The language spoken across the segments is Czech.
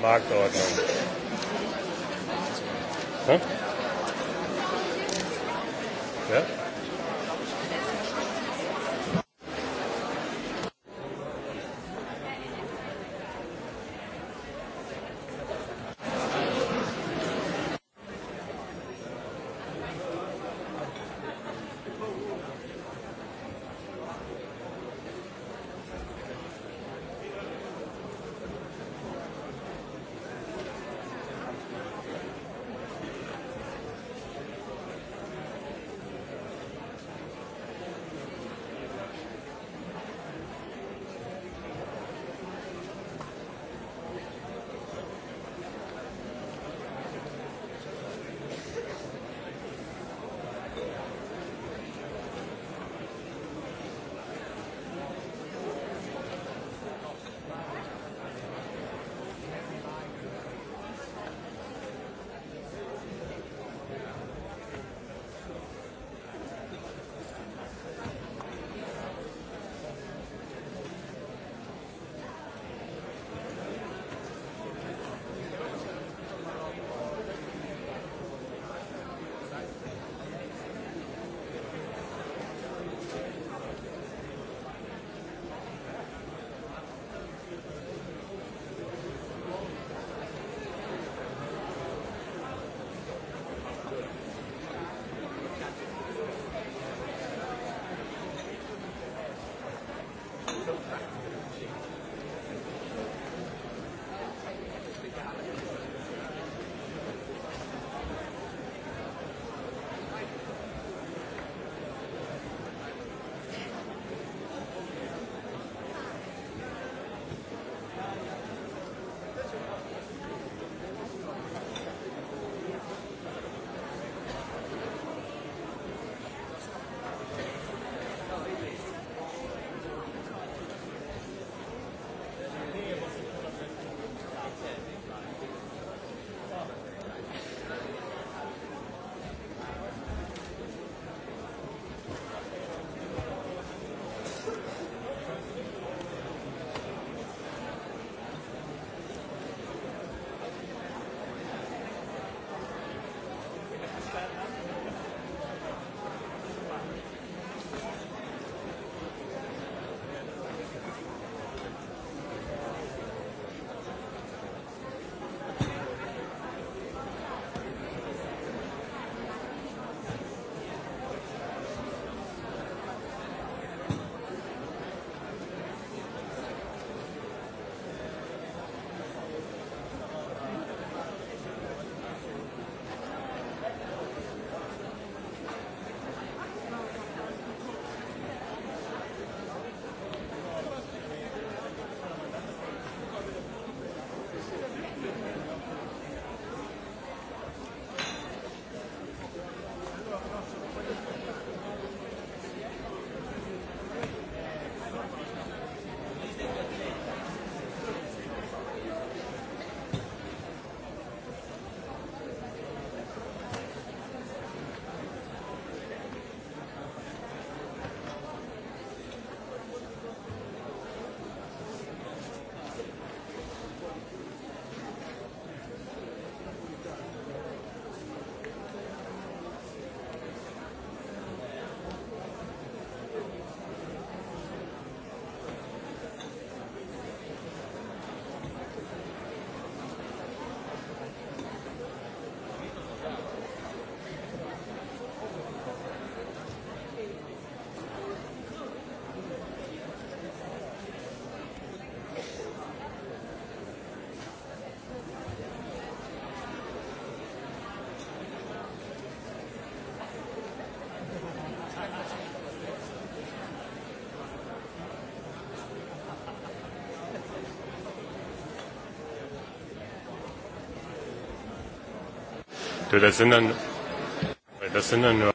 Marktordnung. Das sind dann, das sind dann nur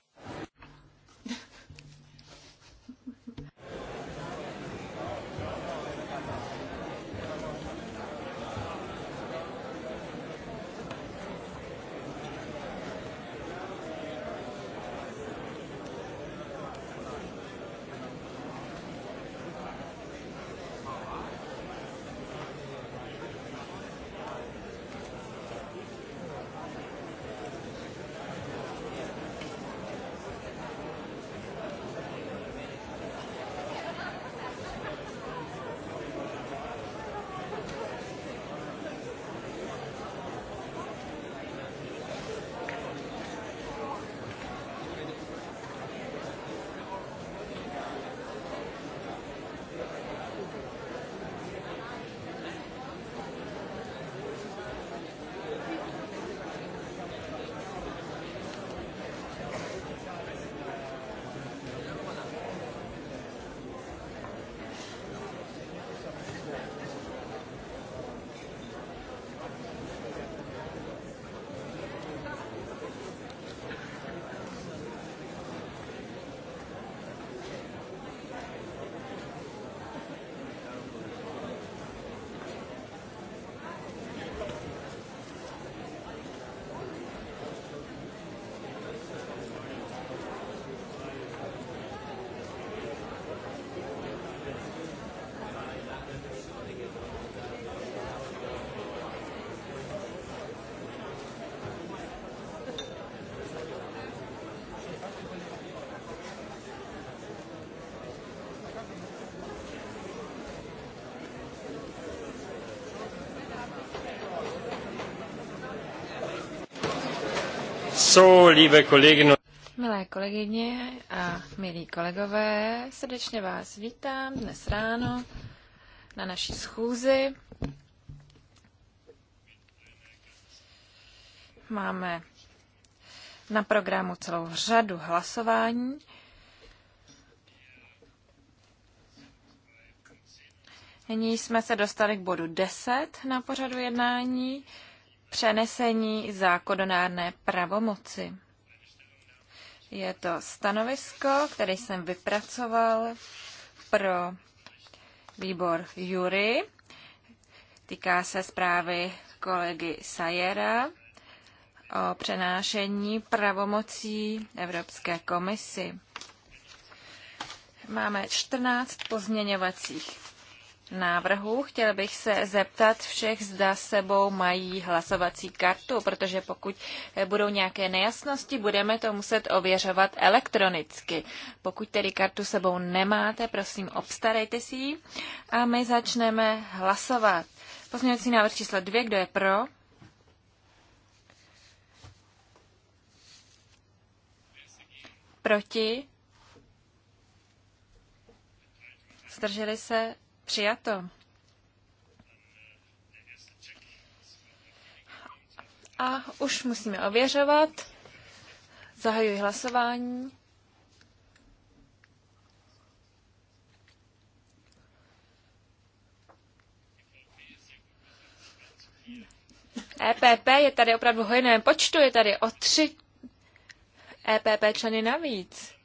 Milé kolegyně a milí kolegové, srdečně vás vítám dnes ráno na naší schůzi. Máme na programu celou řadu hlasování. Nyní jsme se dostali k bodu 10 na pořadu jednání přenesení zákonodárné pravomoci. Je to stanovisko, které jsem vypracoval pro výbor jury. Týká se zprávy kolegy Sajera o přenášení pravomocí Evropské komisi. Máme 14 pozměňovacích návrhu. Chtěl bych se zeptat všech, zda sebou mají hlasovací kartu, protože pokud budou nějaké nejasnosti, budeme to muset ověřovat elektronicky. Pokud tedy kartu sebou nemáte, prosím, obstarejte si ji a my začneme hlasovat. Pozměňovací návrh číslo dvě. kdo je pro? Proti? Zdrželi se? Přijato. A už musíme ověřovat. Zahajuji hlasování. EPP je tady opravdu hojné počtu, je tady o tři EPP členy navíc.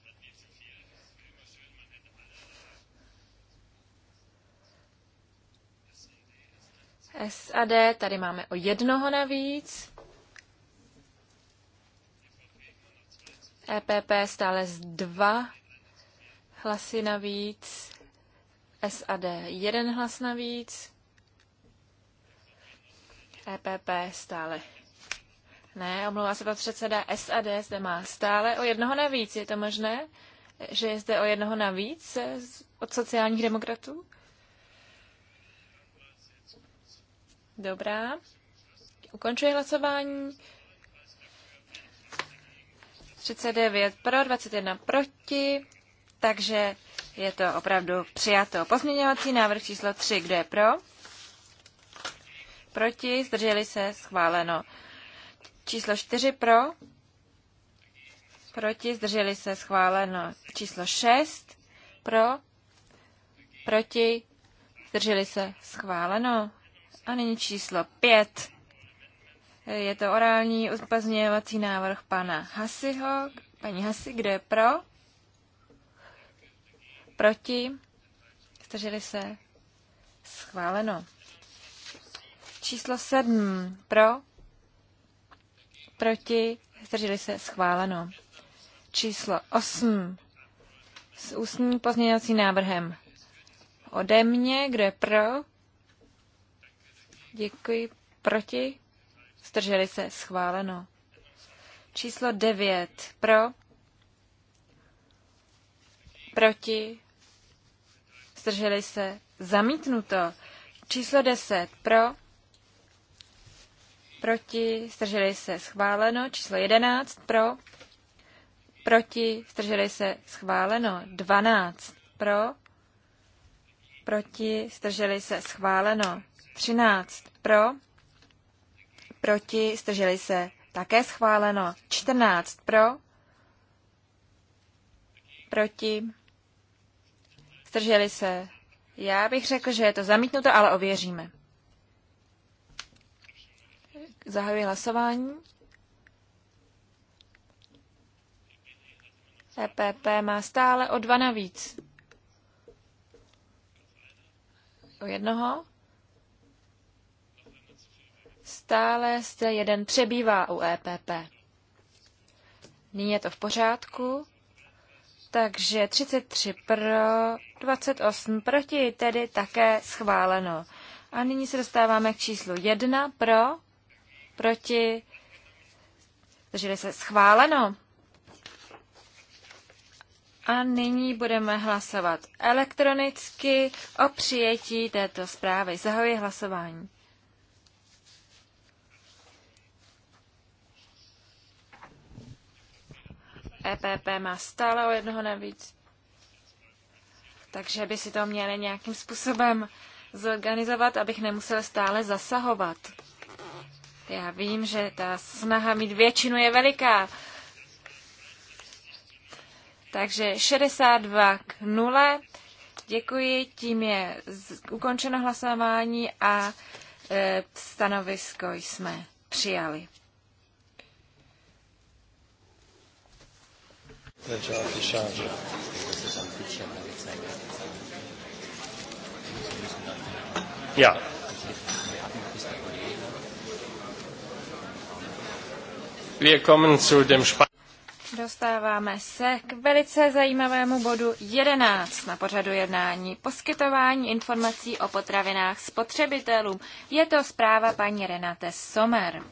SAD, tady máme o jednoho navíc. EPP stále z dva hlasy navíc. SAD jeden hlas navíc. EPP stále. Ne, omlouvá se pan předseda SAD, zde má stále o jednoho navíc. Je to možné, že je zde o jednoho navíc od sociálních demokratů? Dobrá. Ukončuji hlasování. 39 pro, 21 proti, takže je to opravdu přijato. Pozměňovací návrh číslo 3, kdo je pro? Proti, zdrželi se, schváleno. Číslo 4 pro, proti, zdrželi se, schváleno. Číslo 6 pro, proti, zdrželi se, schváleno. A nyní číslo pět. Je to orální pozměňovací návrh pana Hasiho. Paní Hasi, kde je pro? Proti? Zdrželi se? Schváleno. Číslo sedm. Pro? Proti? Zdrželi se? Schváleno. Číslo osm. S ústním pozměňovacím návrhem. Ode mě, kdo je pro? Děkuji. Proti? Zdrželi se. Schváleno. Číslo 9. Pro? Proti? Zdrželi se. Zamítnuto. Číslo 10. Pro? Proti? Zdrželi se. Schváleno. Číslo 11. Pro? Proti? Zdrželi se. Schváleno. 12. Pro? Proti? Zdrželi se. Schváleno. 13 pro, proti, zdrželi se, také schváleno. 14 pro, proti, zdrželi se. Já bych řekl, že je to zamítnuto, ale ověříme. Zahajuji hlasování. EPP má stále o dva navíc. O jednoho. Stále zde jeden přebývá u EPP. Nyní je to v pořádku. Takže 33 pro, 28 proti, tedy také schváleno. A nyní se dostáváme k číslu 1 pro, proti, takže se schváleno. A nyní budeme hlasovat elektronicky o přijetí této zprávy. Zahoji hlasování. EPP má stále o jednoho navíc. Takže by si to měli nějakým způsobem zorganizovat, abych nemusel stále zasahovat. Já vím, že ta snaha mít většinu je veliká. Takže 62 k 0. Děkuji, tím je ukončeno hlasování a e, stanovisko jsme přijali. Ja. Dostáváme se k velice zajímavému bodu 11 na pořadu jednání. Poskytování informací o potravinách spotřebitelům. Je to zpráva paní Renate Sommer.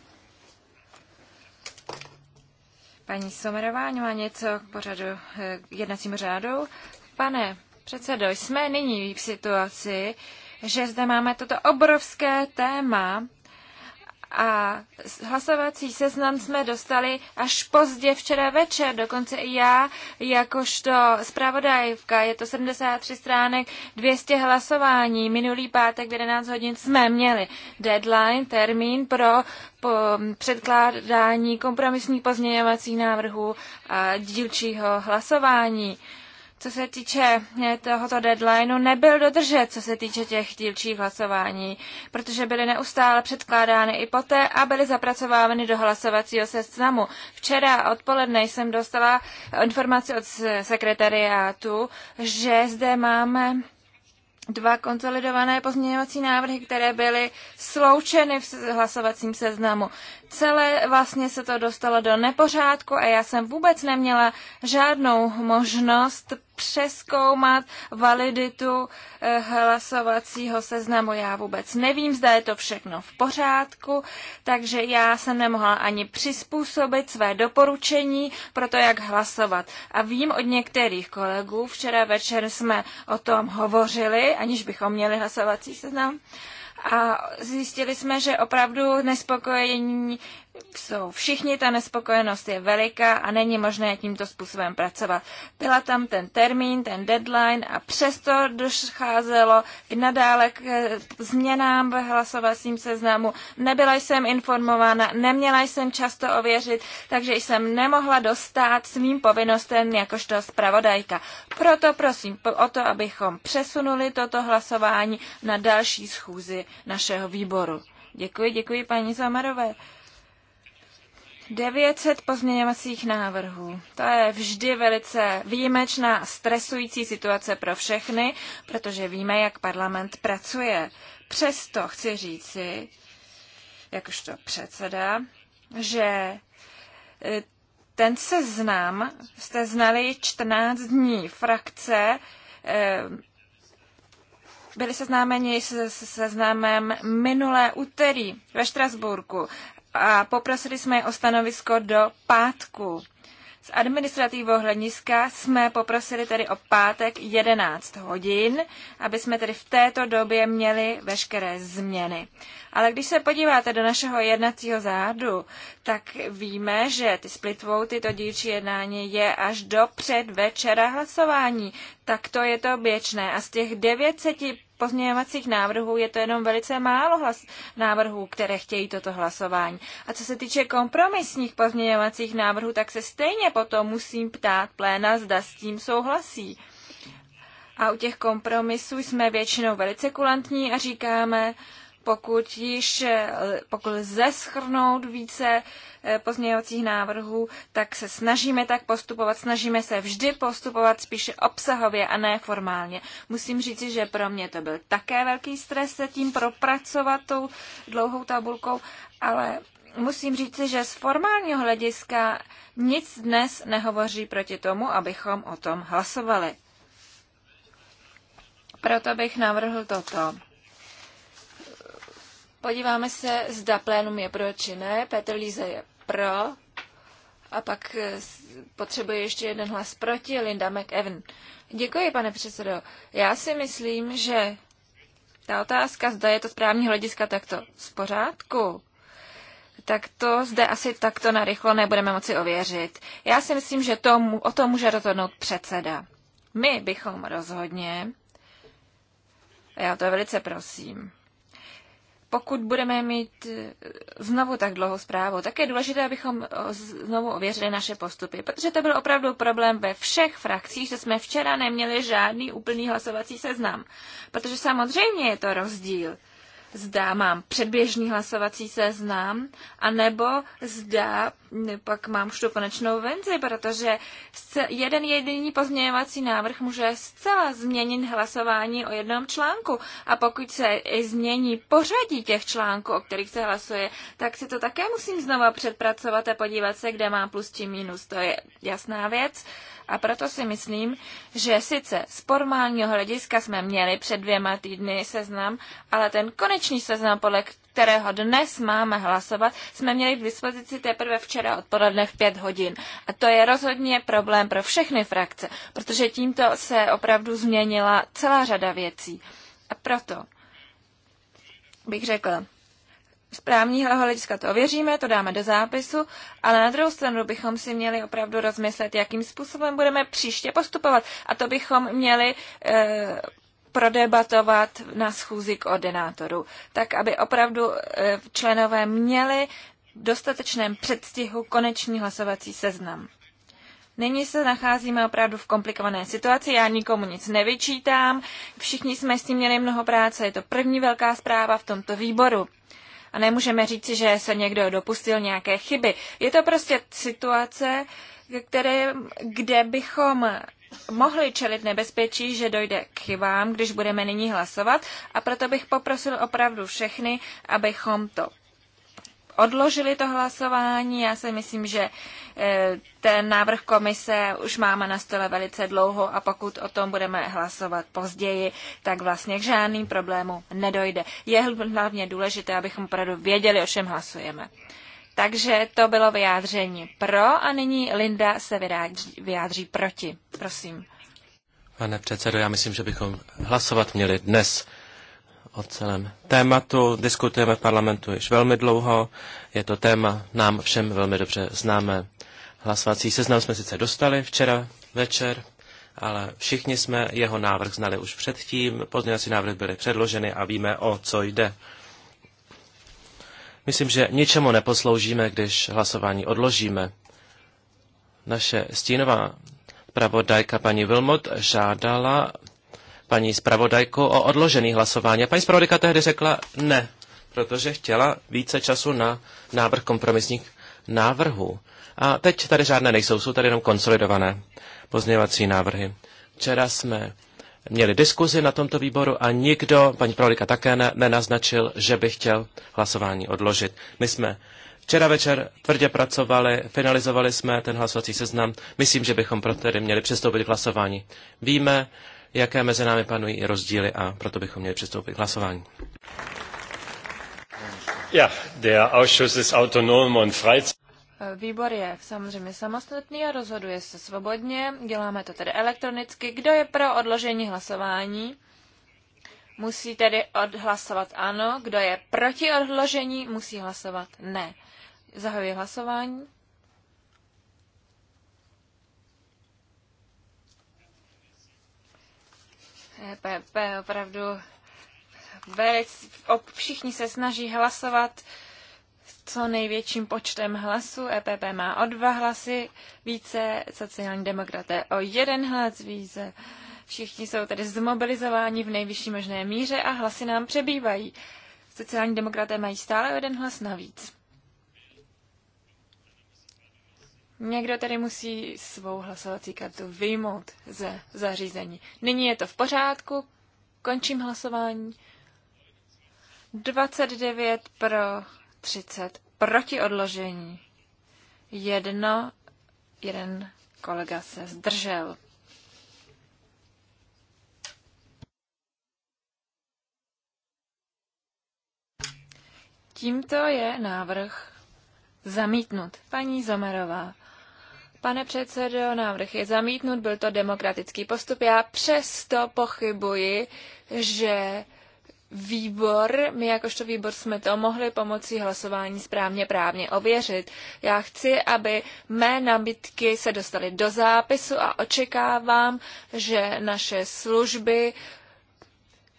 Paní Somerová má něco k pořadu k eh, jednacím řádu. Pane předsedo, jsme nyní v situaci, že zde máme toto obrovské téma, a hlasovací seznam jsme dostali až pozdě včera večer. Dokonce i já, jakožto zpravodajka, je to 73 stránek, 200 hlasování. Minulý pátek v 11 hodin jsme měli deadline, termín pro po předkládání kompromisních pozměňovacích návrhů a dílčího hlasování co se týče eh, tohoto deadlineu, nebyl dodržet, co se týče těch dílčích hlasování, protože byly neustále předkládány i poté a byly zapracovávány do hlasovacího seznamu. Včera odpoledne jsem dostala informaci od sekretariátu, že zde máme dva konsolidované pozměňovací návrhy, které byly sloučeny v hlasovacím seznamu celé vlastně se to dostalo do nepořádku a já jsem vůbec neměla žádnou možnost přeskoumat validitu eh, hlasovacího seznamu. Já vůbec nevím, zda je to všechno v pořádku, takže já jsem nemohla ani přizpůsobit své doporučení pro to, jak hlasovat. A vím od některých kolegů, včera večer jsme o tom hovořili, aniž bychom měli hlasovací seznam, a zjistili jsme, že opravdu nespokojení jsou všichni, ta nespokojenost je veliká a není možné tímto způsobem pracovat. Byla tam ten termín, ten deadline a přesto docházelo i nadále k eh, změnám v hlasovacím seznamu. Nebyla jsem informována, neměla jsem často ověřit, takže jsem nemohla dostat svým povinnostem jakožto zpravodajka. Proto prosím o to, abychom přesunuli toto hlasování na další schůzi našeho výboru. Děkuji, děkuji paní Zamarové. 900 pozměňovacích návrhů. To je vždy velice výjimečná stresující situace pro všechny, protože víme, jak parlament pracuje. Přesto chci říci, jakožto předseda, že e, ten seznam jste znali 14 dní. Frakce e, byli seznámeni se seznámem minulé úterý ve Štrasburku a poprosili jsme je o stanovisko do pátku. Z administrativního hlediska jsme poprosili tedy o pátek 11 hodin, aby jsme tedy v této době měli veškeré změny. Ale když se podíváte do našeho jednacího zádu, tak víme, že ty splitvou tyto dílčí jednání je až do předvečera hlasování. Tak to je to běžné. A z těch 900 pozměňovacích návrhů, je to jenom velice málo hlas- návrhů, které chtějí toto hlasování. A co se týče kompromisních pozměňovacích návrhů, tak se stejně potom musím ptát pléna, zda s tím souhlasí. A u těch kompromisů jsme většinou velice kulantní a říkáme, pokud již eh, pokud lze schrnout více eh, pozměňovacích návrhů, tak se snažíme tak postupovat, snažíme se vždy postupovat spíše obsahově a ne formálně. Musím říci, že pro mě to byl také velký stres se tím propracovat tou dlouhou tabulkou, ale musím říci, že z formálního hlediska nic dnes nehovoří proti tomu, abychom o tom hlasovali. Proto bych navrhl toto. Podíváme se, zda plénum je pro či ne. Petr Líze je pro. A pak eh, potřebuje ještě jeden hlas proti, Linda McEwen. Děkuji, pane předsedo. Já si myslím, že ta otázka, zda je to správní hlediska, tak to z pořádku. Tak to zde asi takto narychlo nebudeme moci ověřit. Já si myslím, že to, o tom může rozhodnout předseda. My bychom rozhodně, a já to velice prosím, pokud budeme mít eh, znovu tak dlouhou zprávu, tak je důležité, abychom eh, znovu ověřili naše postupy, protože to byl opravdu problém ve všech frakcích, že jsme včera neměli žádný úplný hlasovací seznam, protože samozřejmě je to rozdíl zda mám předběžný hlasovací seznam, anebo zda pak mám už tu konečnou venci, protože jeden jediný pozměňovací návrh může zcela změnit hlasování o jednom článku. A pokud se i změní pořadí těch článků, o kterých se hlasuje, tak si to také musím znova předpracovat a podívat se, kde mám plus či minus. To je jasná věc. A proto si myslím, že sice z formálního hlediska jsme měli před dvěma týdny seznam, ale ten konečný seznam, podle kterého dnes máme hlasovat, jsme měli k dispozici teprve včera odpoledne v pět hodin. A to je rozhodně problém pro všechny frakce, protože tímto se opravdu změnila celá řada věcí. A proto bych řekla. Správní hlediska to ověříme, to dáme do zápisu, ale na druhou stranu bychom si měli opravdu rozmyslet, jakým způsobem budeme příště postupovat. A to bychom měli e, prodebatovat na schůzi ordinátoru, tak aby opravdu e, členové měli v dostatečném předstihu konečný hlasovací seznam. Nyní se nacházíme opravdu v komplikované situaci, já nikomu nic nevyčítám, všichni jsme s tím měli mnoho práce, je to první velká zpráva v tomto výboru a nemůžeme říci, že se někdo dopustil nějaké chyby. Je to prostě situace, které, kde bychom mohli čelit nebezpečí, že dojde k chybám, když budeme nyní hlasovat a proto bych poprosil opravdu všechny, abychom to odložili to hlasování. Já si myslím, že eh, ten návrh komise už máme na stole velice dlouho a pokud o tom budeme hlasovat později, tak vlastně k žádným problémům nedojde. Je hlavně důležité, abychom opravdu věděli, o čem hlasujeme. Takže to bylo vyjádření pro a nyní Linda se vyjádří, vyjádří proti. Prosím. Pane předsedo, já myslím, že bychom hlasovat měli dnes o celém tématu. Diskutujeme v parlamentu již velmi dlouho. Je to téma nám všem velmi dobře známé. Hlasovací seznam jsme sice dostali včera večer, ale všichni jsme jeho návrh znali už předtím. Pozměňovací návrhy byly předloženy a víme, o co jde. Myslím, že ničemu neposloužíme, když hlasování odložíme. Naše stínová pravodajka paní Vilmot žádala paní zpravodajku o odložený hlasování. A paní zpravodajka tehdy řekla ne, protože chtěla více času na návrh kompromisních návrhů. A teď tady žádné nejsou, jsou tady jenom konsolidované pozměňovací návrhy. Včera jsme měli diskuzi na tomto výboru a nikdo, paní Prolika také ne, nenaznačil, že by chtěl hlasování odložit. My jsme včera večer tvrdě pracovali, finalizovali jsme ten hlasovací seznam. Myslím, že bychom pro tedy měli přistoupit k hlasování. Víme, jaké mezi námi panují rozdíly a proto bychom měli přistoupit k hlasování. Ja, der Ausschuss ist autonom und frei. Výbor je samozřejmě samostatný a rozhoduje se svobodně. Děláme to tedy elektronicky. Kdo je pro odložení hlasování? Musí tedy odhlasovat ano. Kdo je proti odložení, musí hlasovat ne. Zahajuji hlasování. EPP opravdu velic, ob, všichni se snaží hlasovat co největším počtem hlasů. EPP má o dva hlasy více, sociální demokraté o jeden hlas více. Všichni jsou tedy zmobilizováni v nejvyšší možné míře a hlasy nám přebývají. Sociální demokraté mají stále o jeden hlas navíc. Někdo tedy musí svou hlasovací kartu vyjmout ze zařízení. Nyní je to v pořádku, končím hlasování. 29 pro 30 proti odložení. Jedno, jeden kolega se zdržel. Tímto je návrh zamítnut. Paní Zomerová. Pane předsedo, návrh je zamítnut, byl to demokratický postup. Já přesto pochybuji, že výbor, my jakožto výbor jsme to mohli pomocí hlasování správně právně ověřit. Já chci, aby mé nabídky se dostaly do zápisu a očekávám, že naše služby uh,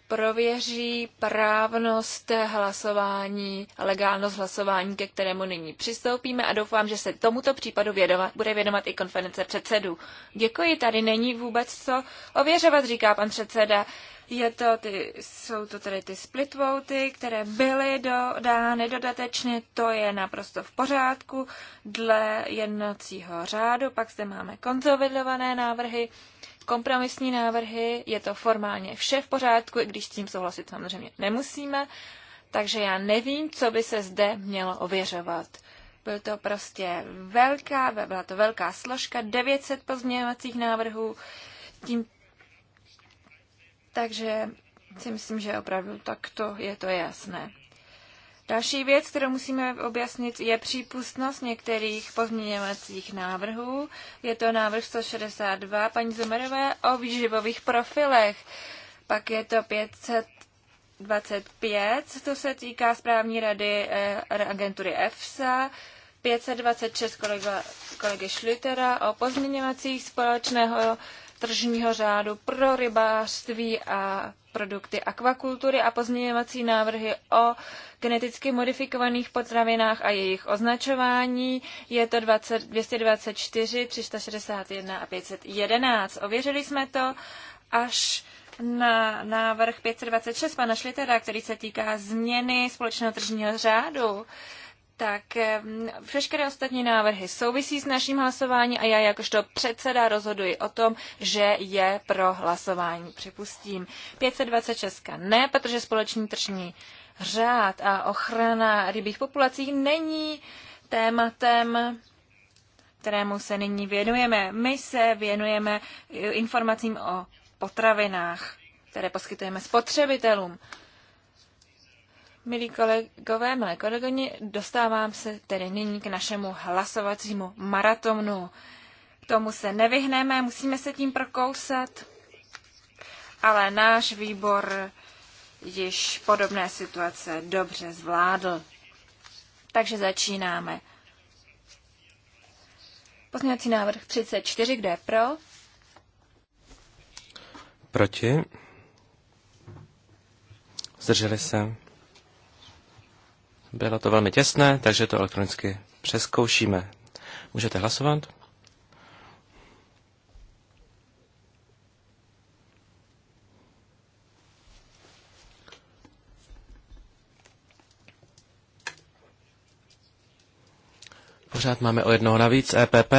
prověří právnost hlasování, legálnost hlasování, ke kterému nyní přistoupíme a doufám, že se tomuto případu vědovat, bude vědomat i konference předsedů. Děkuji, tady není vůbec co ověřovat, říká pan předseda. Je to ty, jsou to tedy ty split voty, které byly dodány dodatečně, to je naprosto v pořádku. Dle jednacího řádu pak zde máme konsolidované návrhy, kompromisní návrhy, je to formálně vše v pořádku, i když s tím souhlasit samozřejmě nemusíme, takže já nevím, co by se zde mělo ověřovat. Byl to prostě velká, byla to velká složka, 900 pozměňovacích návrhů, tím, takže si myslím, že opravdu takto je to jasné. Další věc, kterou musíme objasnit, je přípustnost některých pozměňovacích návrhů. Je to návrh 162 paní Zomerové o výživových profilech. Pak je to 525, to se týká správní rady eh, agentury EFSA. 526 kolega, kolegy Schlittera o pozměňovacích společného tržního řádu pro rybářství a produkty akvakultury a pozměňovací návrhy o geneticky modifikovaných potravinách a jejich označování. Je to 20, 224, 361 a 511. Ověřili jsme to až na návrh 526 pana Šlitera, který se týká změny společného tržního řádu. Uh, tak všechny ostatní návrhy souvisí s naším hlasováním a já jakožto předseda rozhoduji o tom, že je pro hlasování připustím. 526 ne, protože společný tržní řád a ochrana rybích populací není tématem kterému se nyní věnujeme. My se věnujeme informacím o potravinách, které poskytujeme spotřebitelům. Milí kolegové, milé kolegyně, dostávám se tedy nyní k našemu hlasovacímu maratonu. K tomu se nevyhneme, musíme se tím prokousat, ale náš výbor již podobné situace dobře zvládl. Takže začínáme. Pozměňovací návrh 34, kde je pro? Proti? Zdrželi se? Bylo to velmi těsné, takže to elektronicky přeskoušíme. Můžete hlasovat? Pořád máme o jednoho navíc EPP.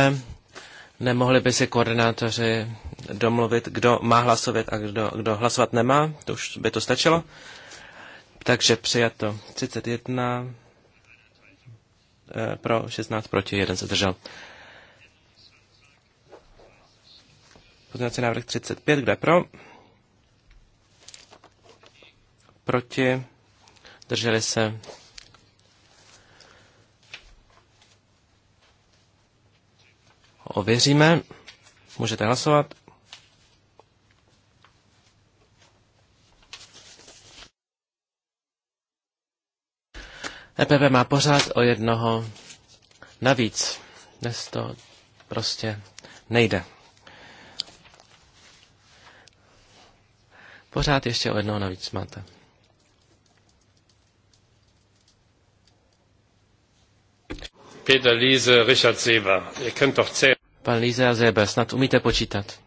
Nemohli by si koordinátoři domluvit, kdo má hlasovat a kdo, kdo hlasovat nemá? To už by to stačilo. Takže přijato 31 eh, pro 16 proti, jeden se zdržel. Pozměňovací návrh 35, kde pro? Proti, drželi se. Ověříme, můžete hlasovat. EPV má pořád o jednoho navíc. Dnes to prostě nejde. Pořád ještě o jednoho navíc máte. Peter Liese, Richard Seber. Ihr könnt doch zählen. Pan Liese a Seber, snad umíte počítat.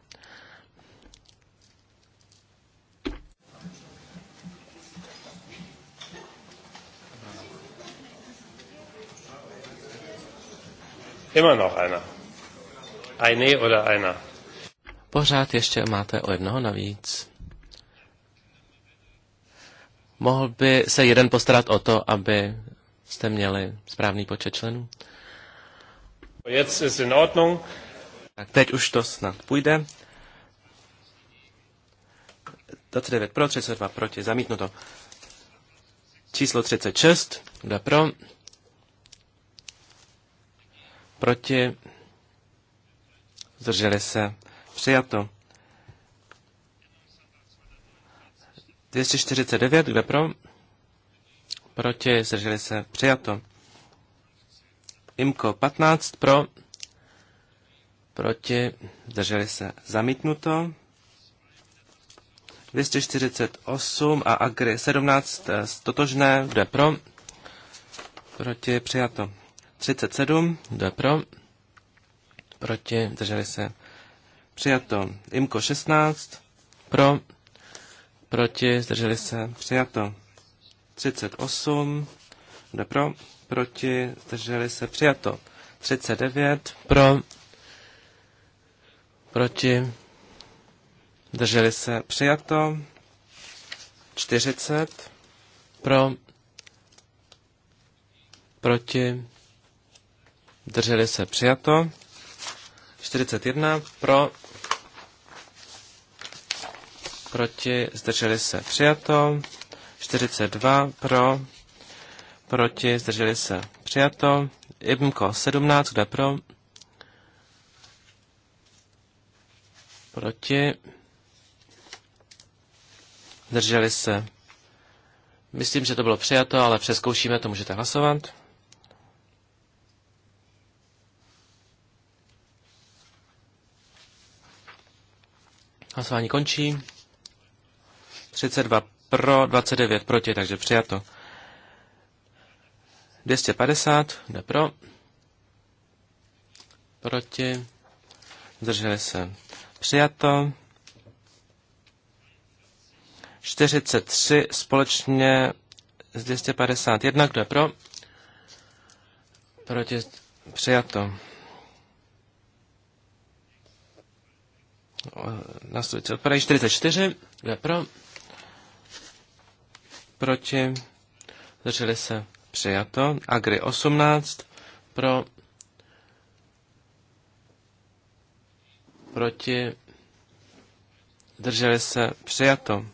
Immer noch einer. Eine oder einer. Pořád ještě máte o jednoho navíc. Mohl by se jeden postarat o to, aby jste měli správný počet členů? Jetzt ist in Ordnung. Tak teď už to snad půjde. 29 pro, 32 proti, zamítnuto. Číslo 36, kde pro? Proti? Zdrželi se. Přijato. 249, kde pro? Proti, zdrželi se, přijato. Imko 15 pro, proti, zdrželi se, zamítnuto. 248 a Agri 17 eh, totožné, kde pro? Proti, přijato. 37, kdo je pro? Proti, drželi se. Přijato. Imko 16, pro? Proti, zdrželi se. Přijato. 38, kdo je pro? Proti, zdrželi se. Přijato. 39, pro? Proti, zdrželi se. Přijato. 40, pro? Proti, Drželi se přijato. 41 pro. Proti. Zdrželi se přijato. 42 pro. Proti. Zdrželi se přijato. Ibnko 17, kde pro. Proti. Zdrželi se. Myslím, že to bylo přijato, ale přeskoušíme to, můžete hlasovat. Hlasování končí. 32 pro, 29 proti, takže přijato. 250, jde pro. Proti. Zdrželi se. Přijato. 43 společně z 251, kdo je pro? Proti přijato. Následující odpadají 44, kde pro, proti, zdrželi se přijato. Agri 18, pro, proti, zdrželi se přijato.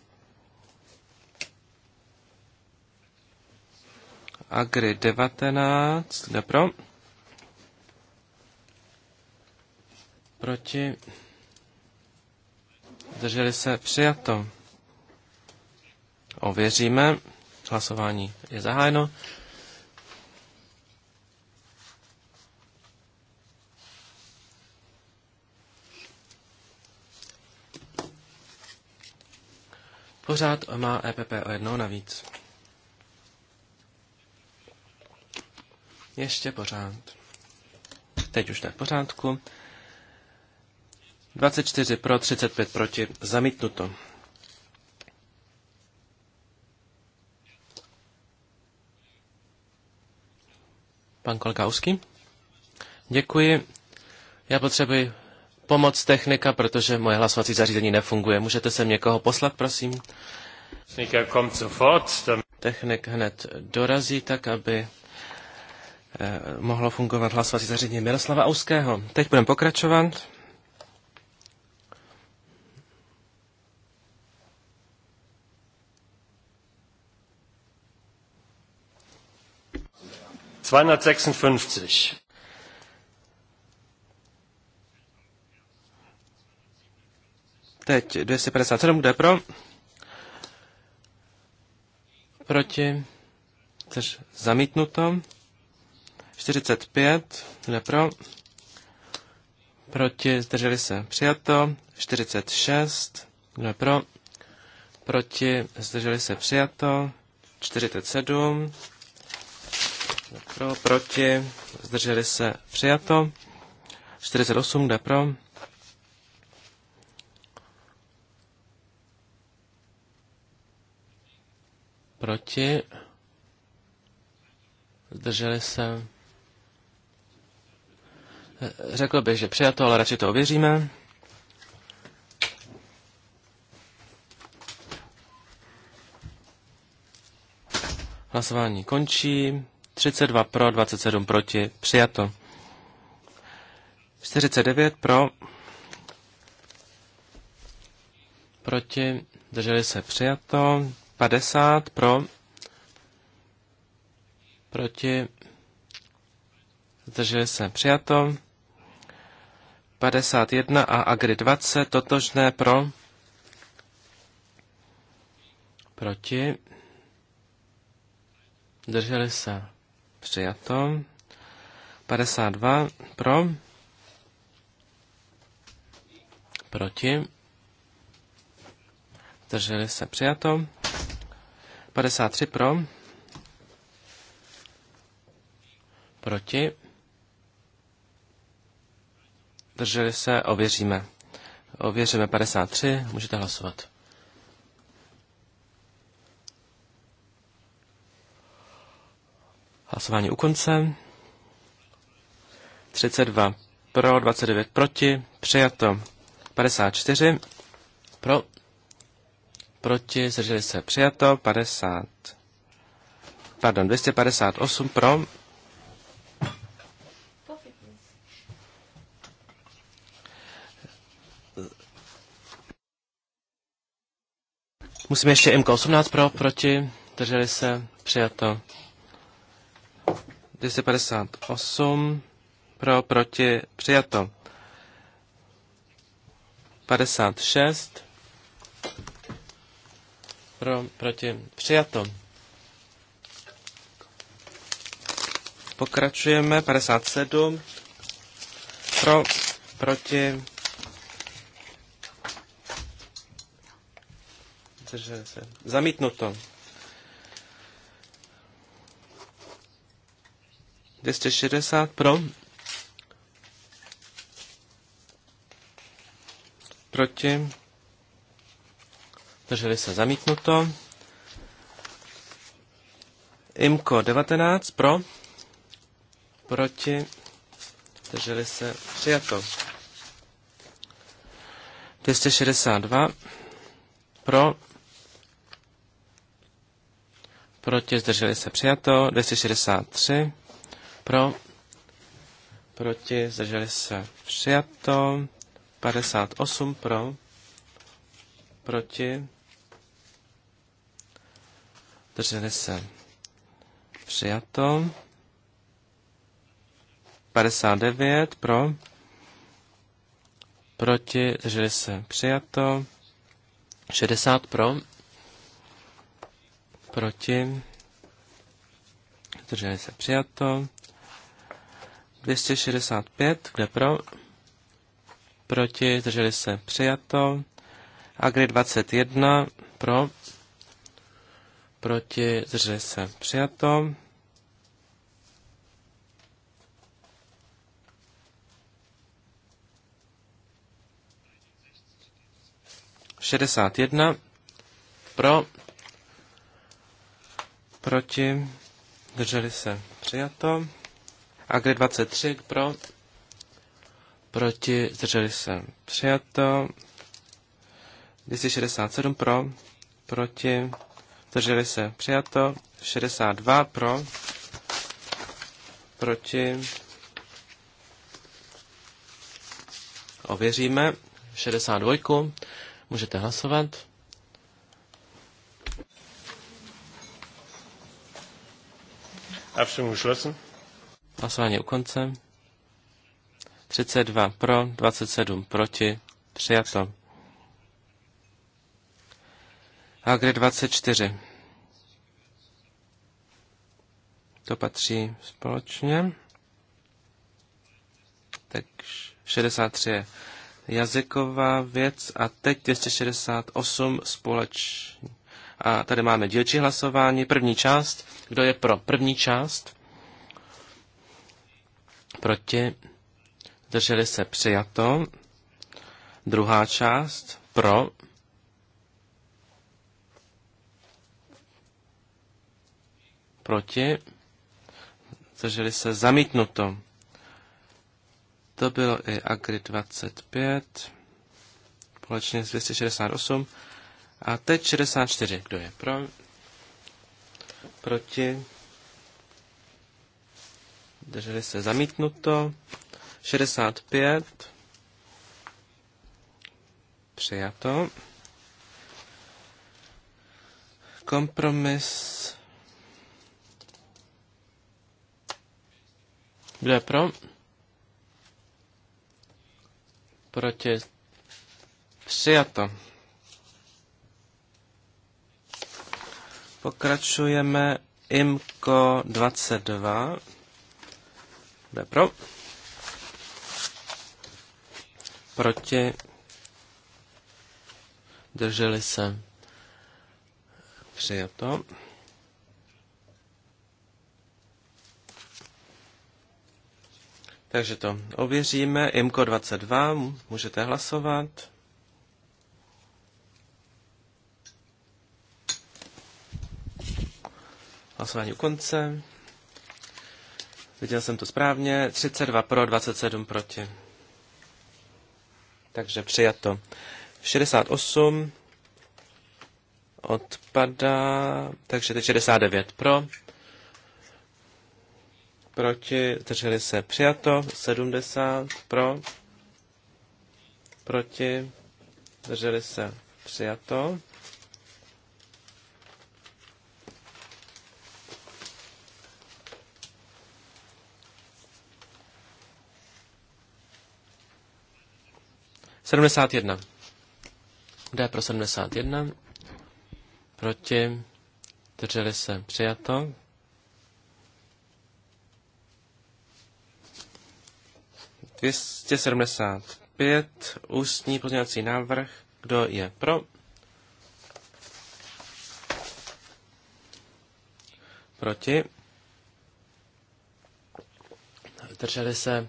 Agri 19, kde pro, proti, drželi se přijato. Ověříme. Hlasování je zahájeno. Pořád má EPP o jednou navíc. Ještě pořád. Teď už to je v pořádku. 24 pro, 35 proti, zamítnuto. Pan Kolkauský. Děkuji. Já potřebuji pomoc technika, protože moje hlasovací zařízení nefunguje. Můžete se někoho poslat, prosím? Technik hned dorazí tak, aby eh, mohlo fungovat hlasovací zařízení Miroslava Auského. Teď budeme pokračovat. 256. Teď 257, kde pro? Proti? Chceš zamítnuto. 45, kde pro? Proti, zdrželi se, přijato. 46, kdo je pro? Proti, zdrželi se, přijato. 47, pro, proti, zdrželi se, přijato. 48, jde pro. Proti, zdrželi se. Řekl bych, že přijato, ale radši to ověříme. Hlasování končí. 32 pro, 27 proti, přijato. 49 pro, proti, drželi se přijato. 50 pro, proti, drželi se přijato. 51 a Agri 20, totožné pro, proti, drželi se přijato. 52 pro, proti, zdrželi se přijato. 53 pro, proti, drželi se, ověříme. Ověříme 53, můžete hlasovat. Hlasování u konce. 32 pro, 29 proti, přijato 54 pro, proti, zdrželi se přijato 50, pardon, 258 pro, Musíme ještě MK18 pro, proti, drželi se, přijato. 258 pro, proti, přijato. 56 pro, proti, přijato. Pokračujeme, 57 pro, proti, zdrželi se. Zamítnuto. 260 pro. Proti. Drželi se zamítnuto. Imko 19 pro. Proti. Drželi se přijato. 262 pro. Proti zdrželi se přijato. 263 pro, proti, zdrželi se přijato. 58 pro, proti, zdrželi se přijato. 59 pro, proti, zdrželi se přijato. 60 pro, proti, zdrželi se přijato. 265, kde pro? Proti, drželi se přijato. Agri 21, pro? Proti, drželi se přijato. Šedesát jedna pro, proti, drželi se přijato. Agri 23 pro, proti, zdrželi se, přijato. 267 pro, proti, zdrželi se, přijato. 62 pro, proti, ověříme. 62. Můžete hlasovat. Abstimmung geschlossen. Hlasování u konce. 32 pro, 27 proti, přijato. A 24? To patří společně. Tak 63 je jazyková věc a teď 268 společně. A tady máme dílčí hlasování. První část. Kdo je pro první část? proti, drželi se přijato. Druhá část pro, proti, drželi se zamítnuto. To bylo i Agri 25, společně s 268. A teď 64. Kdo je pro? Proti? Drželi se zamítnuto. 65. Přijato. Kompromis. Kdo je pro? Proti. Přijato. Pokračujeme IMKO 22. Kdo pro? Proti? Drželi se? Přijato. Takže to ověříme. IMCO 22, můžete hlasovat. Hlasování u konce. Viděl jsem to správně. 32 pro, 27 proti. Takže přijato. 68 odpadá, takže teď 69 pro. Proti, drželi se přijato, 70 pro. Proti, drželi se přijato. 71. D pro 71. Proti. Drželi se. Přijato. Dvěstě sedmdesát pět. Ústní pozměňovací návrh. Kdo je pro? Proti. Drželi se.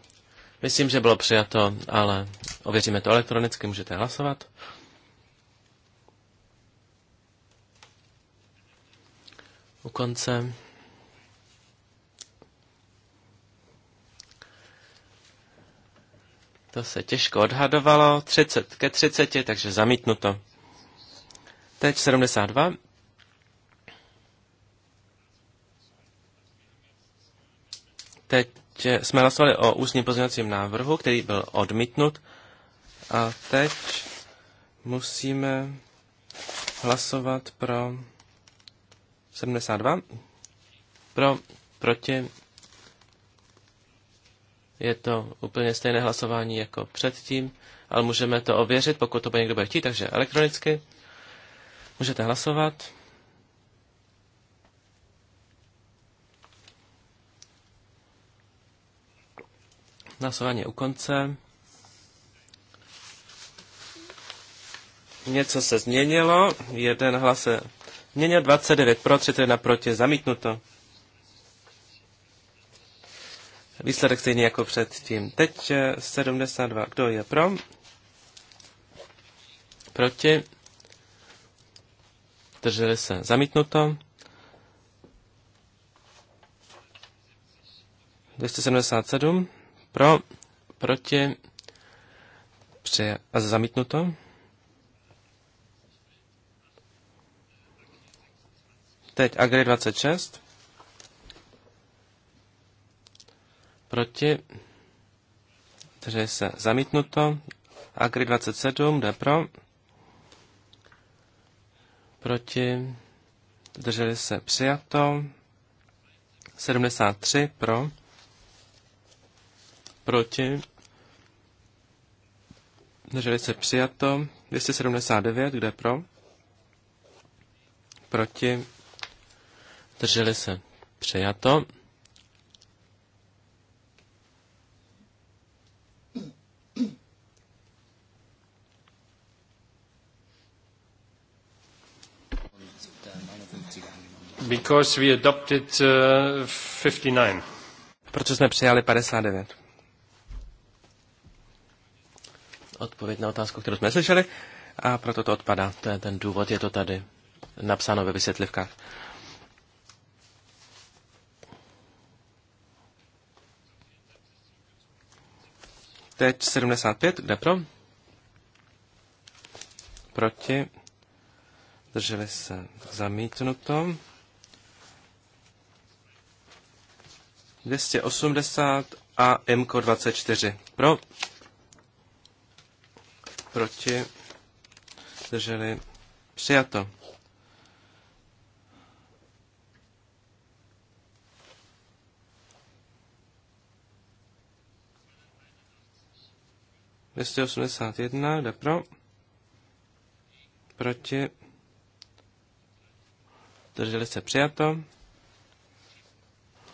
Myslím, že bylo přijato, ale ověříme to elektronicky, můžete hlasovat. U konce. To se těžko odhadovalo. 30 ke 30, takže zamítnuto. Teď 72. Teď že jsme hlasovali o ústním pozměňovacím návrhu, který byl odmítnut. A teď musíme hlasovat pro 72. Pro, proti je to úplně stejné hlasování jako předtím, ale můžeme to ověřit, pokud to bude někdo bude chtít, takže elektronicky můžete hlasovat. Hlasování u konce. Něco se změnilo, jeden hlas se změnil, 29 pro, 31 proti, zamítnuto. Výsledek stejný jako předtím. Teď 72. Eh, Kdo je pro? Proti? Drželi se. Zamítnuto. 277. Pro, proti, při, a zamítnuto. Teď Agri 26. Proti, takže se zamítnuto. Agri 27, jde pro. Proti, drželi se přijato. 73 pro proti, drželi se přijato, 279, kde pro, proti, drželi se přijato, Because we adopted uh, 59. Protože jsme přijali 59. odpověď na otázku, kterou jsme slyšeli, a proto to odpadá. To je ten důvod, je to tady napsáno ve vysvětlivkách. Teď 75, kde pro? Proti. Drželi se zamítnuto. 280 a MK24. Pro proti, drželi přijato. Dvěstě osmdesát jedna, jde pro, proti, Drželi se, přijato.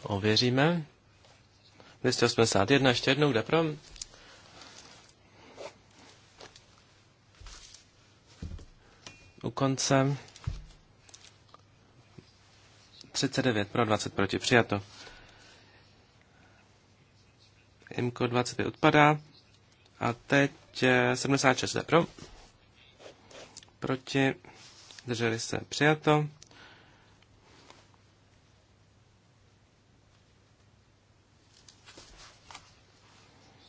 Ověříme. Dvěstě osmdesát jedna, ještě jednou, jde pro, u konce. 39 pro 20 proti. Přijato. Imko 25 odpadá. A teď 76 eh, pro. Proti. Drželi se. Přijato.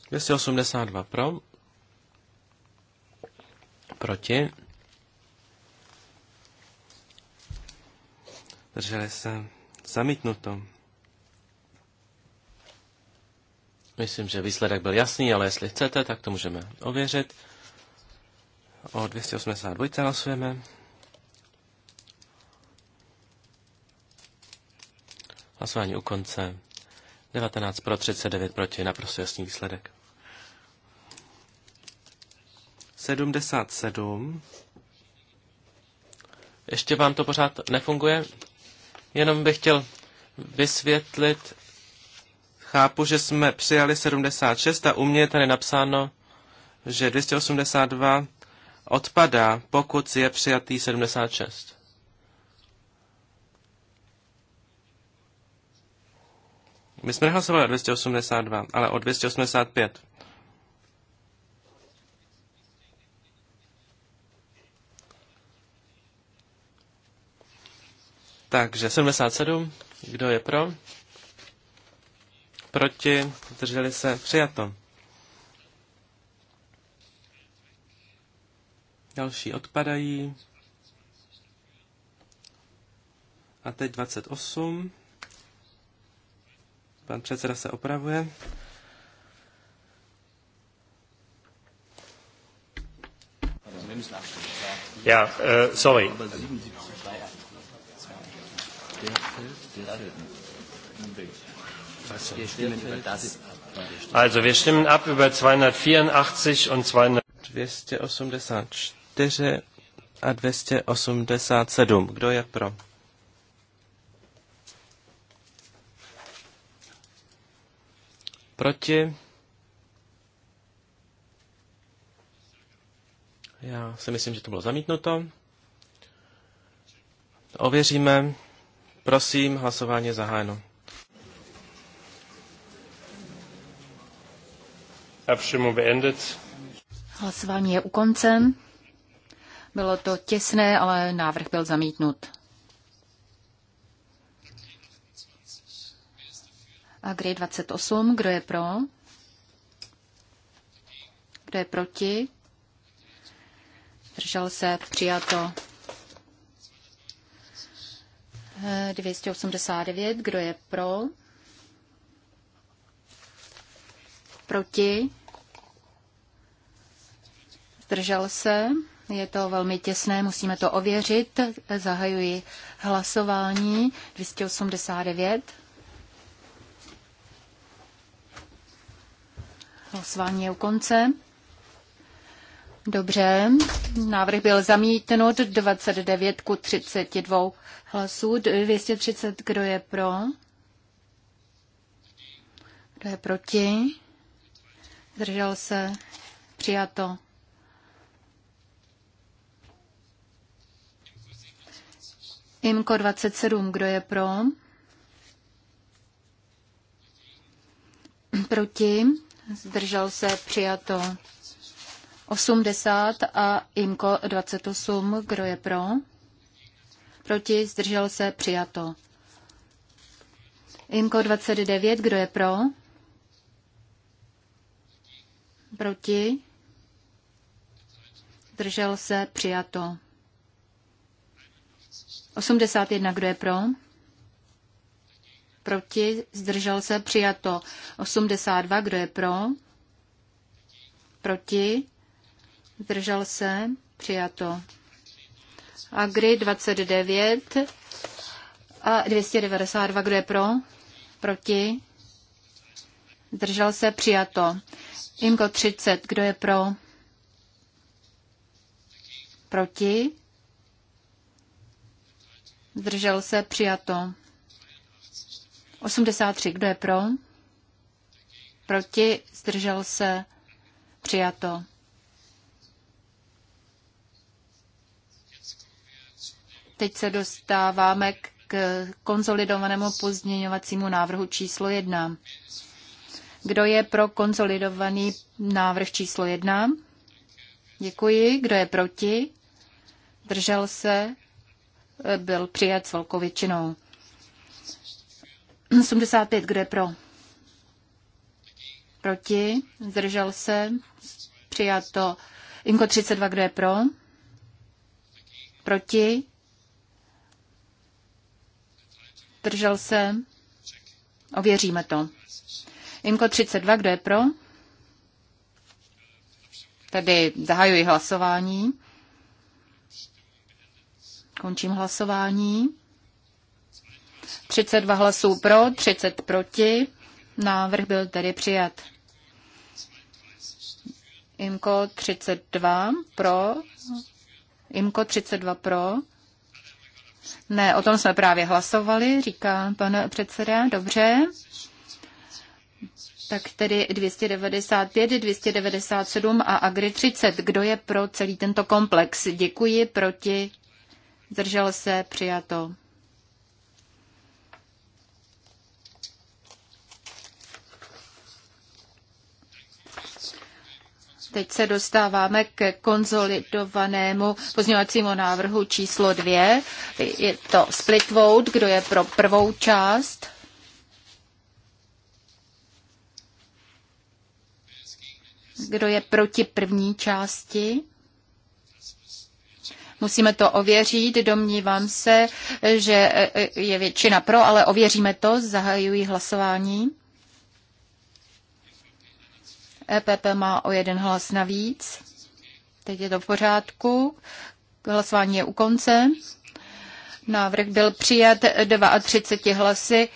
Dvěstě osmdesát pro. Proti. Drželi se. Zamítnuto. Myslím, že výsledek byl jasný, ale jestli chcete, tak to můžeme ověřit. O 282 hlasujeme. Hlasování u konce. 19 pro 39 proti, naprosto jasný výsledek. 77. Ještě vám to pořád nefunguje? Jenom bych chtěl vysvětlit, chápu, že jsme přijali 76 a u mě je tady napsáno, že 282 odpadá, pokud je přijatý 76. My jsme nehlasovali o 282, ale o 285. Takže 77, kdo je pro? Proti, zdrželi se, přijato. Další odpadají. A teď 28. Pan předseda se opravuje. Já, yeah, uh, sorry. Also wir stimmen ab über 284 und 284 a 287. Kdo je pro? Proti? Já si myslím, že to bylo zamítnuto. Ověříme. Prosím, hlasování zahájeno. Hlasování je u konce. Bylo to těsné, ale návrh byl zamítnut. A je 28, kdo je pro? Kdo je proti? Držel se, přijato. 289, kdo je pro? Proti? Zdržel se? Je to velmi těsné, musíme to ověřit. Zahajuji hlasování 289. Hlasování je u konce. Dobře, návrh byl zamítnut 29 ku 32 hlasů. 230, kdo je pro? Kdo je proti? Zdržel se? Přijato. Imko 27, kdo je pro? Proti? Zdržel se? Přijato. 80 a IMKO 28. Kdo je pro? Proti? Zdržel se? Přijato. IMKO 29. Kdo je pro? Proti? Zdržel se? Přijato. 81. Kdo je pro? Proti? Zdržel se? Přijato. 82. Kdo je pro? Proti? zdržel se, přijato. Agri 29 a 292, kdo je pro, proti, zdržel se, přijato. Imko 30, kdo je pro, proti, zdržel se, přijato. 83, kdo je pro, proti, zdržel se, přijato. teď se dostáváme k konsolidovanému pozměňovacímu návrhu číslo jedna. Kdo je pro konsolidovaný návrh číslo jedna? Děkuji. Kdo je proti? Držel se? Byl přijat s velkou většinou. 85. Kdo je pro? Proti? Zdržel se? Přijato. Inko 32. Kdo je pro? Proti? Zdržel se? Ověříme to. Imko 32, kdo je pro? Tedy zahajuji hlasování. Končím hlasování. 32 hlasů pro, 30 proti. Návrh byl tedy přijat. Imko 32 pro. Imko 32 pro. Ne, o tom jsme právě hlasovali, říká pan předseda. Dobře. Tak tedy 295, 297 a Agri 30. Kdo je pro celý tento komplex? Děkuji, proti, zdržel se, přijato. Teď se dostáváme k konzolidovanému pozměňovacímu návrhu číslo dvě. Je to split vote, kdo je pro prvou část. Kdo je proti první části? Musíme to ověřit, domnívám se, že je většina pro, ale ověříme to, zahajuji hlasování. EPP má o jeden hlas navíc. Teď je to v pořádku. Hlasování je u konce. Návrh byl přijat 32 hlasy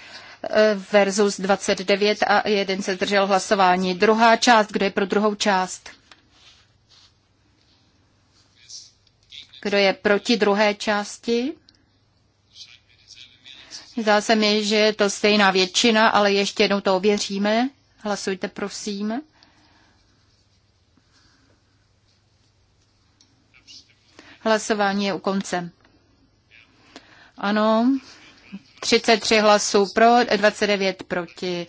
e, versus 29 a jeden se držel hlasování. Druhá část, kdo je pro druhou část? Kdo je proti druhé části? Zdá se mi, že je to stejná většina, ale ještě jednou to ověříme. Hlasujte, prosím. Hlasování je u konce. Ano, 33 hlasů pro, 29 proti.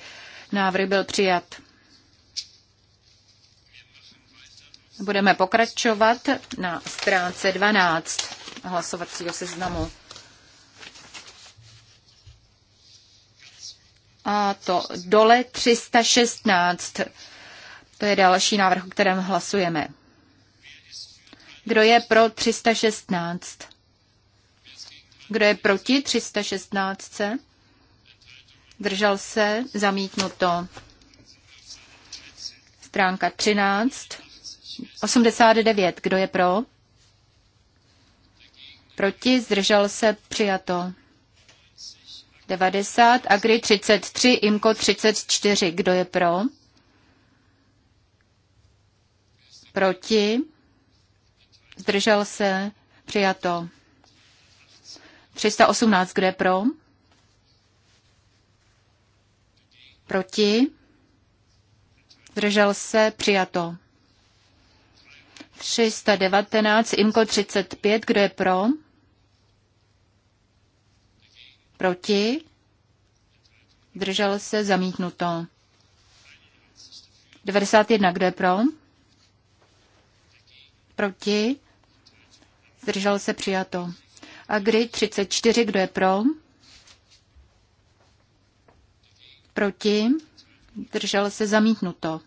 Návrh byl přijat. Budeme pokračovat na stránce 12 hlasovacího seznamu. A to dole 316. To je další návrh, o kterém hlasujeme. Kdo je pro 316? Kdo je proti 316? Držel se? Zamítnuto. Stránka 13. 89. Kdo je pro? Proti? Zdržel se? Přijato. 90. Agri 33. Imko 34. Kdo je pro? Proti? zdržel se, přijato. 318, kde pro? Proti? Zdržel se, přijato. 319, IMKO 35, kdo je pro? Proti? Držel se, zamítnuto. 91, kdo je pro? Proti? Zdržel se přijato. A kdy 34, kdo je pro? Proti? Zdržel se zamítnuto.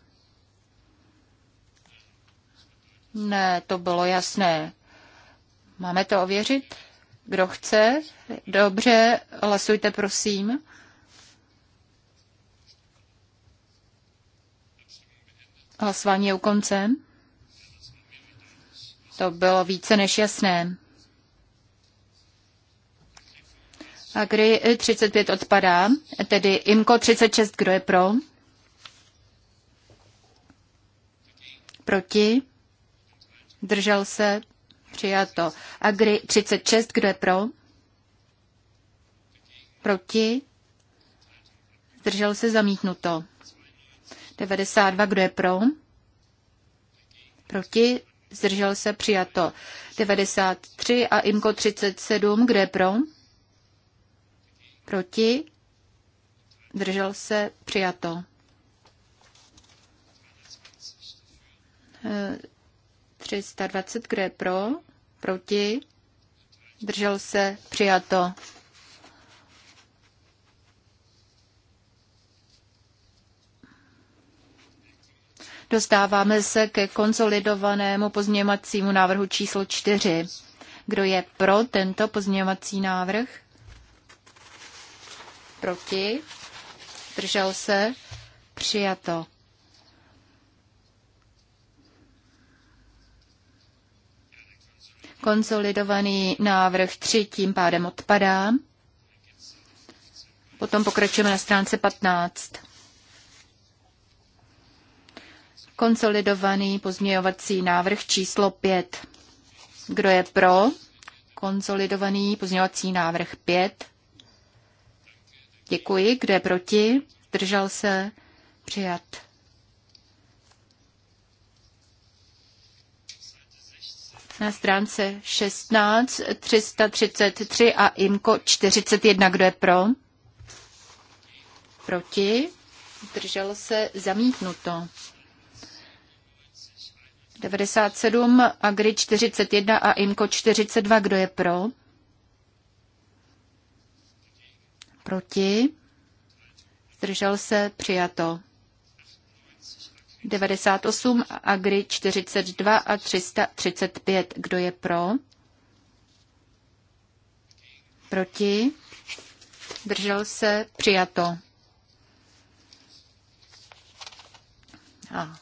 Ne, to bylo jasné. Máme to ověřit? Kdo chce? Dobře, hlasujte prosím. Hlasování je u konce. To bylo více než jasné. A kdy 35 odpadá, tedy IMKO 36, kdo je pro? Proti? Držel se? Přijato. A kdy 36, kdo je pro? Proti? Držel se zamítnuto. 92, kdo je pro? Proti? zdržel se, přijato. 93 a IMKO 37, kde pro? Proti, zdržel se, přijato. 320, eh, kde pro? Proti, zdržel se, přijato. Dostáváme se ke konsolidovanému pozměňovacímu návrhu číslo 4. Kdo je pro tento pozměňovací návrh? Proti? Držel se? Přijato. Konsolidovaný návrh 3 tím pádem odpadá. Potom pokračujeme na stránce 15. Konsolidovaný pozměňovací návrh číslo 5. Kdo je pro? Konsolidovaný pozměňovací návrh 5. Děkuji. Kdo je proti? Držel se? Přijat. na stránce 16, 333 a IMKO 41. Kdo je pro? Proti? Drželo se zamítnuto. 97, Agri 41 a Imko 42. Kdo je pro? Proti? Zdržel se? Přijato. 98, Agri 42 a 335. Kdo je pro? Proti? Držel se? Přijato. A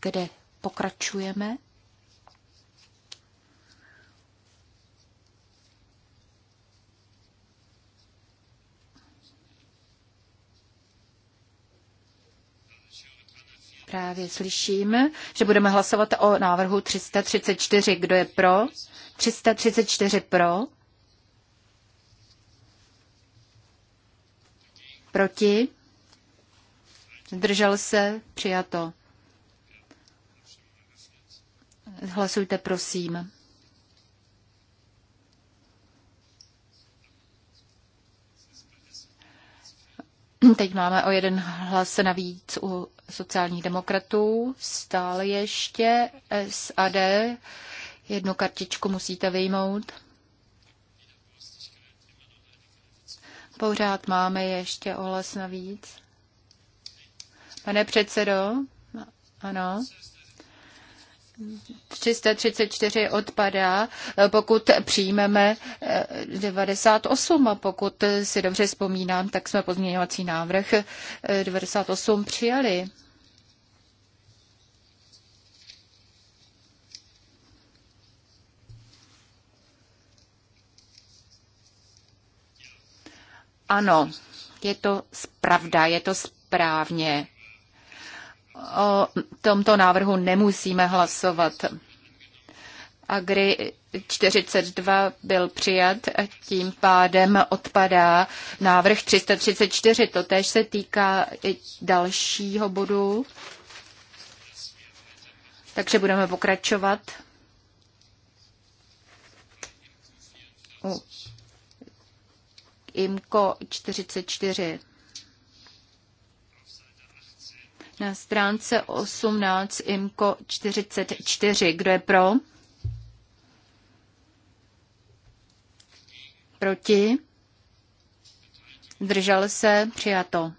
kde pokračujeme. Právě slyším, že budeme hlasovat o návrhu 334. Kdo je pro? 334 pro. Proti? Zdržel se? Přijato. Hlasujte, prosím. Teď máme o jeden hlas navíc u sociálních demokratů. Stále ještě SAD. Jednu kartičku musíte vyjmout. Pořád máme ještě ohlas navíc. Pane předsedo, ano. 334 odpadá, pokud přijmeme 98 eh, a pokud si dobře vzpomínám, tak jsme pozměňovací návrh 98 eh, přijali. Ano, je to pravda, je to správně. O tomto návrhu nemusíme hlasovat. Agri 42 byl přijat, tím pádem odpadá návrh 334. Totež se týká dalšího bodu. Takže budeme pokračovat. U IMCO 44. Na stránce 18 IMKO 44. Kdo je pro? Proti? držel se? Přijato.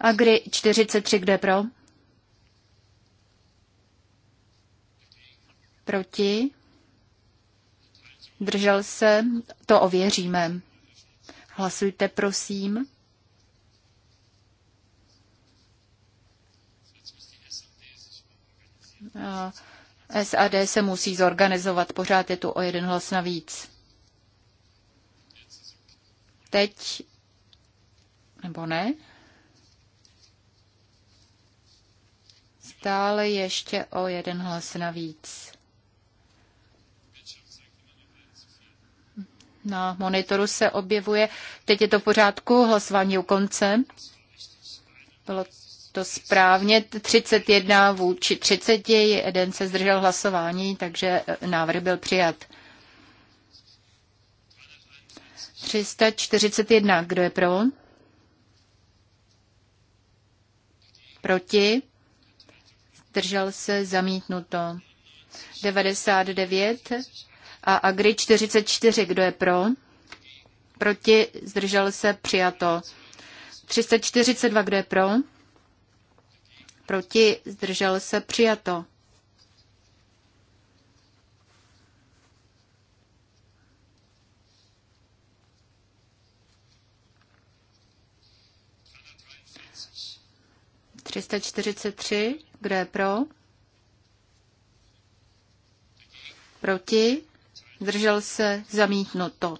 Agri 43. Kdo je pro? Proti? Držel se? To ověříme. Hlasujte, prosím. SAD se musí zorganizovat, pořád je tu o jeden hlas navíc. Teď, nebo ne? Stále ještě o jeden hlas navíc. Na monitoru se objevuje, teď je to v pořádku, hlasování u konce. Bylo to správně, 31 vůči 30, jeden se zdržel hlasování, takže eh, návrh byl přijat. 341, kdo je pro? Proti? Zdržel se zamítnuto. 99 a Agri 44, kdo je pro? Proti? Zdržel se přijato. 342, kdo je pro? proti, zdržel se, přijato. Třista čtyřicet tři, kdo je pro? Proti? Zdržel se? Zamítnuto.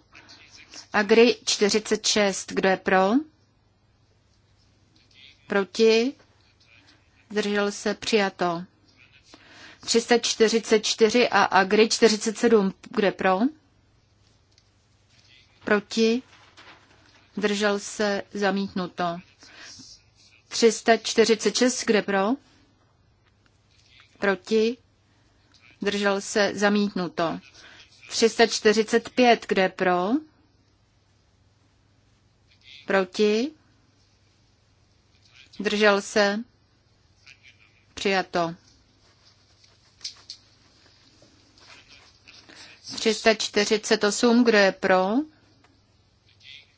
Agri 46, kdo je pro? Proti? zdržel se přijato. 344 a Agri 47, kde pro? Proti? Držel se zamítnuto. 346, kde pro? Proti? Držel se zamítnuto. 345, kde pro? Proti? Držel se Přijato. 348, kdo je pro?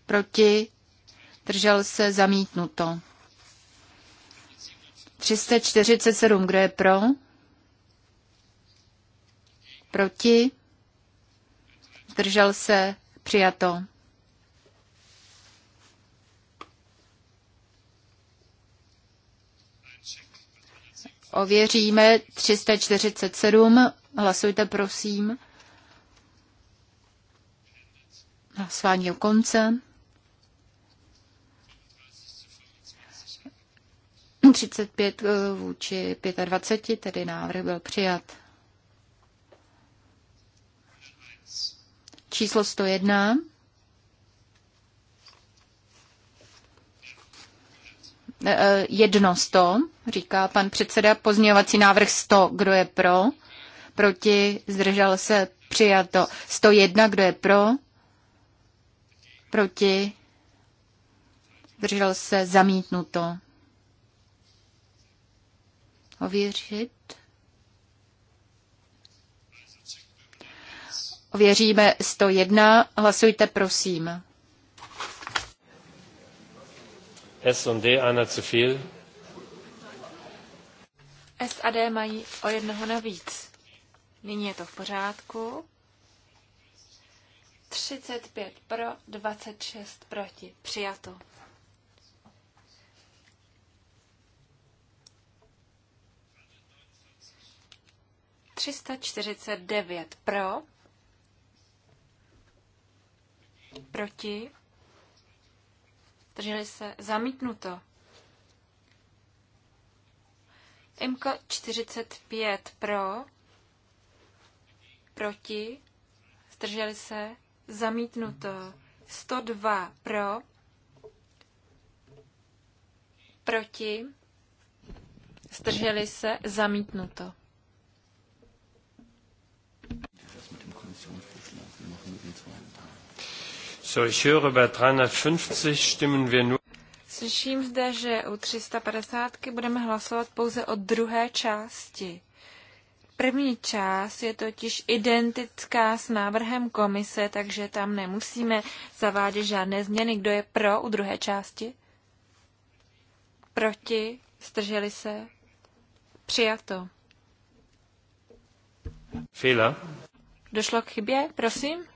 Proti? Držel se zamítnuto. 347, kdo je pro? Proti? Držel se přijato. ověříme 347. Hlasujte, prosím. Hlasování u konce. 35 eh, vůči 25, tedy návrh byl přijat. Číslo 101. Eh, eh, jedno sto, říká pan předseda, pozměňovací návrh 100, kdo je pro, proti, zdržel se, přijato 101, kdo je pro, proti, zdržel se, zamítnuto. Ověřit. Ověříme 101, hlasujte prosím. S&D einer zu viel. SAD mají o jednoho navíc. Nyní je to v pořádku. 35 pro, 26 proti. Přijato. Třista čtyřicet devět pro, proti, drželi se, zamítnuto. Imko 45 pro, proti, zdrželi se, zamítnuto. 102 pro, proti, zdrželi se, zamítnuto. So, ich höre, bei 350 stimmen wir nur... Slyším zde, že u 350 budeme hlasovat pouze o druhé části. První část je totiž identická s návrhem komise, takže tam nemusíme zavádět žádné změny. Kdo je pro u druhé části? Proti? Zdrželi se? Přijato. Fila. Došlo k chybě, prosím.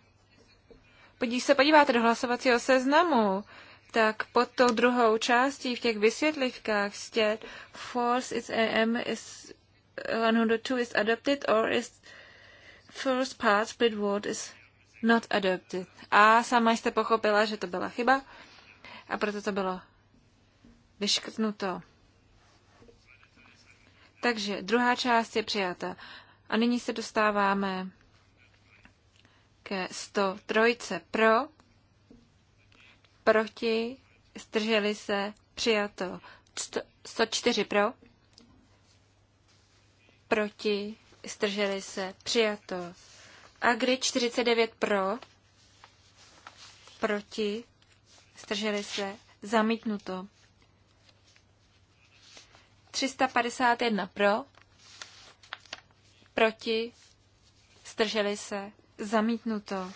Když se podíváte do hlasovacího seznamu, tak pod tou druhou částí v těch vysvětlivkách jste force is AM is 102 is adopted or is first part split word is not adopted. A sama jste pochopila, že to byla chyba a proto to bylo vyškrtnuto. Takže druhá část je přijata. A nyní se dostáváme ke 103 pro, proti, zdrželi se, přijato 104 pro, proti, zdrželi se, přijato. Agri 49 pro, proti, zdrželi se, zamítnuto. 351 pro, proti, zdrželi se, Zamítnuto.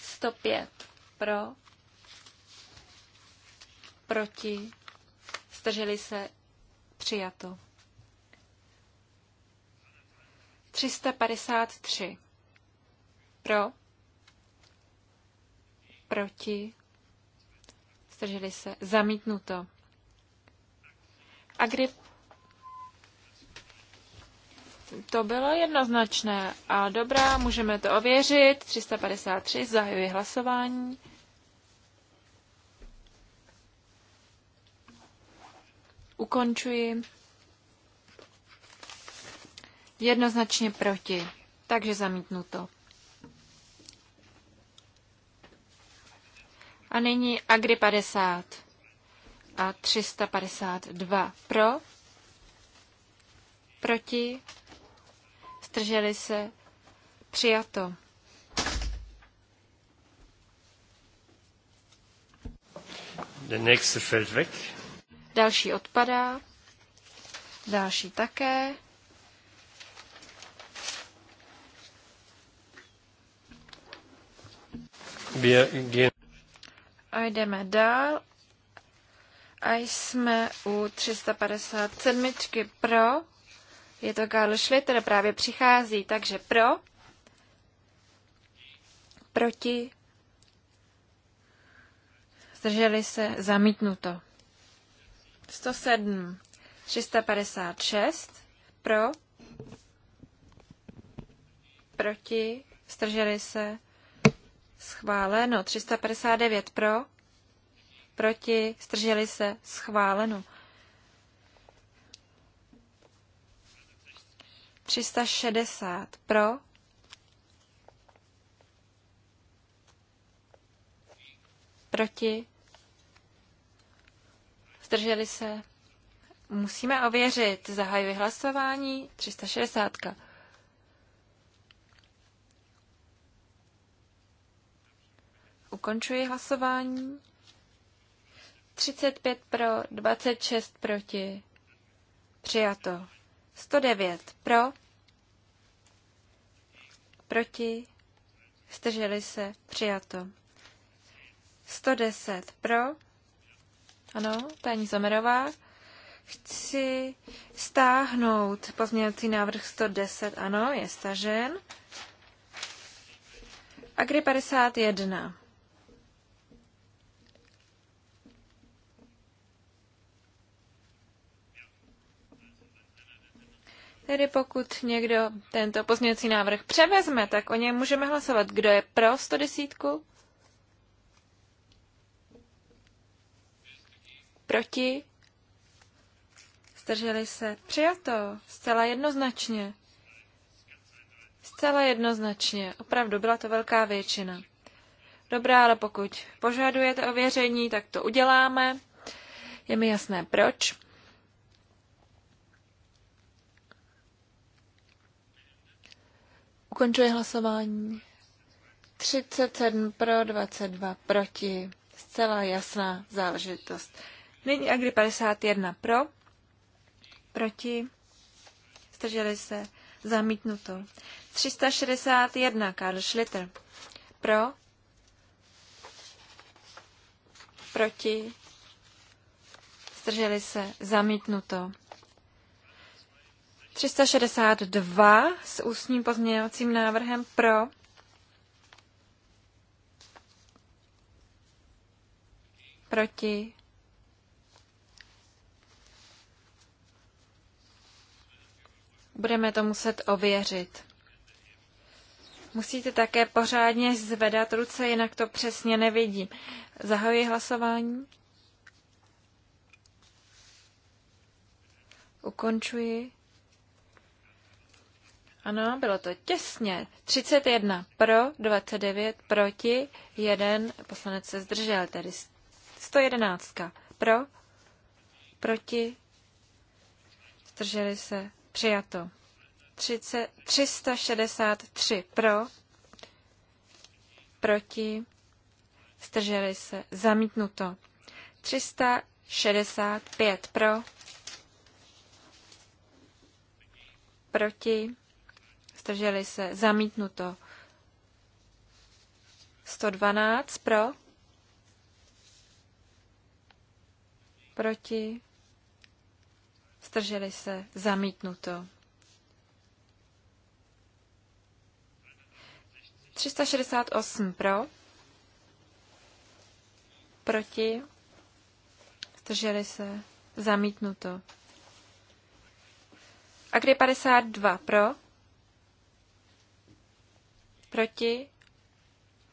105 pro, proti, zdrželi se, přijato. 353 pro, proti, zdrželi se, zamítnuto. Agrip to bylo jednoznačné. A dobrá, můžeme to ověřit. 353, zahajuji hlasování. Ukončuji. Jednoznačně proti. Takže zamítnu to. A nyní Agri 50 a 352 pro, proti zdrželi se, přijato. Der nächste fällt weg. Další odpadá. Další také. A jdeme dál. A jsme u 357 pro, je to Karl Schlitter, právě přichází, takže pro, proti, zdrželi se, zamítnuto. 107, 356, pro, proti, zdrželi se, schváleno. 359 pro, proti, zdrželi se, schváleno. 360 pro, proti, zdrželi se. Musíme ověřit. Zahajuji hlasování 360. Ukončuji hlasování. 35 pro, 26 proti. Přijato. 109 pro, proti, zdrželi se, přijato. 110 pro, ano, paní Zomerová, chci stáhnout pozměňovací návrh 110, ano, je stažen. Agri 51 Tedy pokud někdo tento pozměňovací návrh převezme, tak o něm můžeme hlasovat. Kdo je pro 110? Proti? Zdrželi se. Přijato. Zcela jednoznačně. Zcela jednoznačně. Opravdu byla to velká většina. Dobrá, ale pokud požadujete ověření, tak to uděláme. Je mi jasné proč. Ukončuji hlasování. 37 pro, 22 proti. Zcela jasná záležitost. Nyní Agri 51 pro, proti, Strželi se, zamítnuto. 361 Karl Schlitter pro, proti, Strželi se, zamítnuto. 362 s ústním pozměňovacím návrhem pro. Proti. Budeme to muset ověřit. Musíte také pořádně zvedat ruce, jinak to přesně nevidím. Zahajuji hlasování. Ukončuji. Ano, bylo to těsně. 31 pro, 29 proti, jeden poslanec se zdržel, tedy 111 pro, proti, zdrželi se, přijato. 363 pro, proti, zdrželi se, zamítnuto. 365 pro, proti, zdrželi se, zamítnuto. 112 pro, proti, zdrželi se, zamítnuto. 368 pro, proti, zdrželi se, zamítnuto. A 52 pro, Proti?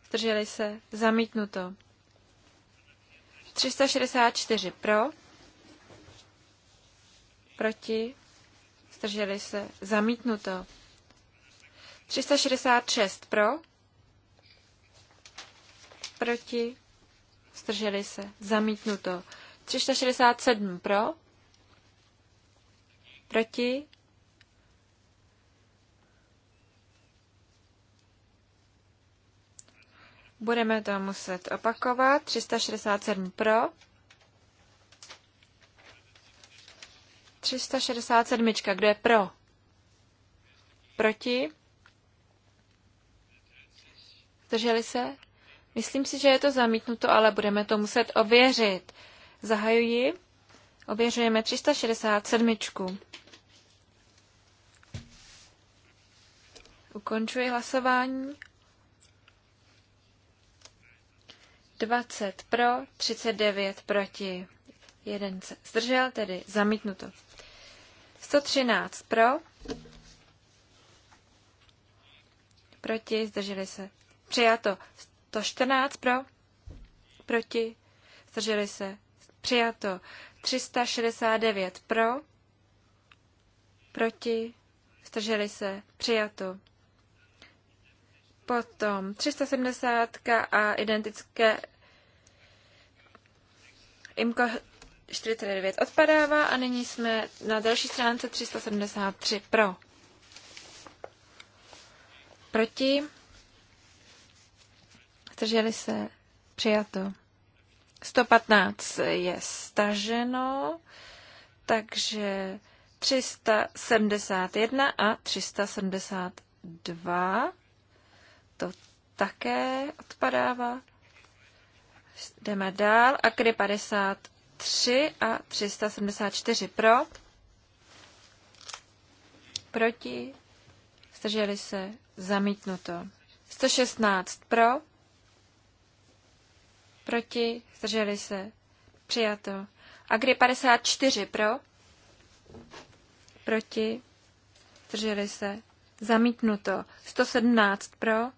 Zdrželi se? Zamítnuto. 364 pro. Proti? Zdrželi se? Zamítnuto. 366 pro. Proti? Zdrželi se? Zamítnuto. 367 pro. Proti? Budeme to muset opakovat. 367 pro. 367. Kdo je pro? Proti? Zdrželi se? Myslím si, že je to zamítnuto, ale budeme to muset ověřit. Zahajuji. Ověřujeme 367. Ukončuji hlasování. 20 pro, 39 proti. 1 se zdržel, tedy zamítnuto. 113 pro, proti, zdrželi se. Přijato 114 pro, proti, zdrželi se. Přijato 369 pro, proti, zdrželi se. Přijato Potom 370 a identické IMCO 49 odpadává a nyní jsme na další stránce 373 pro. Proti. Strželi se. Přijato. 115 je staženo, takže 371 a 372 to také odpadává. Jdeme dál. Akry 53 a 374 pro. Proti. Zdrželi se. Zamítnuto. 116 pro. Proti. Zdrželi se. Přijato. Agri 54 pro. Proti. Zdrželi se. Zamítnuto. 117 pro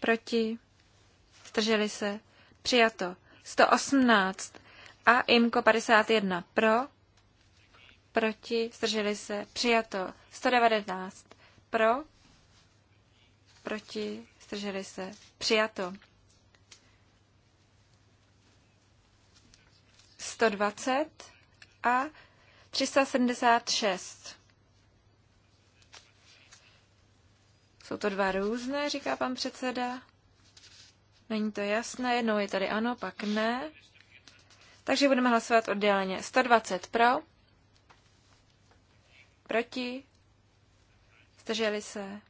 proti, zdrželi se, přijato 118 a IMKO 51 pro, proti, zdrželi se, přijato 119 pro, proti, zdrželi se, přijato 120 a 376 Jsou to dva různé, říká pan předseda. Není to jasné, jednou je tady ano, pak ne. Takže budeme hlasovat odděleně. 120 pro, proti, zdrželi se,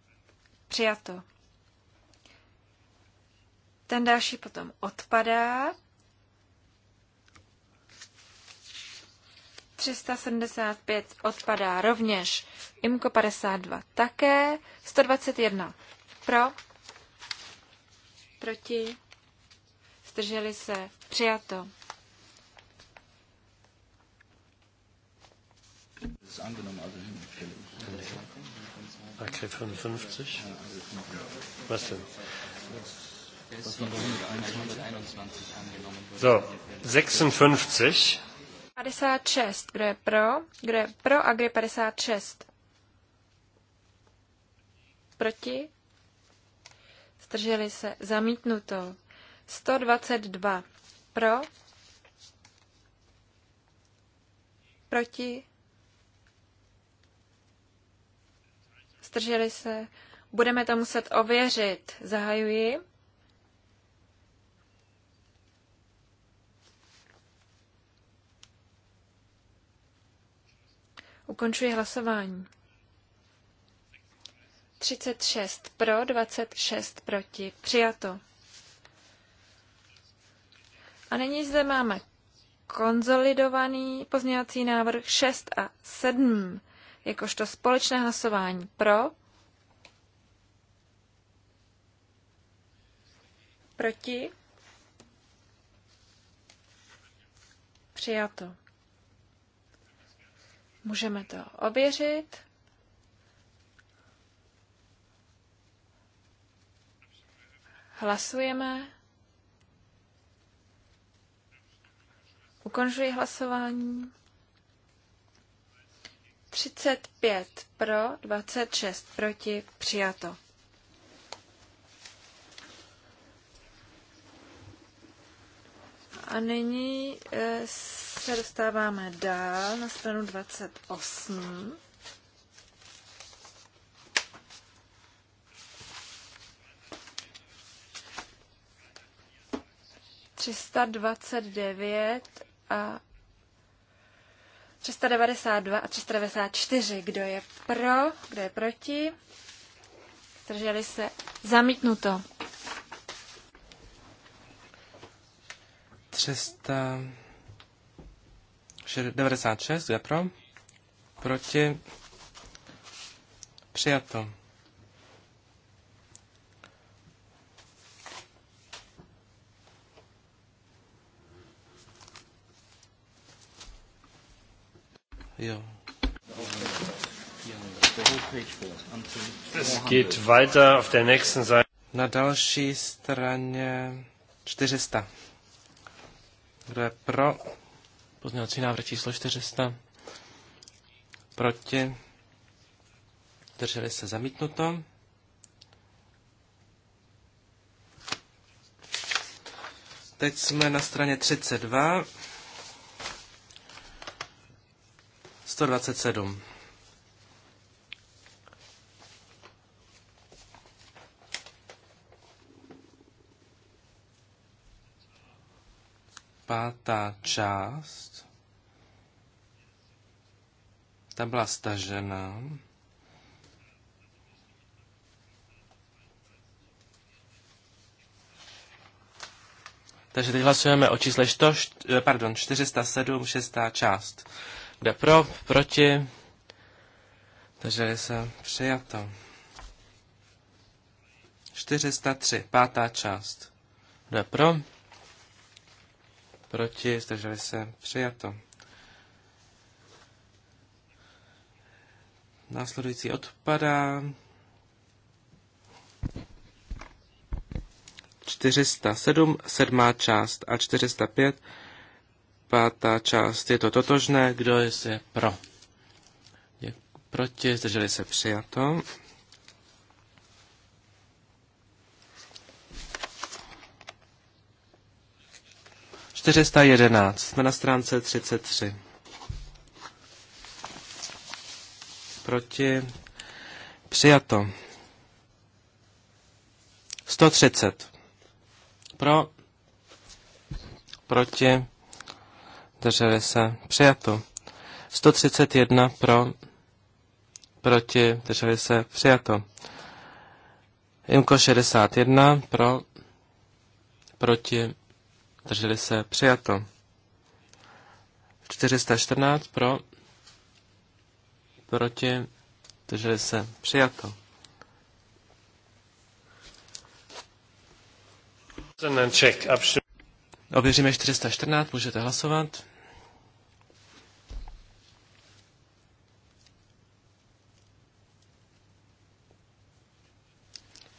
přijato. Ten další potom odpadá. 375 odpadá rovněž. IMKO 52 také. 121 pro. Proti. Zdrželi se. Přijato. Das 55. So, 56. 56. Kdo je pro? Kdo je pro Agri 56? Proti? Zdrželi se. Zamítnuto. 122. Pro? Proti? Zdrželi se. Budeme to muset ověřit. Zahajuji. Ukončuji hlasování. 36 pro, 26 proti. Přijato. A nyní zde máme konzolidovaný pozměňovací návrh 6 a 7, jakožto společné hlasování pro, proti, přijato. Můžeme to ověřit. Hlasujeme. Ukončuji hlasování. 35 pro, 26 proti, přijato. A nyní eh, se dostáváme dál na stranu 28. Třista dvacet devět a třista devadesát dva a třista devadesát čtyři. Kdo je pro, kdo je proti? Zdrželi se. Zamítnuto. třista 96, kdo pro? Proti? Přijato. Jo. Es geht weiter auf der nächsten Seite. Na další straně 400. Kdo je pro? Pozměňovací návrh číslo 400. Proti. Drželi se zamítnuto. Teď jsme na straně 32. 127. pátá část, ta byla stažena. Takže teď hlasujeme o čísle 100, pardon, 407, šestá část. Kde pro, proti, takže je se přijato. 403, pátá část. Kde pro, proti, zdrželi se, přijato. Následující odpadá. 407, sedmá část a 405, pátá část. Je to totožné, kdo je pro? Proti, zdrželi se, přijato. 411. Jsme na stránce 33. Proti. Přijato. 130. Pro. Proti. Drželi se. Přijato. 131 pro. Proti. Drželi se. Přijato. Imko 61 pro. Proti zdrželi se, přijato. 414 pro, proti, zdrželi se, přijato. Ověříme 414, můžete hlasovat.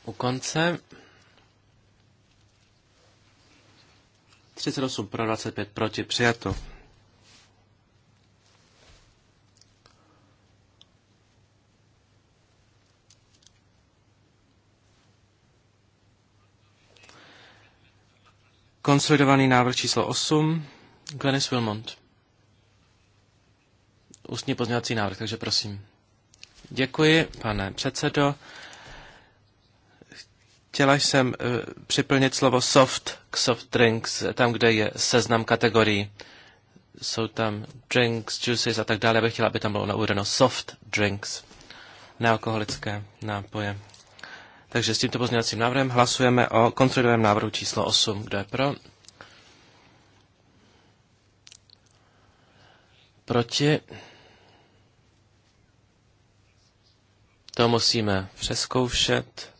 U konce. 38 pro 25 proti přijato. Konsolidovaný návrh číslo 8. Glenis Wilmont. Ústní pozměňovací návrh, takže prosím. Děkuji, pane předsedo. Chtěla jsem eh, připlnit slovo soft k soft drinks, tam, kde je seznam kategorií. Jsou tam drinks, juices a tak dále. bych chtěla, aby tam bylo uvedeno soft drinks, nealkoholické nápoje. Takže s tímto pozměňovacím návrhem hlasujeme o konsolidovém návrhu číslo 8. Kdo je pro? Proti? To musíme přeskoušet.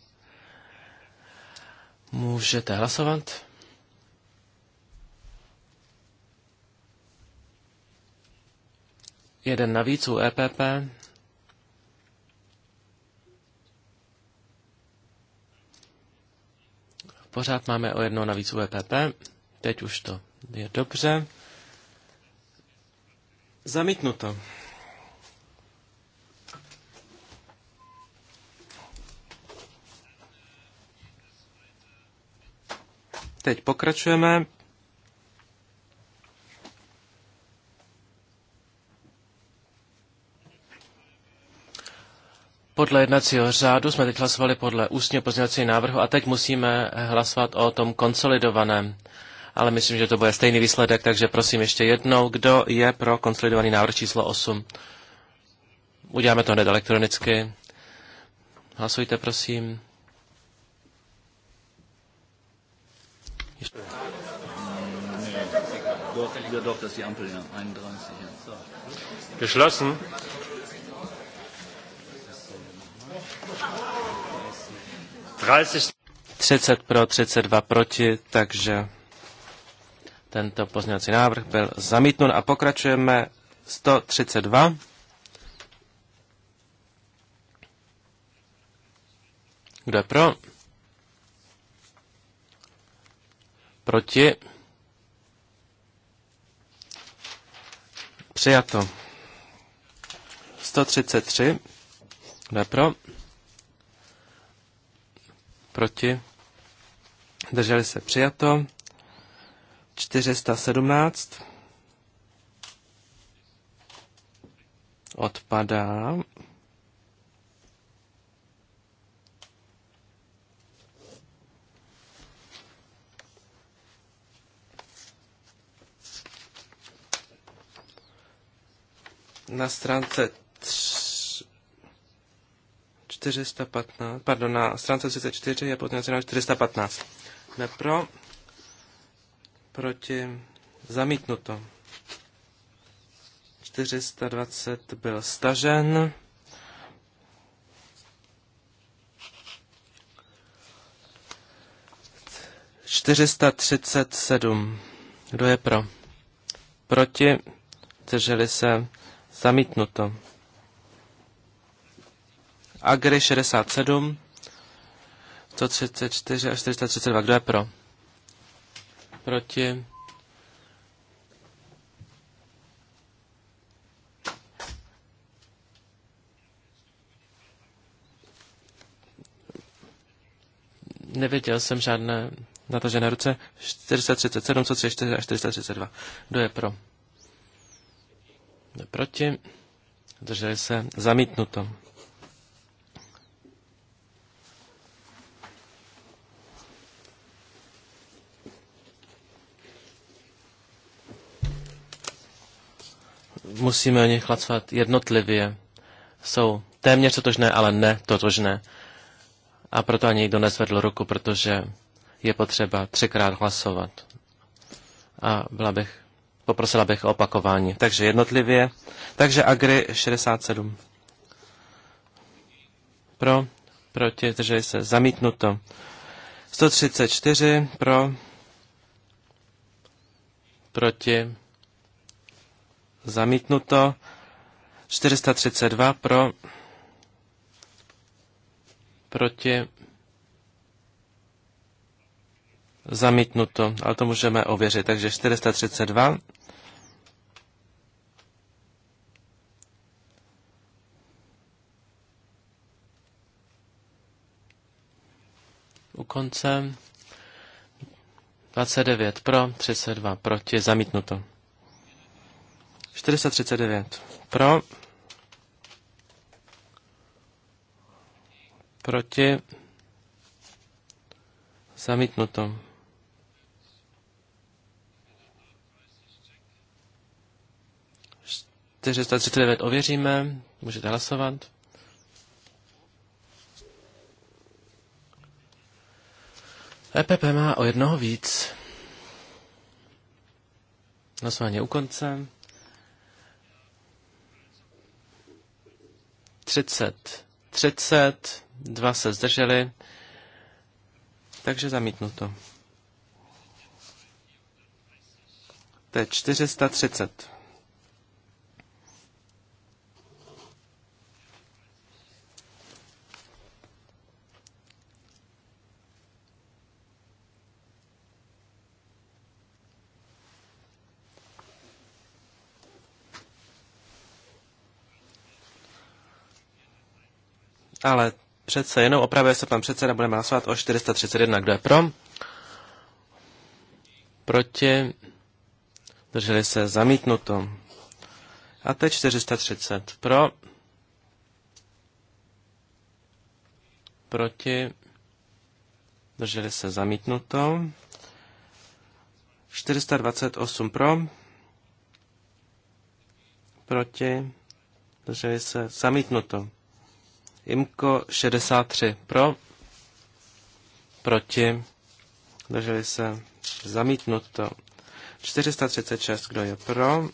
Můžete hlasovat. Jeden navíc u EPP. Pořád máme o jedno navíc u EPP. Teď už to je dobře. Zamítnuto. teď pokračujeme. Podle jednacího řádu jsme teď hlasovali podle ústního pozměňovacího návrhu a teď musíme hlasovat o tom konsolidovaném. Ale myslím, že to bude stejný výsledek, takže prosím ještě jednou, kdo je pro konsolidovaný návrh číslo 8. Uděláme to hned elektronicky. Hlasujte, prosím. Geschlossen. Třicet pro, 32 proti, takže tento pozměňovací návrh byl zamítnut a pokračujeme 132. Kdo je pro? Proti? Přijato. 133. Kdo pro? Proti? Drželi se přijato. 417. Odpadá. na stránce 415, pardon, na stránce 34 je pozměňovací návrh 415. Ne pro, proti, zamítnuto. 420 byl stažen. Čtyřista třicet sedm. Kdo je pro? Proti? Drželi se Zamítnuto. Agri 67, 134 a 432. Kdo je pro? Proti? Neviděl jsem žádné natožené ruce. 437, 134 a 432. Kdo je pro? Proti? drželi se? Zamítnuto. Musíme o nich hlasovat jednotlivě. Jsou téměř totožné, ale ne totožné. A proto ani nikdo nezvedl ruku, protože je potřeba třikrát hlasovat. A byla bych Poprosila bych o opakování. Takže jednotlivě. Takže Agri 67. Pro, proti, takže se, zamítnuto. 134 pro, proti, zamítnuto. 432 pro, proti, zamítnuto, ale to můžeme ověřit. Takže 432 konce. 29 pro, 32 proti, zamítnuto. 439 pro, proti, zamítnuto. 139 ověříme, můžete hlasovat. EPP má o jednoho víc. Hlasování u konce. 30, 30, dva se zdrželi, takže zamítnuto. To je 430. ale přece jenom opravuje se pan předseda, budeme hlasovat o 431. Kdo je pro? Proti? Drželi se zamítnuto. A teď 430. Pro? Proti? Drželi se zamítnuto. 428 pro. Proti? Drželi se zamítnuto. Imko 63 pro, proti, drželi se zamítnuto. 436, kdo je pro,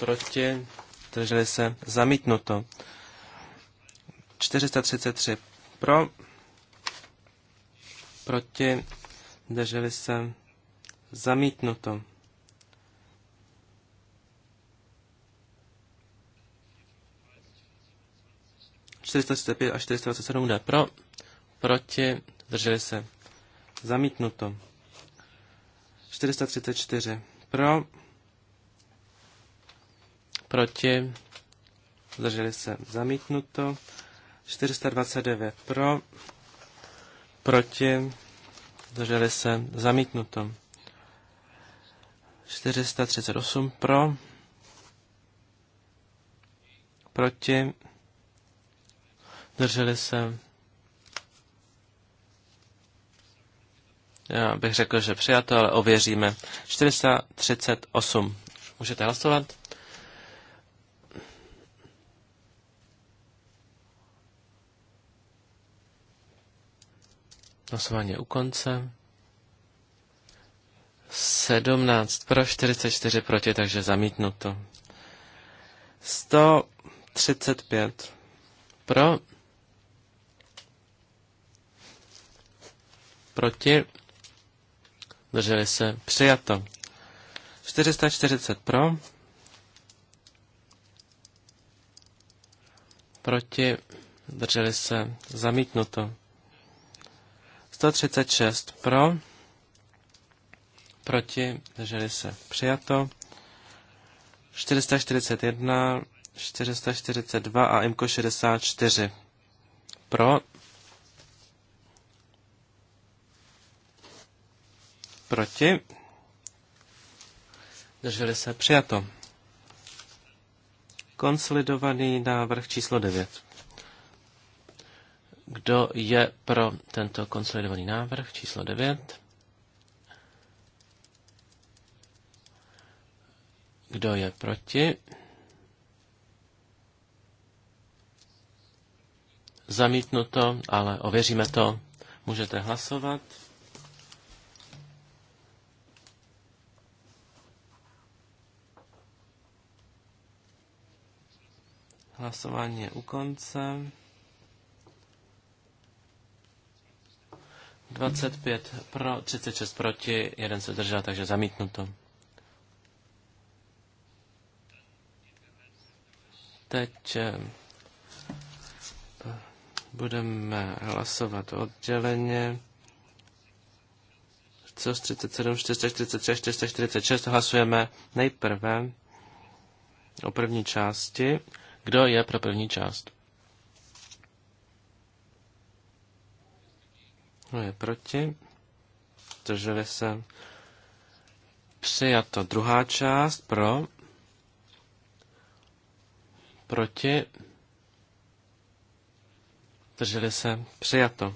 proti, drželi se zamítnuto. 433 pro, proti, drželi se zamítnuto. 435 a 427 jde pro, proti, drželi se, zamítnuto. 434 pro, proti, zdrželi se, zamítnuto. 429 pro, proti, zdrželi se, zamítnuto. 438 pro, proti, Drželi se. Já bych řekl, že přijato, ale ověříme. 438. Můžete hlasovat. Hlasování u konce. 17 pro, 44 proti, takže zamítnuto. 135 pro, proti, drželi se, přijato. 440 pro, proti, drželi se, zamítnuto. 136 pro, proti, drželi se, přijato. 441, 442 a Mko 64 pro, Proti? Drželi se. Přijato. Konsolidovaný návrh číslo 9. Kdo je pro tento konsolidovaný návrh číslo 9? Kdo je proti? Zamítnuto, ale ověříme to. Můžete hlasovat. Hlasování je u konce. 25 pro, 36 proti, jeden se držel, takže zamítnuto. Teď eh, budeme hlasovat odděleně. Co 37, 446, 446 hlasujeme nejprve o první části. Kdo je pro první část? Kdo je proti? Drželi se. Přijato druhá část pro. Proti. Drželi se. Přijato.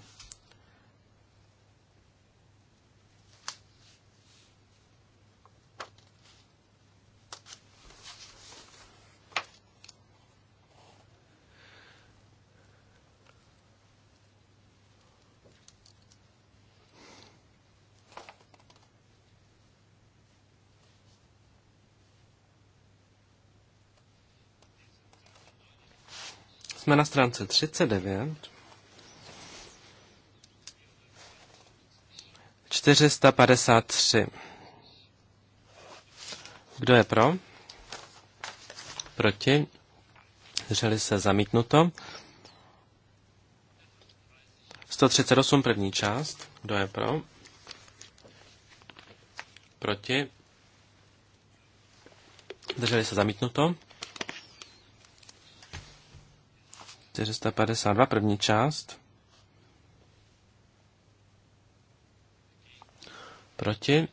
Jsme na stránce 39. 453. Kdo je pro? Proti? Zdrželi se zamítnuto. 138 první část. Kdo je pro? Proti? Drželi se zamítnuto. 452, první část. Proti.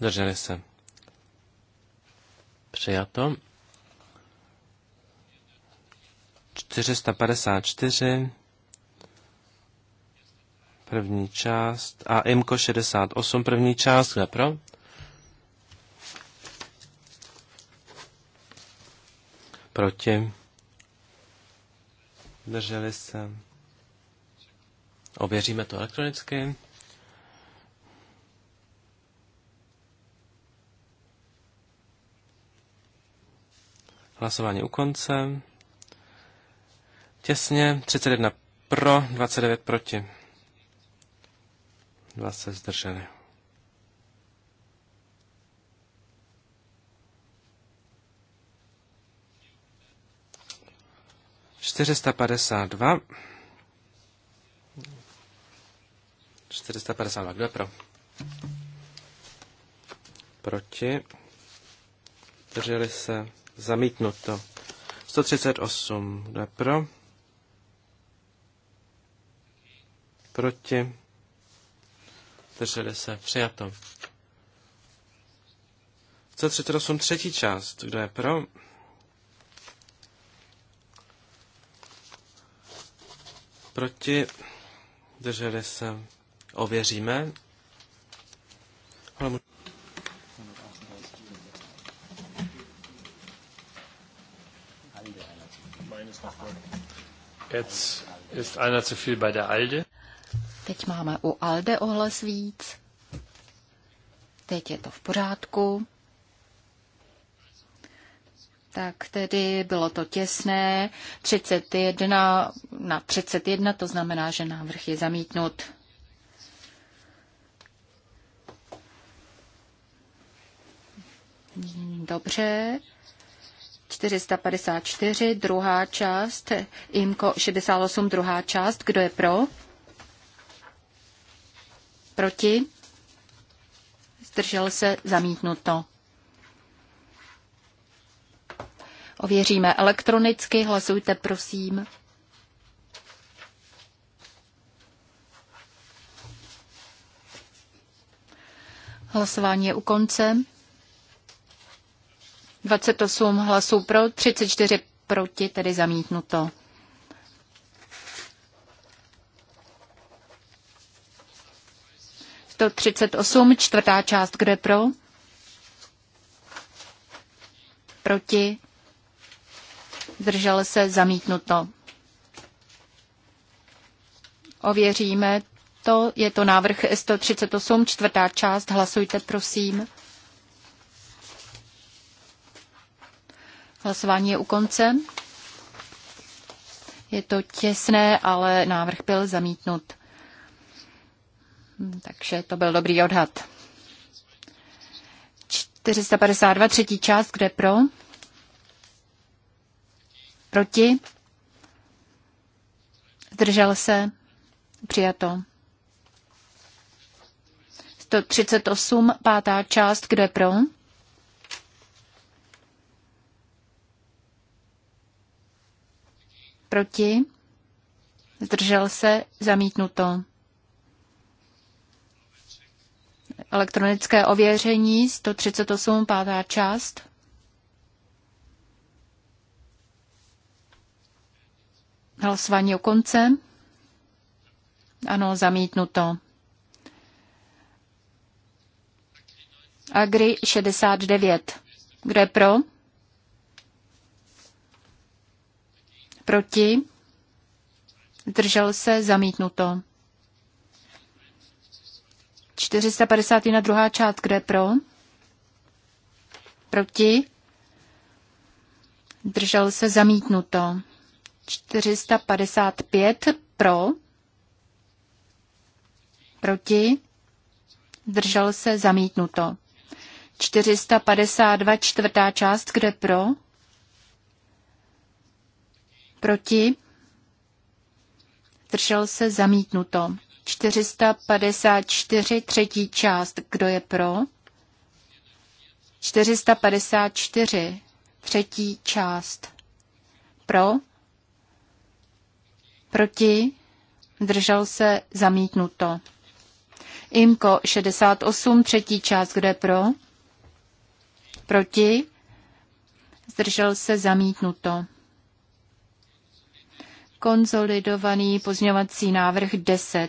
Drželi se. Přijato. 454. První část. A IMKO 68, první část. Kde pro? Proti. Drželi se. Ověříme to elektronicky. Hlasování u konce. Těsně 31 pro, 29 proti. Dva se zdrželi. 452. 452, kdo je pro? Proti. Drželi se. Zamítnuto. 138, kdo je pro? Proti. Drželi se. Přijato. 138, třetí část, kdo je pro? proti, drželi se, ověříme. Jetzt ist einer zu viel bei der ALDE. Teď máme u ALDE ohlas víc. Teď je to v pořádku. Tak tedy bylo to těsné, 31 na 31, to znamená, že návrh je zamítnut. Dobře. 454, druhá část, IMKO 68, druhá část. Kdo je pro? Proti? Zdržel se zamítnuto. Ověříme elektronicky, hlasujte prosím. Hlasování je u konce. 28 hlasů pro, 34 proti, tedy zamítnuto. To 38, čtvrtá část, kde pro? Proti zdržel se, zamítnuto. Ověříme to, je to návrh 138, čtvrtá část, hlasujte prosím. Hlasování je u konce. Je to těsné, ale návrh byl zamítnut. Takže to byl dobrý odhad. 452, třetí část, kde pro? Proti? Zdržel se? Přijato. 138, pátá část, kde pro? Proti? Zdržel se? Zamítnuto. Elektronické ověření, 138, pátá část. Hlasování o konce. Ano, zamítnuto. Agri 69. Kdo je pro? Proti? Držel se zamítnuto. 450 na druhá část. Kdo je pro? Proti? Držel se zamítnuto. 455 pro, proti, zdržel se zamítnuto. 452 čtvrtá část, kde pro, proti, zdržel se zamítnuto. 454 třetí část, kdo je pro, 454 třetí část pro, proti, zdržel se, zamítnuto. IMKO 68, třetí část, kde pro, proti, zdržel se, zamítnuto. Konzolidovaný pozměňovací návrh 10.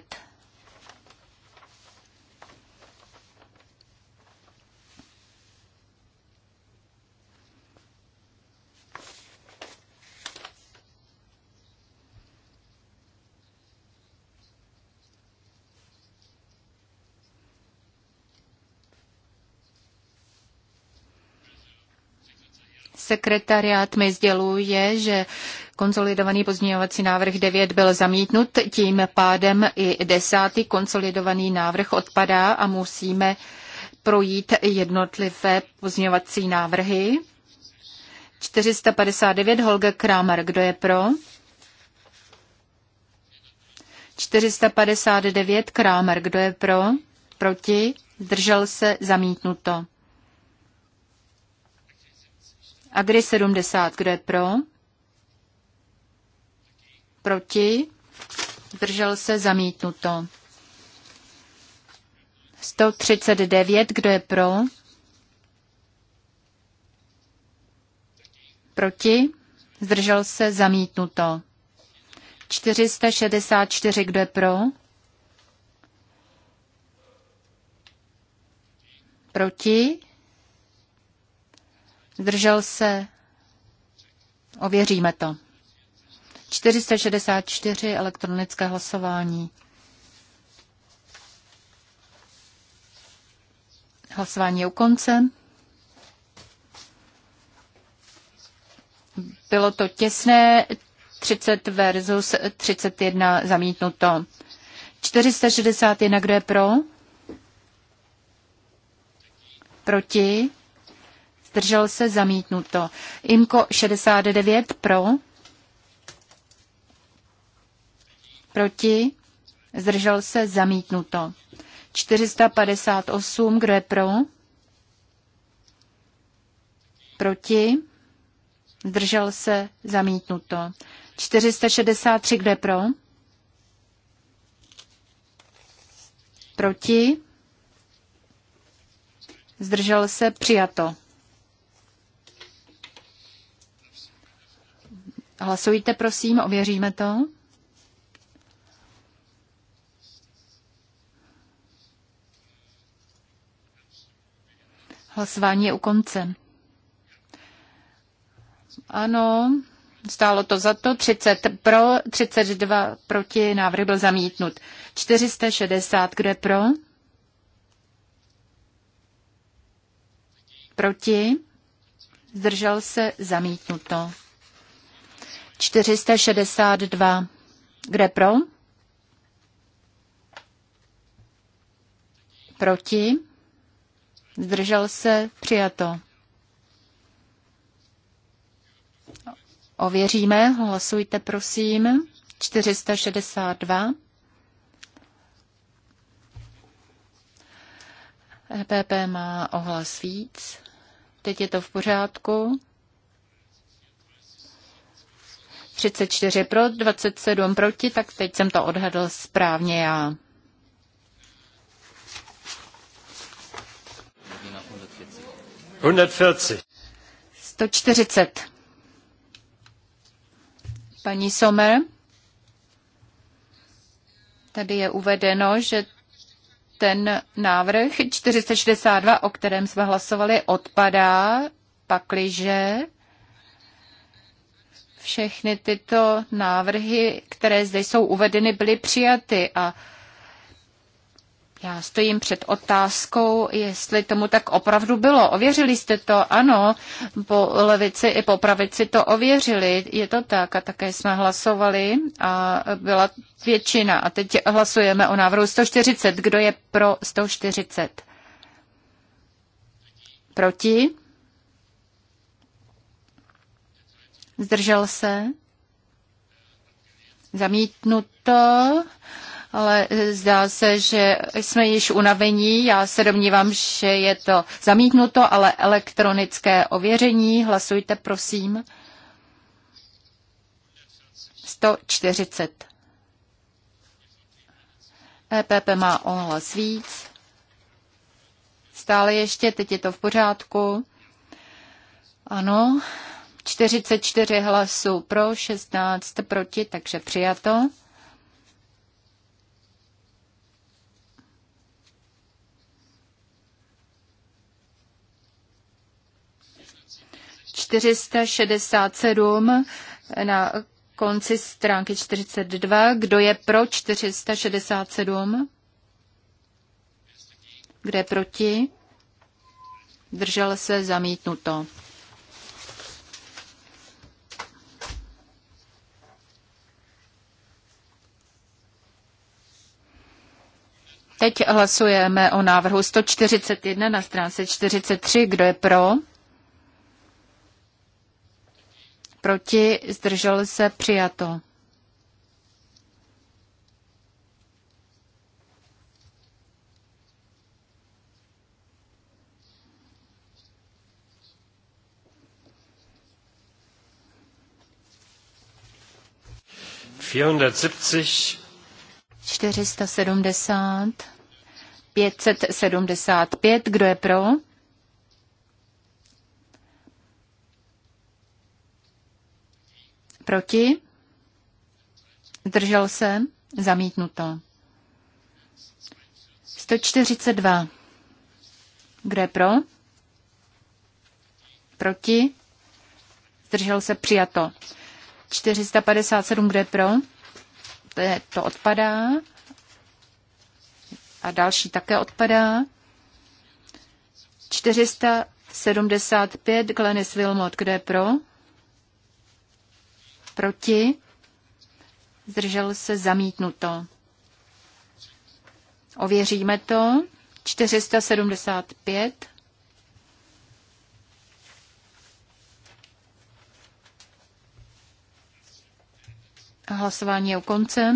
Sekretariát mi sděluje, že konsolidovaný pozměňovací návrh 9 byl zamítnut, tím pádem i desátý konsolidovaný návrh odpadá a musíme projít jednotlivé pozměňovací návrhy. 459 Holge Kramer, kdo je pro? 459 Kramer, kdo je pro? Proti? Zdržel se? Zamítnuto. A kdy 70, kdo je pro? Proti? Zdržel se zamítnuto. 139, kdo je pro? Proti? Zdržel se zamítnuto. 464, kdo je pro? Proti? Zdržel se? Ověříme to. 464 elektronické hlasování. Hlasování je u konce. Bylo to těsné, 30 versus 31 zamítnuto. 461, kdo je pro? Proti? zdržel se, zamítnuto. Imko 69 pro, proti, zdržel se, zamítnuto. 458, kdo je pro? Proti, zdržel se, zamítnuto. 463, kdo je pro? Proti? Zdržel se? Přijato. Hlasujte, prosím, ověříme to. Hlasování je u konce. Ano, stálo to za to. 30 pro, 32 proti, návrh byl zamítnut. 460, kdo je pro? Proti? Zdržel se zamítnuto. 462. Kde pro? Proti? Zdržel se? Přijato. Ověříme, hlasujte prosím. 462. EPP má ohlas víc. Teď je to v pořádku. 34 pro, 27 proti, tak teď jsem to odhadl správně já. Sto Paní Sommer, tady je uvedeno, že ten návrh 462, o kterém jsme hlasovali, odpadá, pakliže všechny tyto návrhy, které zde jsou uvedeny, byly přijaty a já stojím před otázkou, jestli tomu tak opravdu bylo. Ověřili jste to? Ano, po levici i po pravici to ověřili. Je to tak a také jsme hlasovali a byla většina. A teď hlasujeme o návrhu 140. Kdo je pro 140? Proti? zdržel se, zamítnuto, ale zdá se, že jsme již unavení. Já se domnívám, že je to zamítnuto, ale elektronické ověření. Hlasujte, prosím. 140. EPP má o hlas víc. Stále ještě, teď je to v pořádku. Ano, 44 hlasů pro, 16 proti, takže přijato. Čtyřista na konci stránky 42. Kdo je pro 467? Kdo je proti? Držel se zamítnuto. Teď hlasujeme o návrhu 141 na stránce 43. Kdo je pro? Proti? Zdržel se? Přijato. 470, 575, kdo je pro? Proti? Držel se? Zamítnuto. 142. Kdo je pro? Proti? Zdržel se přijato. 457. Kdo je pro? to odpadá a další také odpadá. 475 Glenis Wilmot, kde je pro? Proti? Zdržel se zamítnuto. Ověříme to. 475. Hlasování je u konce.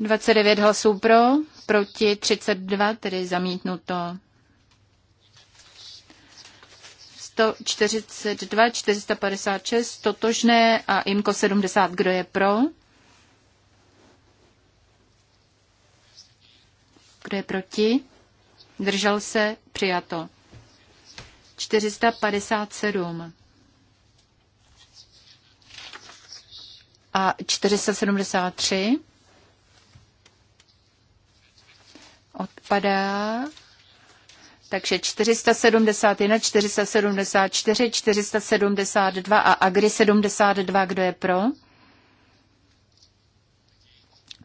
29 hlasů pro, proti 32, tedy zamítnuto. 142, 456, totožné a IMKO 70, kdo je pro? Kdo je proti? Držel se, přijato. 457. a 473 odpadá. Takže 471, 474, 472 a Agri 72, kdo je pro?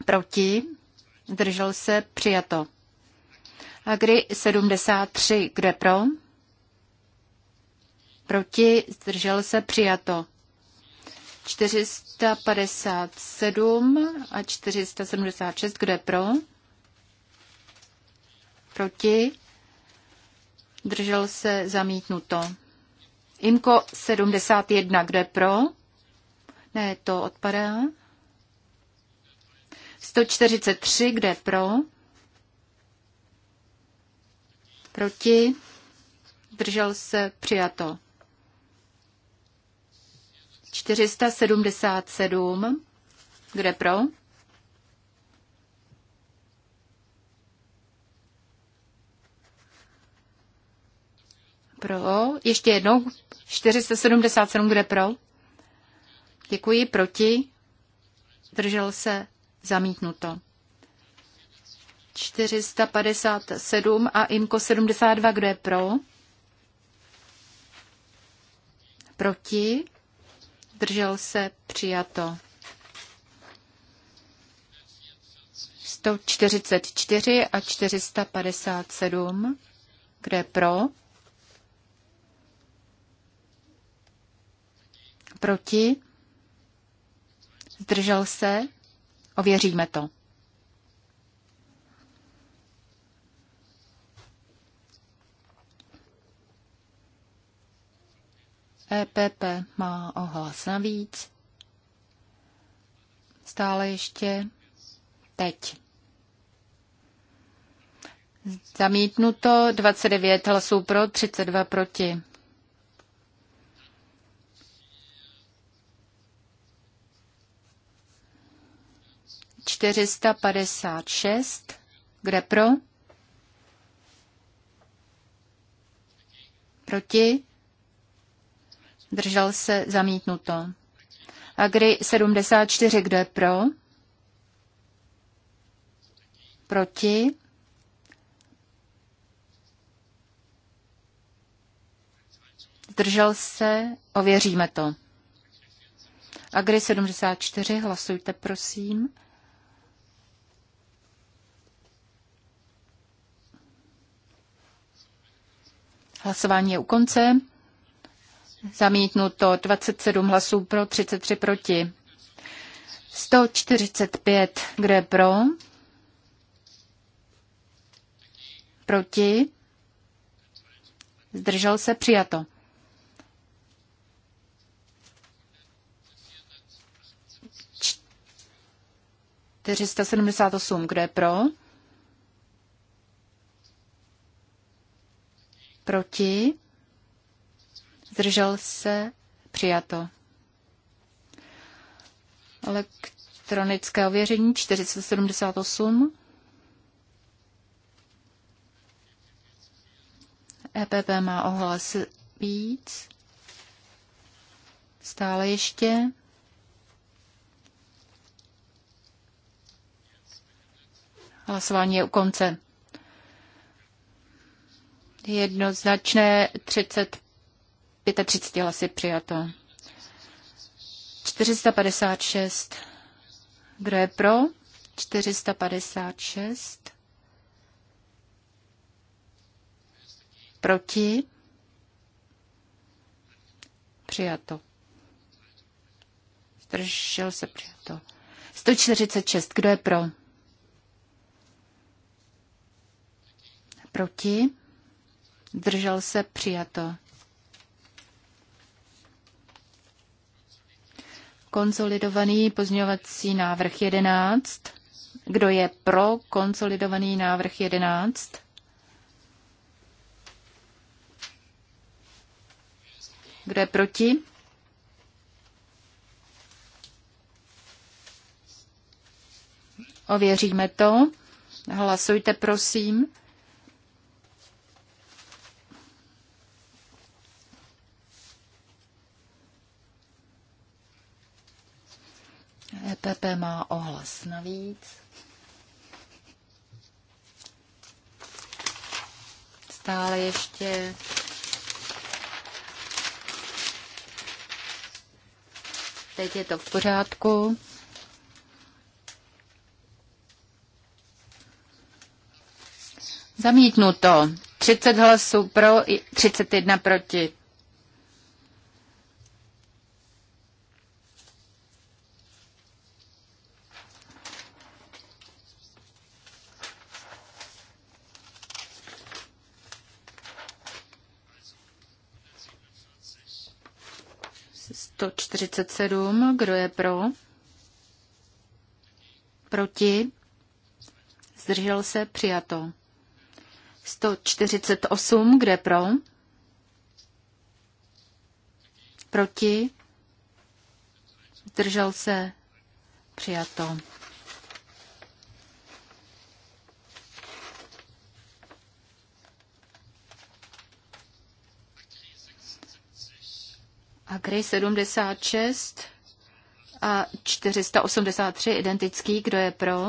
Proti? Držel se? Přijato. Agri 73, kdo je pro? Proti? Zdržel se? Přijato. 457 a 476, kdo je pro? Proti? Držel se zamítnuto. Imko 71, kdo je pro? Ne, to odpadá. 143, Kdo je pro? Proti? Držel se přijato. 477. Kde pro? Pro. Ještě jednou. 477. Kde pro? Děkuji. Proti? Držel se zamítnuto. 457 a IMKO 72. Kdo je pro? Proti? zdržel se, přijato. 144 a 457, kde pro, proti, zdržel se, ověříme to. EPP má ohlas navíc. Stále ještě teď. Zamítnuto 29 hlasů pro, 32 proti. Čtyřista padesát šest. Kde pro? Proti? Držel se zamítnuto. Agri 74, kdo je pro? Proti? Zdržel se? Ověříme to. Agri 74, hlasujte prosím. Hlasování je u konce. Zamítnuto 27 hlasů pro, 33 proti. 145, kde pro? Proti? Zdržel se přijato. Č- 478, kde pro? Proti? zdržel se, přijato. Elektronické ověření 478. EPP má ohlas víc. Stále ještě. Hlasování je u konce. Jednoznačné 30 35 hlasy přijato. 456. Kdo je pro? 456. Proti? Přijato. Zdržel se přijato. 146. Kdo je pro? Proti? Držel se přijato. Konsolidovaný pozměňovací návrh 11. Kdo je pro konsolidovaný návrh 11? Kdo je proti? Ověříme to. Hlasujte, prosím. Pepe má ohlas navíc. Stále ještě Teď je to v pořádku. Zamítnuto. 30 hlasů pro, 31 proti. 137. Kdo je pro? Proti? Zdržel se? Přijato. 148. je pro? Proti? Zdržel se? Přijato. Agri 76 a 483 identický. Kdo je pro?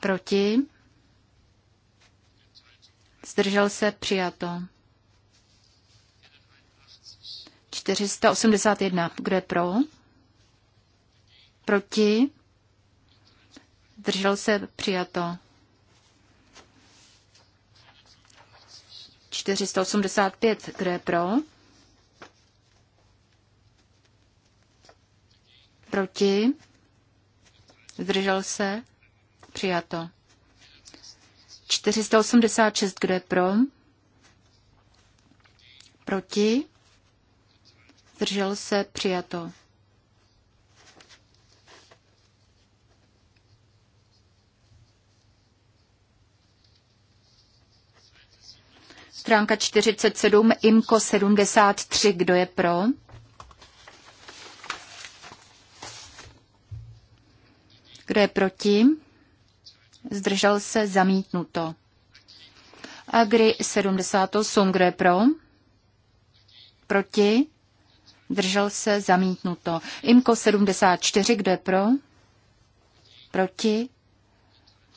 Proti? Zdržel se přijato. 481. Kdo je pro? Proti? Zdržel se přijato. 485, kdo je pro? Proti? Zdržel se? Přijato. 486, kdo je pro? Proti? Zdržel se? Přijato. stránka 47, IMKO 73. Kdo je pro? Kdo je proti? Zdržel se zamítnuto. Agri 78, kdo je pro? Proti? Držel se zamítnuto. Imko 74, kdo je pro? Proti?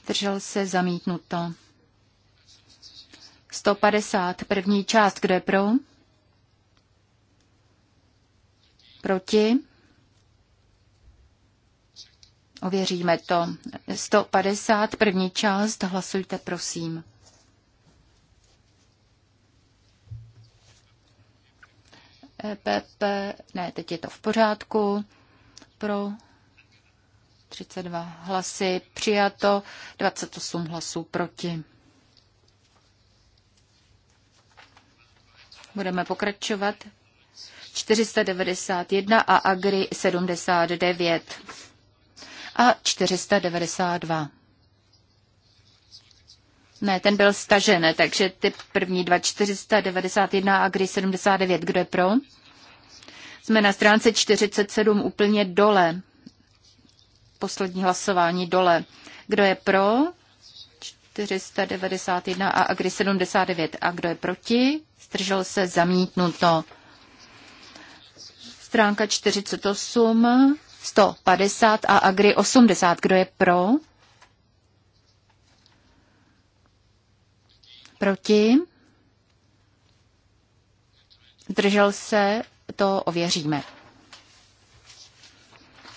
Držel se zamítnuto. 150. První část. Kdo je pro? Proti? Ověříme to. 150. První část. Hlasujte, prosím. EPP. Ne, teď je to v pořádku. Pro 32 hlasy přijato, 28 hlasů proti. Budeme pokračovat. 491 a Agri 79 a 492. Ne, ten byl stažen, takže ty první dva 491 a Agri 79. Kdo je pro? Jsme na stránce 47 úplně dole. Poslední hlasování dole. Kdo je pro? 491 a Agri 79. A kdo je proti? zdržel se zamítnuto. Stránka 48, 150 a Agri 80. Kdo je pro? Proti? Zdržel se, to ověříme.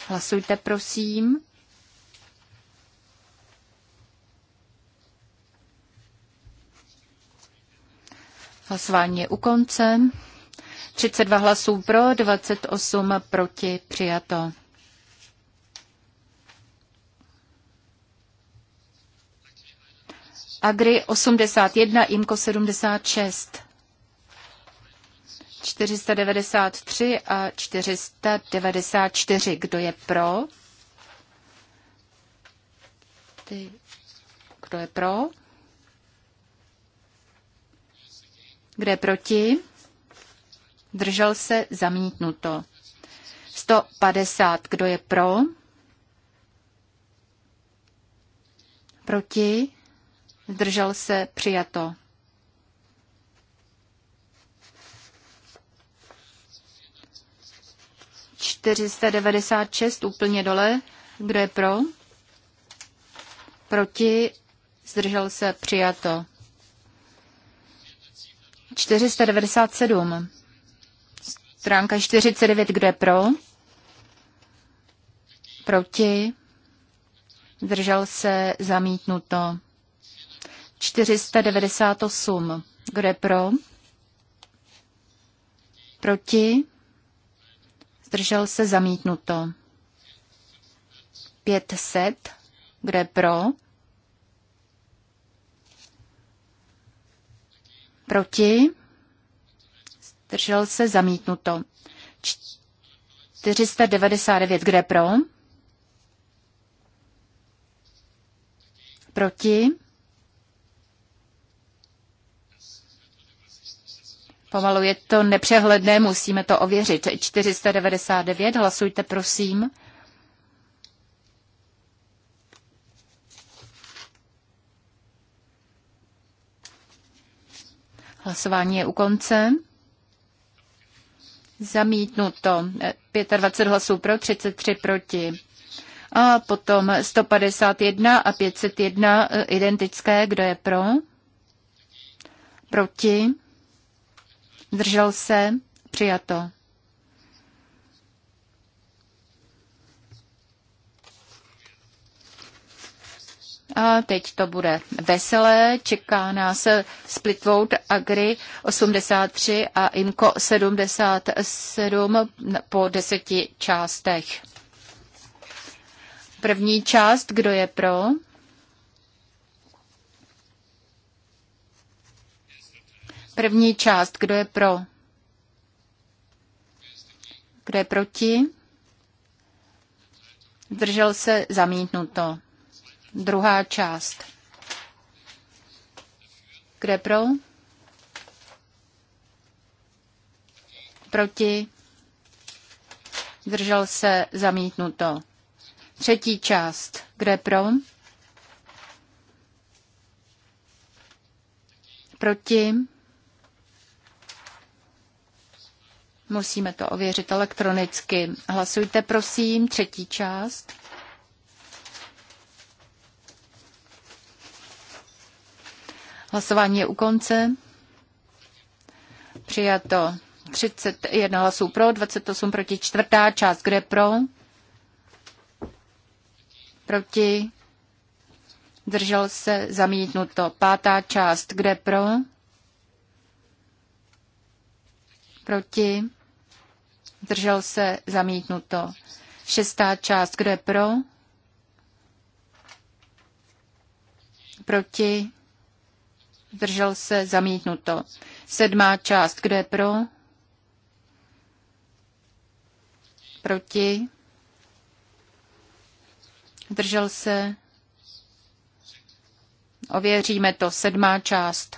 Hlasujte, prosím. Hlasování je u konce. 32 hlasů pro, 28 proti, přijato. Agri 81, Imko 76. 493 a 494. Kdo je pro? Ty. Kdo je pro? Kde proti? Držel se zamítnuto. 150. Kdo je pro? Proti? Zdržel se přijato. Čtyřista devadesát šest úplně dole. Kdo je pro? Proti? Zdržel se přijato. 497. Stránka 49, kdo je pro? Proti? Zdržel se zamítnuto. 498. Kdo je pro? Proti? Zdržel se zamítnuto. 500. Kdo je pro? Proti? Zdržel se zamítnuto. 499. Kde pro? Proti? Pomalu je to nepřehledné, musíme to ověřit. 499, hlasujte prosím. Hlasování je u konce. Zamítnuto. 25 hlasů pro, 33 proti. A potom 151 a 501 eh, identické. Kdo je pro? Proti? Zdržel se? Přijato. A teď to bude veselé. Čeká nás vote. Agri 83 a Imco 77 po deseti částech. První část, kdo je pro? První část, kdo je pro? Kdo je proti? Zdržel se zamítnuto. Druhá část. Kde pro? Proti? Zdržel se zamítnuto. Třetí část. Kde pro? Proti? Musíme to ověřit elektronicky. Hlasujte prosím. Třetí část. Hlasování je u konce. Přijato 31 hlasů pro, 28 proti čtvrtá část. Kde pro? Proti? Držel se zamítnuto. Pátá část. Kde pro? Proti? Držel se zamítnuto. Šestá část. Kde pro? Proti? zdržel se, zamítnuto. Sedmá část, kde je pro? Proti? Zdržel se? Ověříme to, sedmá část.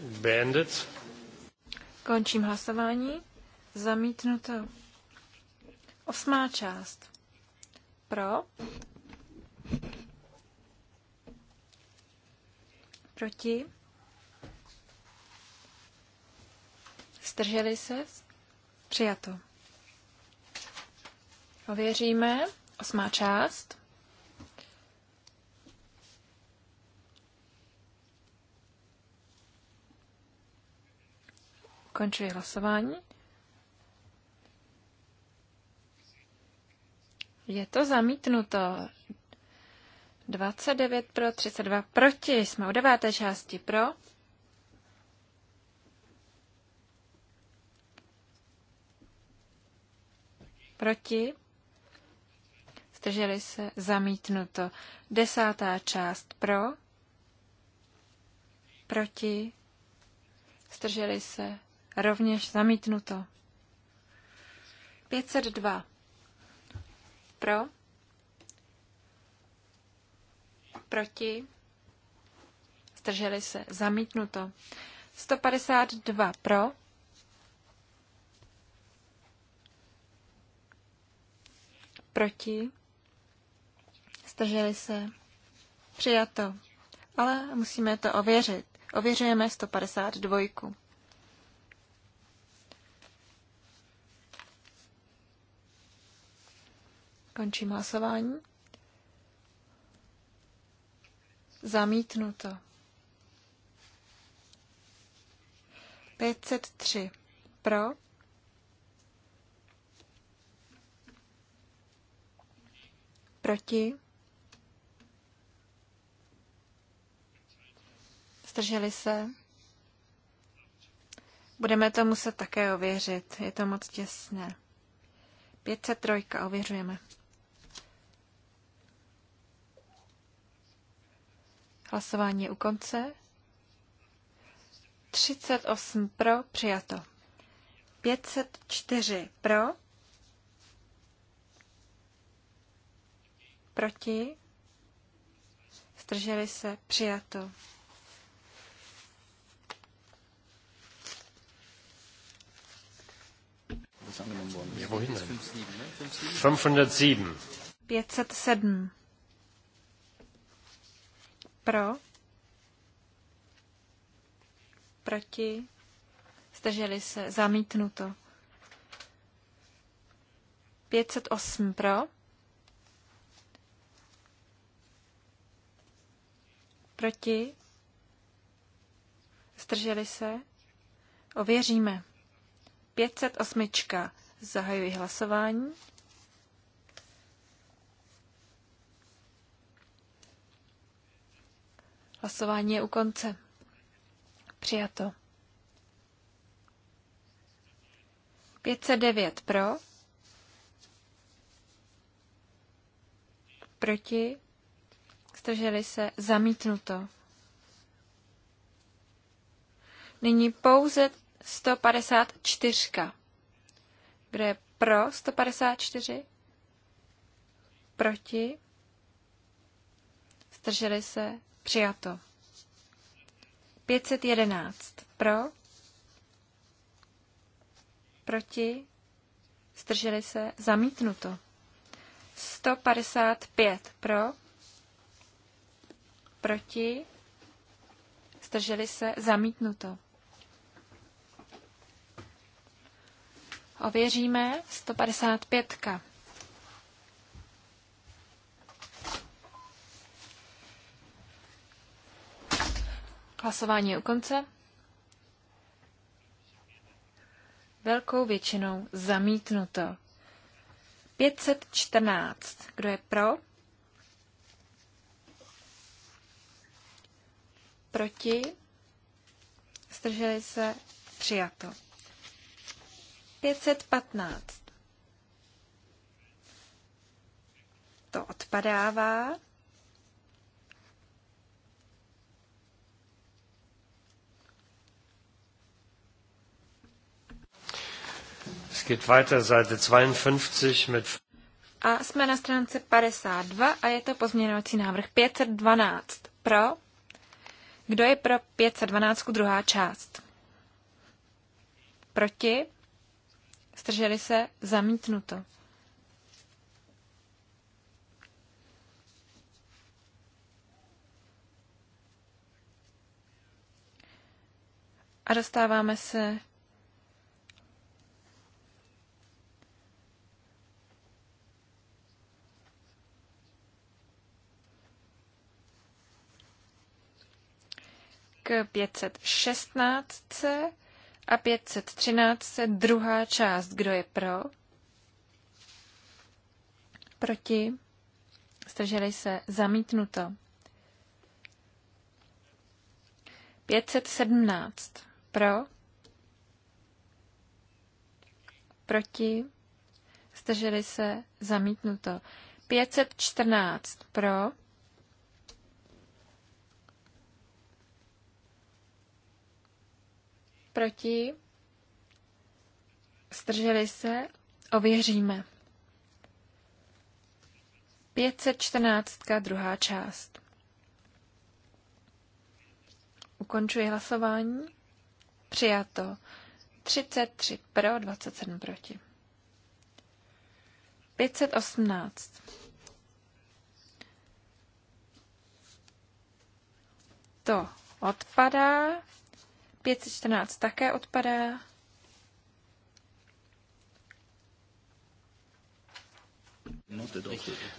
Bandit. Končím hlasování. Zamítnuto. Osmá část. Pro. Proti. Zdrželi se? Přijato. Ověříme. Osmá část. Končuji hlasování. Je to zamítnuto. 29 pro, 32 proti. Jsme u deváté části pro. Proti. Zdrželi se zamítnuto. Desátá část pro. Proti. Zdrželi se rovněž zamítnuto. 502 pro? Proti? Zdrželi se. Zamítnuto. 152 pro. Proti. Zdrželi se. Přijato. Ale musíme to ověřit. Ověřujeme 152. Končím hlasování. Zamítnuto. 503 pro. Proti. Zdrželi se. Budeme to muset také ověřit. Je to moc těsné. 503 ověřujeme. Hlasování je u konce. 38 pro, přijato. 504 pro, proti, zdrželi se, přijato. Je 507. 507. Pro. Proti. Zdrželi se. Zamítnuto. 508 pro. Proti. Zdrželi se. Ověříme. 508. Zahajuji hlasování. Hlasování je u konce. Přijato. 509 pro. Proti. Strželi se. Zamítnuto. Nyní pouze 154. Kdo je pro 154? Proti? Strželi se? Přijato. 511 pro, proti, zdrželi se, zamítnuto. 155 pro, proti, zdrželi se, zamítnuto. Ověříme 155. Hlasování je u konce. Velkou většinou zamítnuto. 514. Kdo je pro? Proti? Zdrželi se? Přijato. 515. To odpadává. geht weiter, Seite 52 mit... A jsme na stránce 52 a je to pozměňovací návrh 512. Pro? Kdo je pro 512 druhá část? Proti? Strželi se? Zamítnuto. A dostáváme se k 516 a 513 druhá část. Kdo je pro? Proti? strželi se zamítnuto. 517 pro? Proti? strželi se zamítnuto. 514 pro? proti, strželi se, ověříme. 514. druhá část. Ukončuji hlasování. Přijato. 33 pro, 27 proti. 518. To odpadá. 514 také odpadá.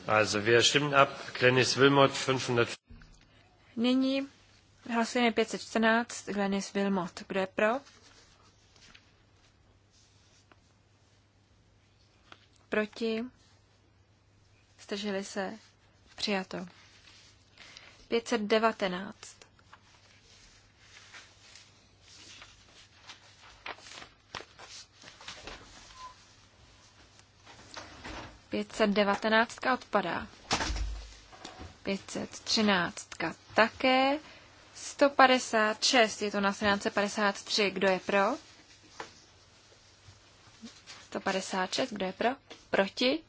Also wir stimmen ab, Glenis Wilmot 500. Nyní hlasujeme 514, Glenis Wilmot. Kdo je pro? Proti? Zdrželi se? Přijato. 519. 519 odpadá. 513 také. 156, je to na stránce 53. Kdo je pro? 156, kdo je pro? Proti?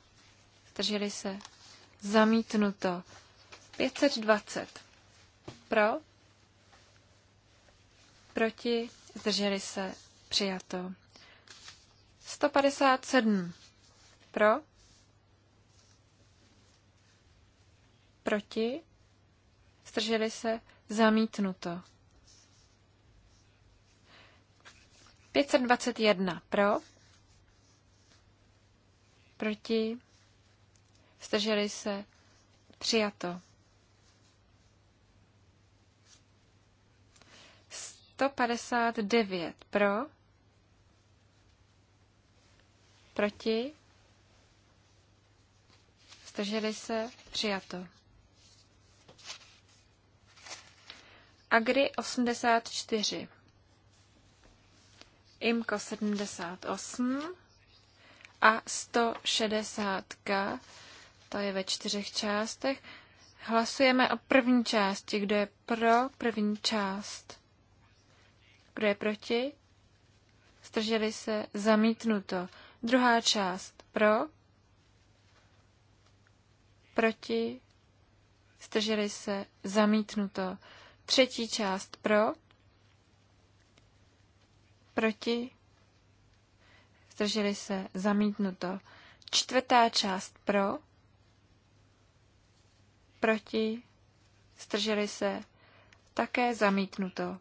Zdrželi se. Zamítnuto. 520. Pro? Proti? Zdrželi se. Přijato. 157. Pro? Proti? Zdrželi se? Zamítnuto. 521 pro. Proti? Zdrželi se? Přijato. 159 pro. Proti? Zdrželi se? Přijato. Agri 84. Imko 78 a 160. To je ve čtyřech částech. Hlasujeme o první části. Kdo je pro první část? Kdo je proti? Zdrželi se zamítnuto. Druhá část pro, proti, zdrželi se zamítnuto. Třetí část pro, proti, zdrželi se, zamítnuto. Čtvrtá část pro, proti, zdrželi se, také zamítnuto.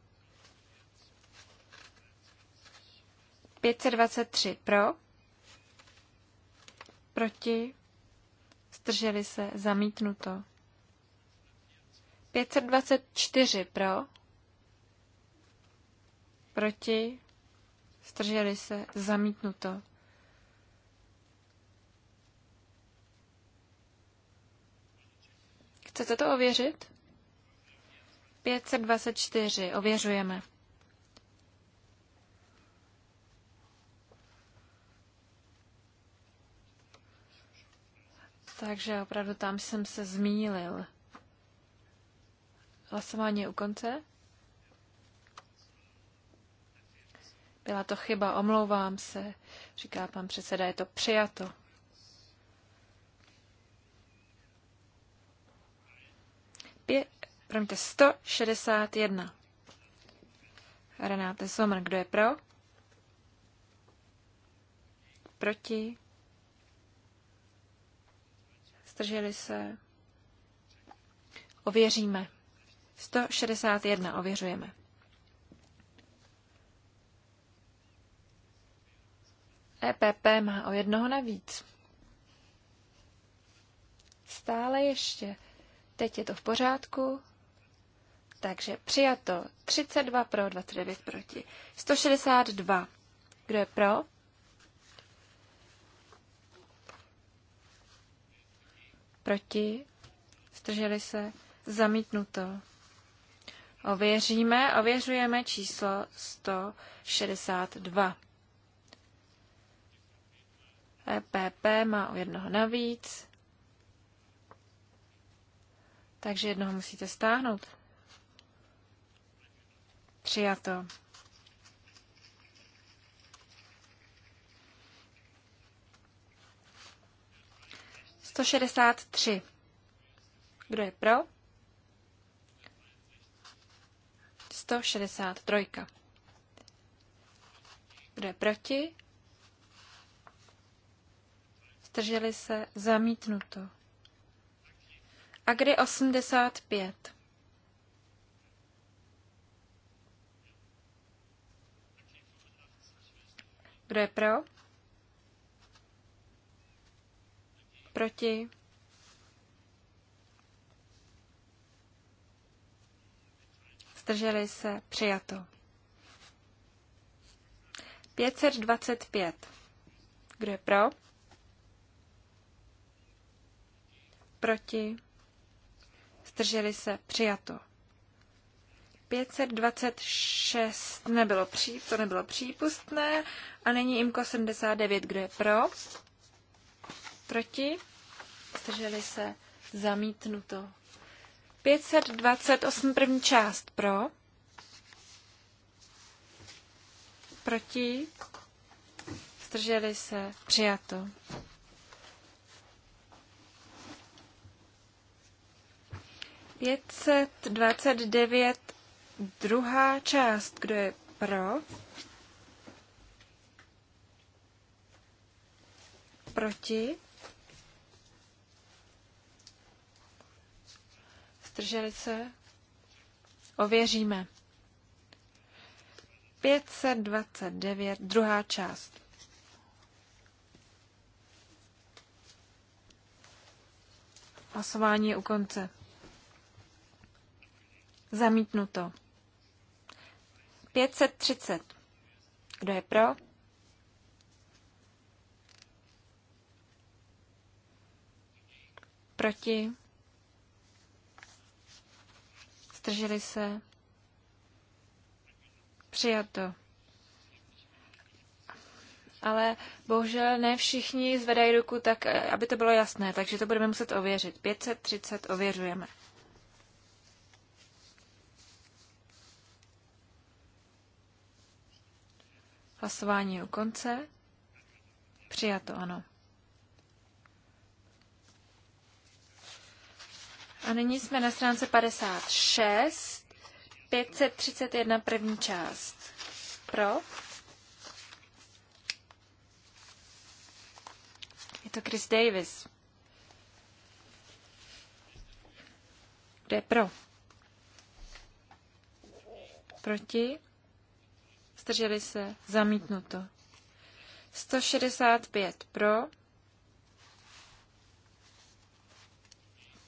523 pro, proti, zdrželi se, zamítnuto. 524 pro, proti, Strželi se, zamítnuto. Chcete to ověřit? 524, ověřujeme. Takže opravdu tam jsem se zmýlil. Hlasování je u konce. Byla to chyba, omlouvám se, říká pan předseda, je to přijato. Pě, promiňte, 161. Renáte Somr, kdo je pro? Proti? Zdrželi se? Ověříme. 161 ověřujeme. EPP má o jednoho navíc. Stále ještě. Teď je to v pořádku. Takže přijato 32 pro, 29 proti. 162. Kdo je pro? Proti. Strželi se. Zamítnuto ověříme. Ověřujeme číslo 162. EPP má o jednoho navíc, takže jednoho musíte stáhnout. Přijato. Sto šedesát tři. Kdo je pro? 163. Kdo je proti? Zdrželi se zamítnuto. A kdy 85? Kdo je pro? Proti? zdrželi se, přijato. 525. Kdo je pro? Proti? Zdrželi se, přijato. 526 nebylo pří, to nebylo přípustné. A nyní IMKO 79, kdo je pro? Proti? Zdrželi se, zamítnuto. 528 první část pro, proti, zdrželi se, přijato. Pětset dvacet devět druhá část, kdo je pro, proti, zdrželi se, ověříme. 529, druhá část. Hlasování je u konce. Zamítnuto. 530. Kdo je pro? Proti? Zdrželi se? Přijato. Ale bohužel ne všichni zvedají ruku tak, eh, aby to bylo jasné, takže to budeme muset ověřit. 530 ověřujeme. Hlasování u konce. Přijato, ano. A nyní jsme na stránce 56, 531 první část. Pro. Je to Chris Davis. Kde je pro? Proti? Zdrželi se. Zamítnuto. 165 pro.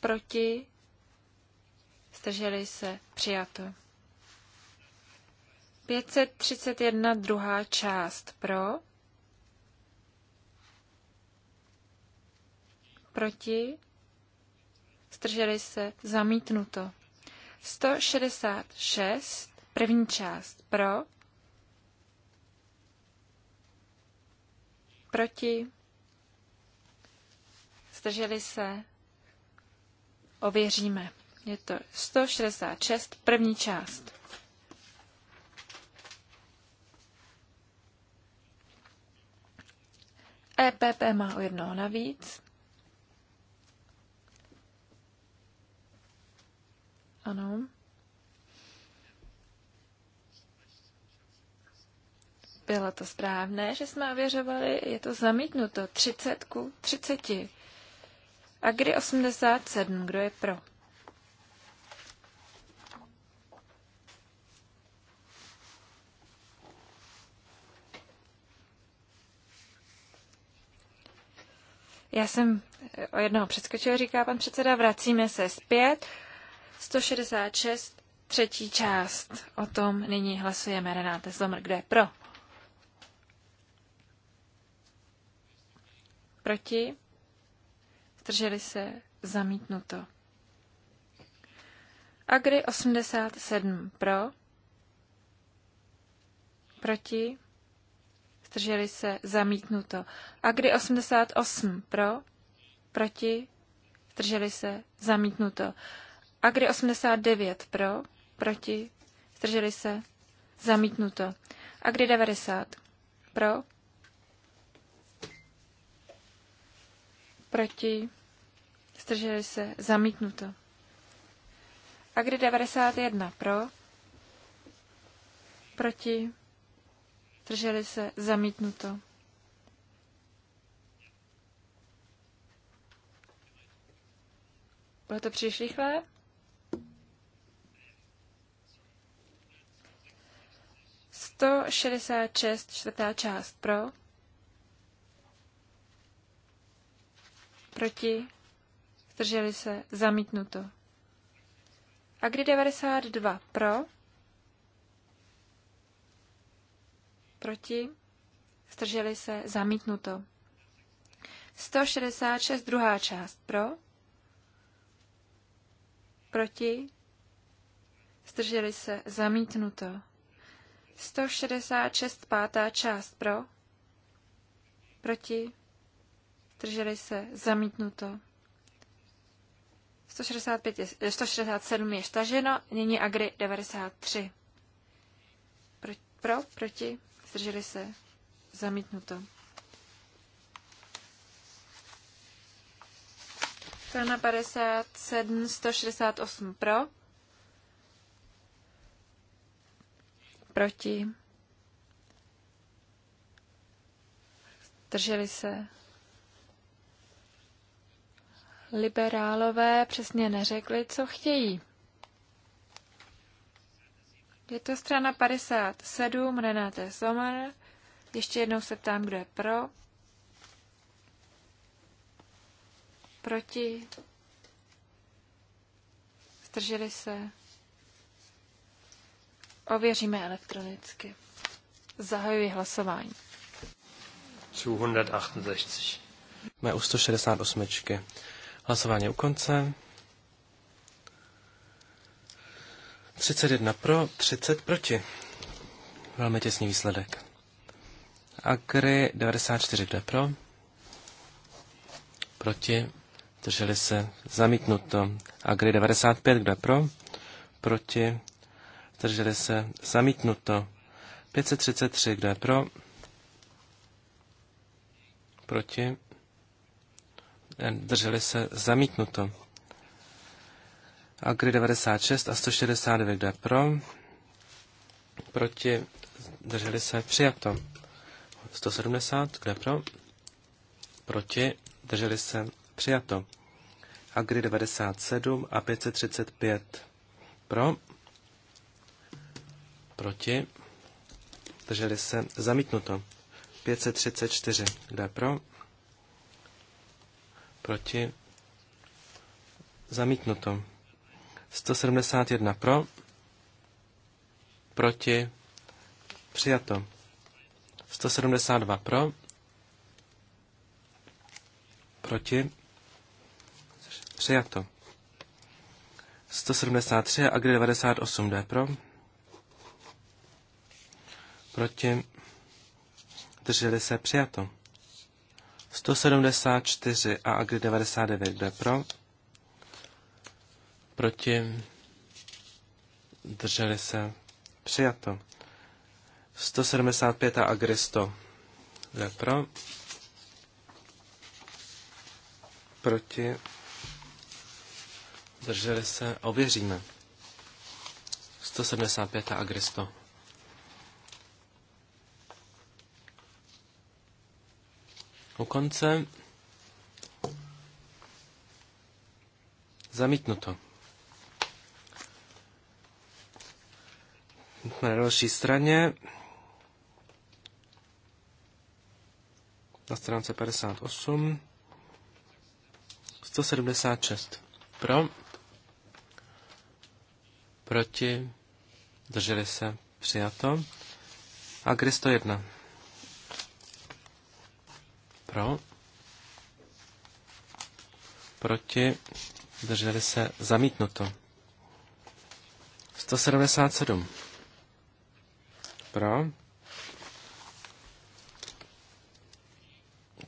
proti, zdrželi se, přijato. 531 druhá část pro, proti, zdrželi se, zamítnuto. 166 první část pro, proti, zdrželi se, ověříme. Je to 166, první část. EPP má o jednoho navíc. Ano. Bylo to správné, že jsme ověřovali, je to zamítnuto 30 ku 30. A kdy 87, kdo je pro? Já jsem eh, o jednoho přeskočil, říká pan předseda, vracíme se zpět. 166, třetí část. O tom nyní hlasujeme. Renáte Zomr, kdo je pro? Proti? zdrželi se, zamítnuto. Agri 87 pro, proti, zdrželi se, zamítnuto. Agri 88 pro, proti, zdrželi se, zamítnuto. Agri 89 pro, proti, zdrželi se, zamítnuto. Agri 90 pro, proti, zdrželi se, zamítnuto. A kdy 91 pro, proti, zdrželi se, zamítnuto. Bylo to příliš rychlé? Sto šedesát šest, čtvrtá část pro, proti, zdrželi se, zamítnuto. A kdy 92 pro, proti, zdrželi se, zamítnuto. 166 druhá část pro, proti, zdrželi se, zamítnuto. 166 pátá část pro, proti, zdrželi se, zamítnuto. 165 je, 167 eh, je štaženo, nyní Agri 93. Pro, pro proti, zdrželi se, zamítnuto. na 57, 168 pro. Proti. Drželi se liberálové přesně neřekli, co chtějí. Je to strana 57 Renate Sommer. Ještě jednou se ptám, kdo je pro. Proti. Zdrželi se. Ověříme elektronicky. Zahajuji hlasování. 268. Mé u 168. Hlasování u konce. 31 pro, 30 proti. Velmi těsný výsledek. Agri 94, jde pro? Proti. Drželi se. Zamítnuto. Agri 95, kdo je pro? Proti. Drželi se. Zamítnuto. 533, kdo je pro? Proti drželi se zamítnuto. Agri 96 a 169 jde pro, proti, drželi se přijato. 170, kde pro, proti, drželi se přijato. Agri 97 a 535 pro, proti, drželi se zamítnuto. 534, kde pro, proti, zamítnuto. 171 pro, proti, přijato. 172 pro, proti, přijato. 173 a kde 98 jde pro, proti, drželi se přijato. 174 a Agri 99, je pro? Proti? Drželi se? Přijato. 175 a Agri 100, je pro? Proti? Drželi se? Ověříme. 175 a Agri 100. U konce. Zamítnuto. Na další straně. Na stránce 58. 176. Pro. Proti. Drželi se. Přijato. Agri 101. Pro. Proti. drželi se. Zamítnuto. 177. Pro.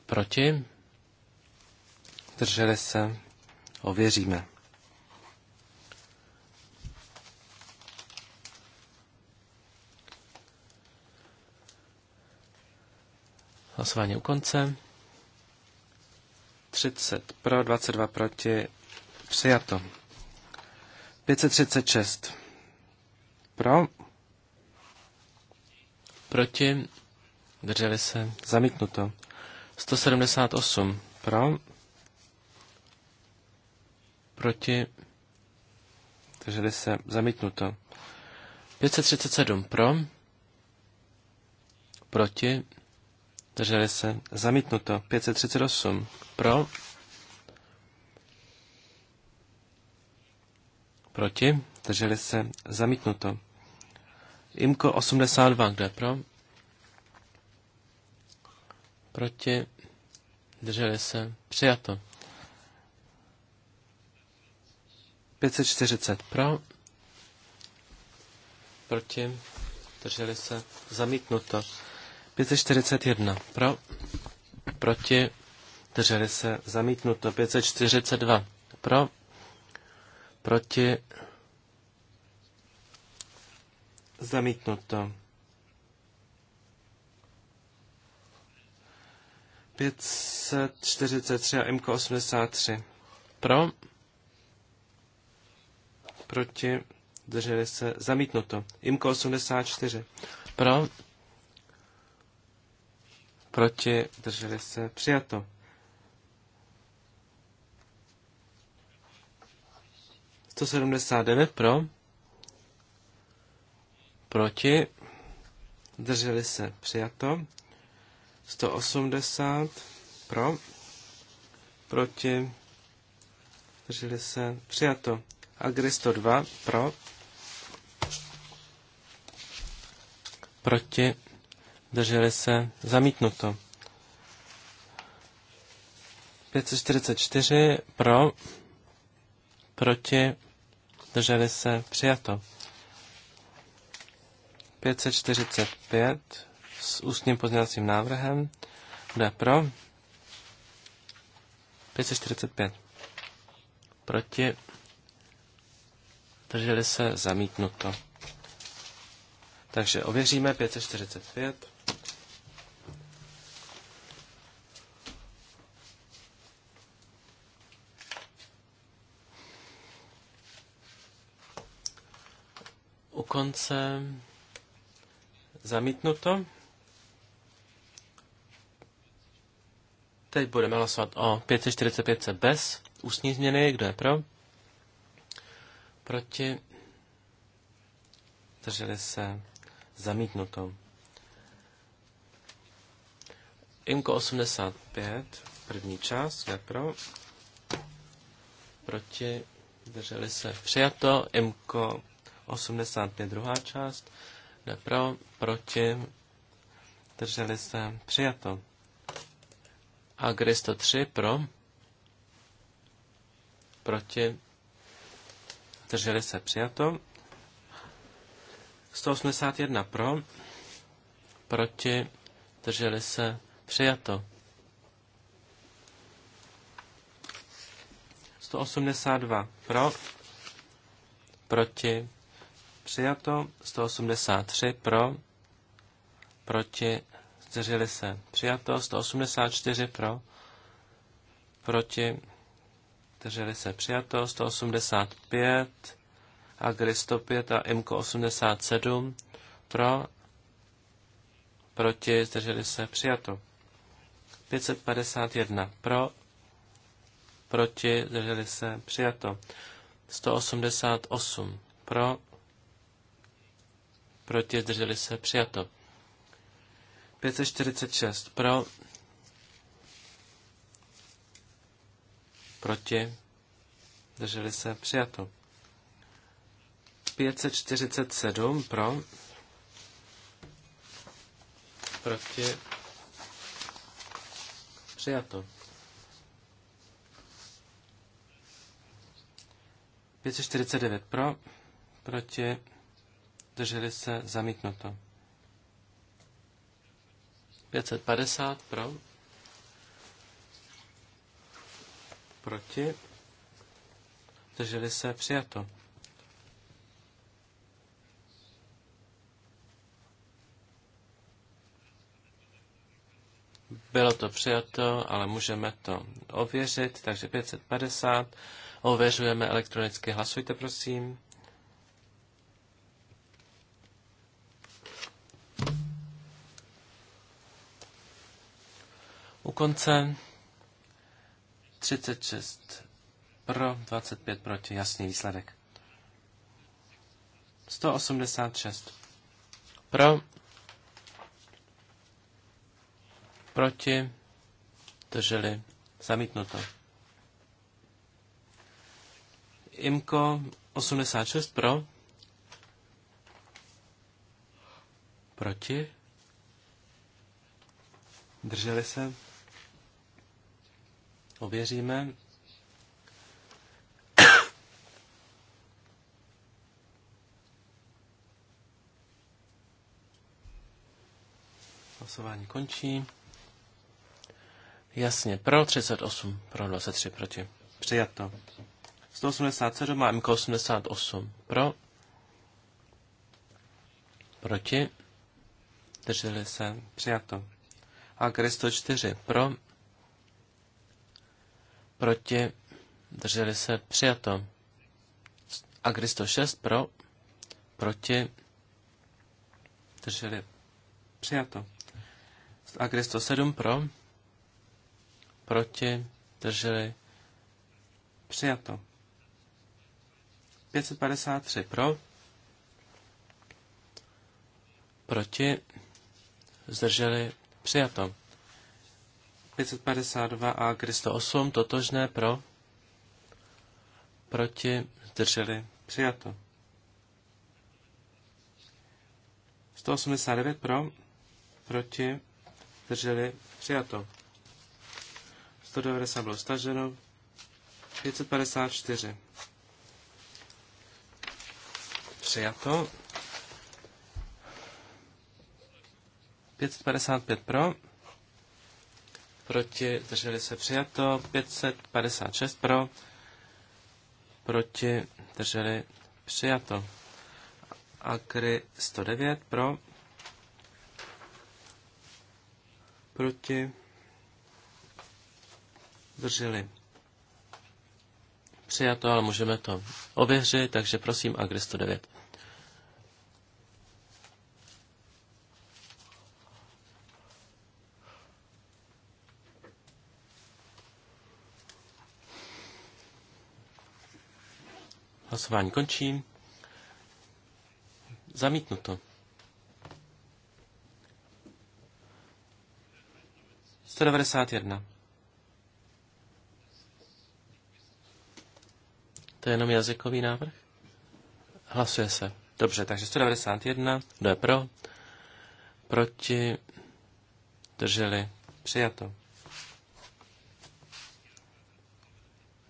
Proti. drželi se. Ověříme. Hlasování u konce. 30 pro, 22 proti, přijato. 536 pro, proti, drželi se, zamítnuto. 178 pro, proti, drželi se, zamítnuto. 537 pro, proti, Drželi se. Zamítnuto. 538. Pro. Proti. Drželi se. Zamítnuto. Imko 82. Kde pro? Proti. Drželi se. Přijato. 540 pro. Proti. Drželi se. Zamítnuto. 541 pro, proti, drželi se, zamítnuto. 542 pro, proti, zamítnuto. 543 a MK 83. Pro, proti, drželi se, zamítnuto. mk 84. Pro, proti, drželi se, přijato. Sto sedmdesát devět pro, proti, drželi se, přijato. 180 osmdesát pro, proti, drželi se, přijato. Agri 102 pro, proti, Drželi se zamítnuto. 544 pro, proti, drželi se přijato. 545 s ústním pozměňovacím návrhem. Kdo pro? 545. Proti. Drželi se zamítnuto. Takže ověříme 545. konce. Zamítnuto. Teď budeme hlasovat o 545 bez ústní změny. Kdo je pro? Proti? Drželi se zamítnuto. Imko 85, první část, kdo je pro? Proti? Drželi se přijato. Imko 85 druhá část, jde pro, proti, drželi se, přijato. Agri 103 pro, proti, drželi se, přijato. 181 pro, proti, drželi se, přijato. 182 pro, proti, Přijato 183 pro, proti, zdrželi se. Přijato 184 pro, proti, zdrželi se. Přijato 185, Agri 105 a Imko 87 pro, proti, zdrželi se. Přijato 551 pro, proti, zdrželi se. Přijato 188 pro, proti, zdrželi se, přijato. 546 pro, proti, drželi se, přijato. 547 pro, proti, přijato. 549 pro, proti, drželi se, zamítnuto. 550 pro, proti, drželi se, přijato. Bylo to přijato, ale můžeme to ověřit, takže 550. Ověřujeme elektronicky. Hlasujte, prosím. u konce. 36 pro, 25 proti, jasný výsledek. 186 pro, proti, drželi, zamítnuto. Imko 86 pro, proti, drželi se, ověříme. Hlasování končí. Jasně, pro 38, pro 23, proti. Přijato. 187 a MK88. Pro. Proti. Drželi se. Přijato. A 104. Pro proti, drželi se, přijato. Agri 106 pro, proti, drželi, přijato. Agri 107 pro, proti, drželi, přijato. 553 pro, proti, zdrželi, přijato. 552 a 308 totožné pro, proti, zdrželi, přijato. 189 pro, proti, zdrželi, přijato. 190 bylo staženo, 554. Přijato. 555 pro, proti, drželi se přijato, 556 pro, proti, drželi přijato. Akry 109 pro, proti, drželi přijato, ale můžeme to ověřit, takže prosím Agri 109. Hlasování končím. Zamítnuto. jedna. To je jenom jazykový návrh? Hlasuje se. Dobře, takže 191. Kdo je pro? Proti? Drželi. Přijato.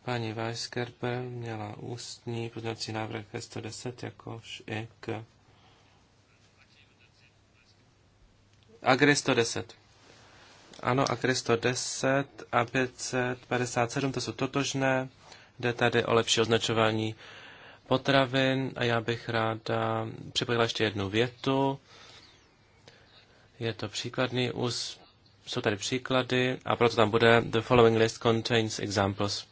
Paní Weiskerpe měla ústní pozměňovací návrh ke 110, jakož i k Agri 110. Ano, Agri 110 a 557, to jsou totožné. Jde tady o lepší označování potravin a já bych ráda připojila ještě jednu větu. Je to příkladný ús, jsou tady příklady a proto tam bude The following list contains examples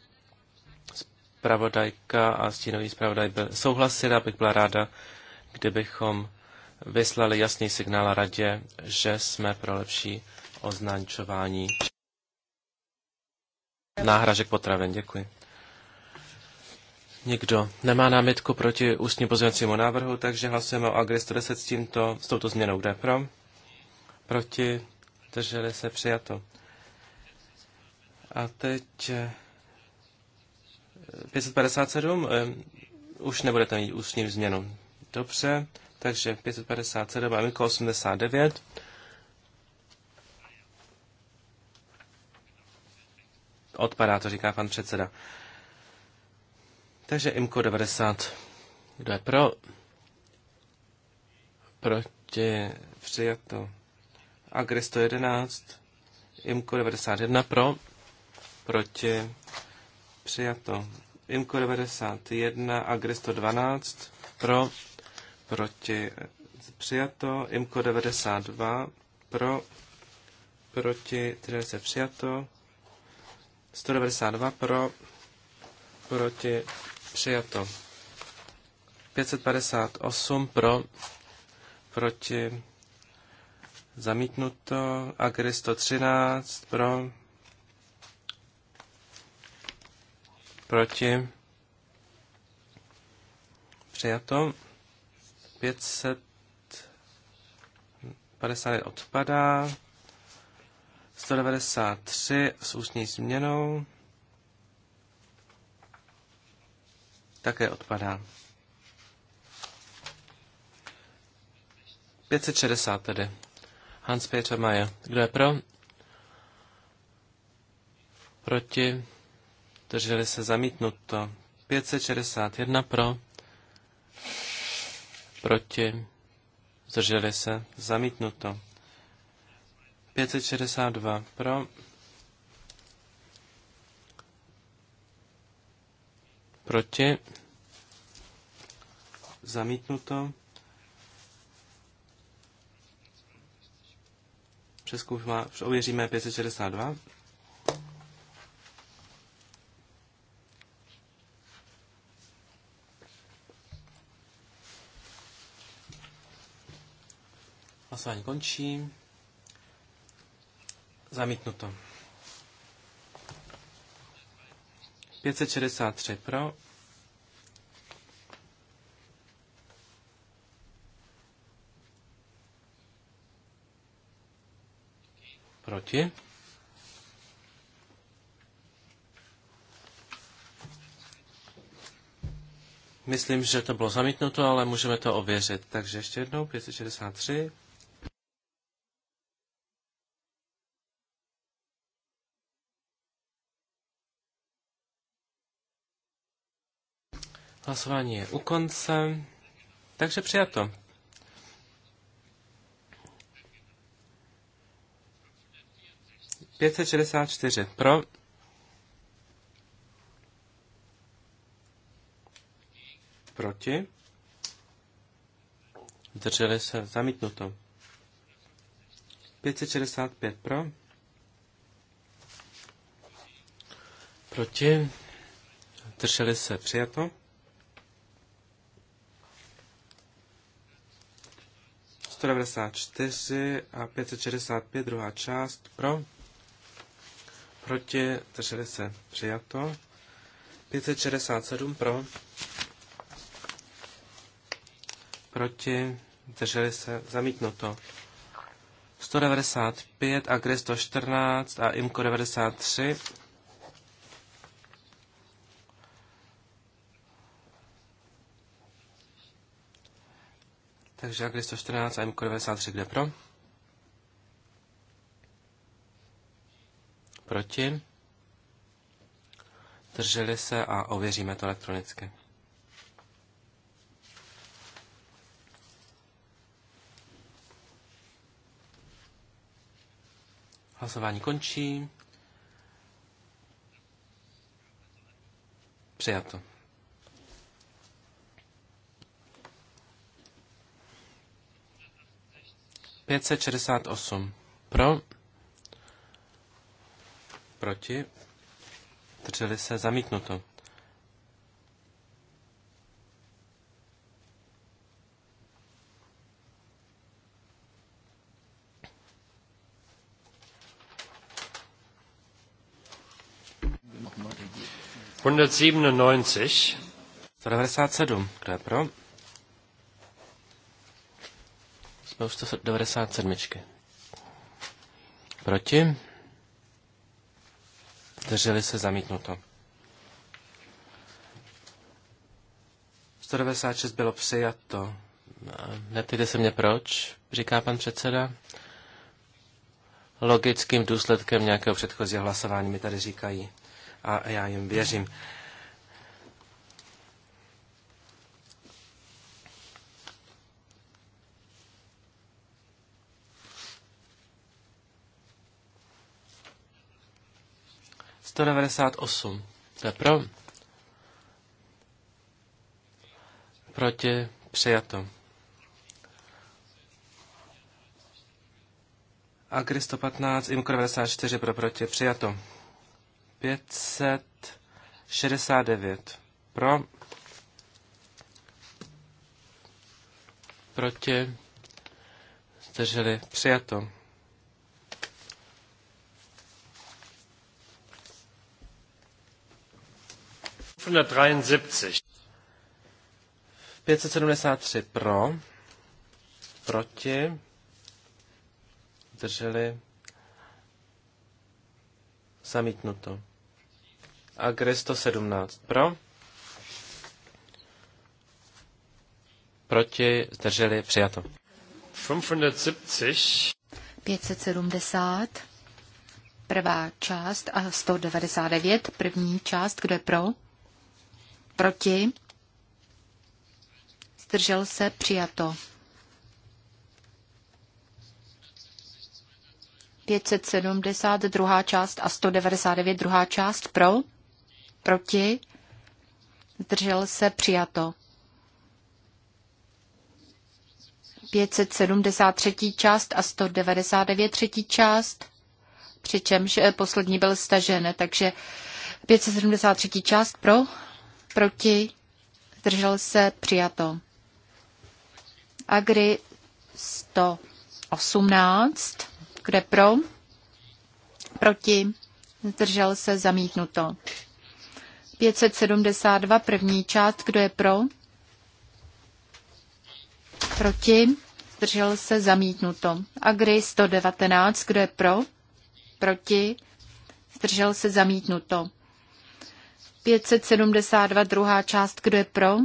zpravodajka a stínový zpravodaj byl souhlasili, abych byla ráda, kdybychom vyslali jasný signál radě, že jsme pro lepší označování náhražek potravin. Děkuji. Nikdo nemá námitku proti ústní pozvěcímu návrhu, takže hlasujeme o Agri 110 s, tímto, s touto změnou. Kde pro? Proti? Drželi se přijato. A teď eh, 557 eh, už nebudete mít ústní změnu. Dobře, takže 557 a Miko 89. Odpadá to, říká pan předseda. Takže IMKO 90. Kdo je pro? Proti přijato. Agri 111. IMKO 91 pro. Proti Přijato. Imko 91, Agri 112, pro, proti, přijato. Imko 92, pro, proti, 30 se přijato. 192 pro, proti, přijato. 558 pro, proti, zamítnuto. Agri 113 pro, Proti? Přijato. 550 odpadá. 193 s ústní změnou. Také odpadá. 560 tedy. Hans Peter Mayer. Kdo je pro? Proti? zdrželi se zamítnuto. 561 pro, proti, zdrželi se zamítnuto. 562 pro, proti, zamítnuto. Přeskoušme, ověříme 562. Hlasování končí. Zamítnuto. 563 pro. Proti. Myslím, že to bylo zamítnuto, ale můžeme to ověřit. Takže ještě jednou 563. Hlasování je u konce, takže přijato. Pětset pro, proti, drželi se zamítnuto. 565 pro, proti, drželi se přijato. 194 a 565, druhá část, pro, proti, drželi se, přijato, 567 pro, proti, drželi se, zamítnuto, 195, Agres 114 a Imko 93 Takže Agri 114 a MK 93, kde pro? Proti? Drželi se a ověříme to elektronicky. Hlasování končí. Přijato. 568 pro, proti, drželi se zamítnuto. Hundertsiebzehn. 197. Kdo je pro? Jsme u 197. Proti? Drželi se zamítnuto. 196 bylo přijato. Neptejte se mě proč, říká pan předseda. Logickým důsledkem nějakého předchozího hlasování mi tady říkají. A já jim věřím. 198. To je pro. Proti přijato. Agri 115, IMCO 94 pro proti přijato. 569 pro. Proti. Zdrželi přijato. 573. 573 pro, proti, drželi, zamítnuto. Agri 117 pro, proti, zdrželi, přijato. 570. prvá část a 199 první část, kde pro, Proti? Zdržel se přijato. 570 druhá část a 199 druhá část pro, proti, zdržel se přijato. 573 část a 199 třetí část, přičemž eh, poslední byl stažen, takže 573 část pro, proti, zdržel se, přijato. Agri 118, kde pro, proti, zdržel se, zamítnuto. 572, první část, kdo je pro, proti, zdržel se, zamítnuto. Agri 119, kdo je pro, proti, zdržel se, zamítnuto. 572 druhá část, kdo je pro,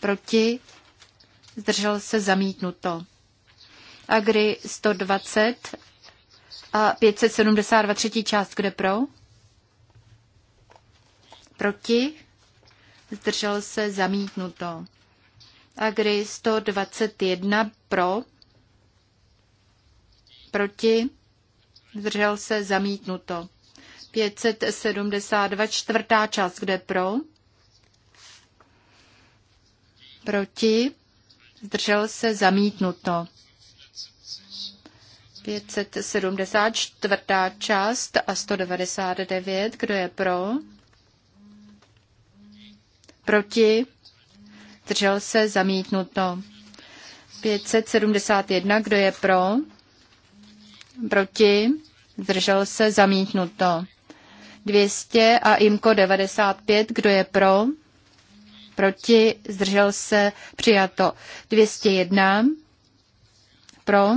proti, zdržel se zamítnuto. Agri 120 a 572 třetí část, kde pro? Proti? Zdržel se zamítnuto. Agri 121 pro? Proti? Zdržel se zamítnuto. 572 čtvrtá část, kde pro? Proti? Zdržel se zamítnuto. 574. část a 199. Kdo je pro? Proti? Zdržel se zamítnuto. 571. Kdo je pro? Proti? Zdržel se zamítnuto. 200 a IMKO 95. Kdo je pro? Proti? Zdržel se? Přijato. 201. Pro?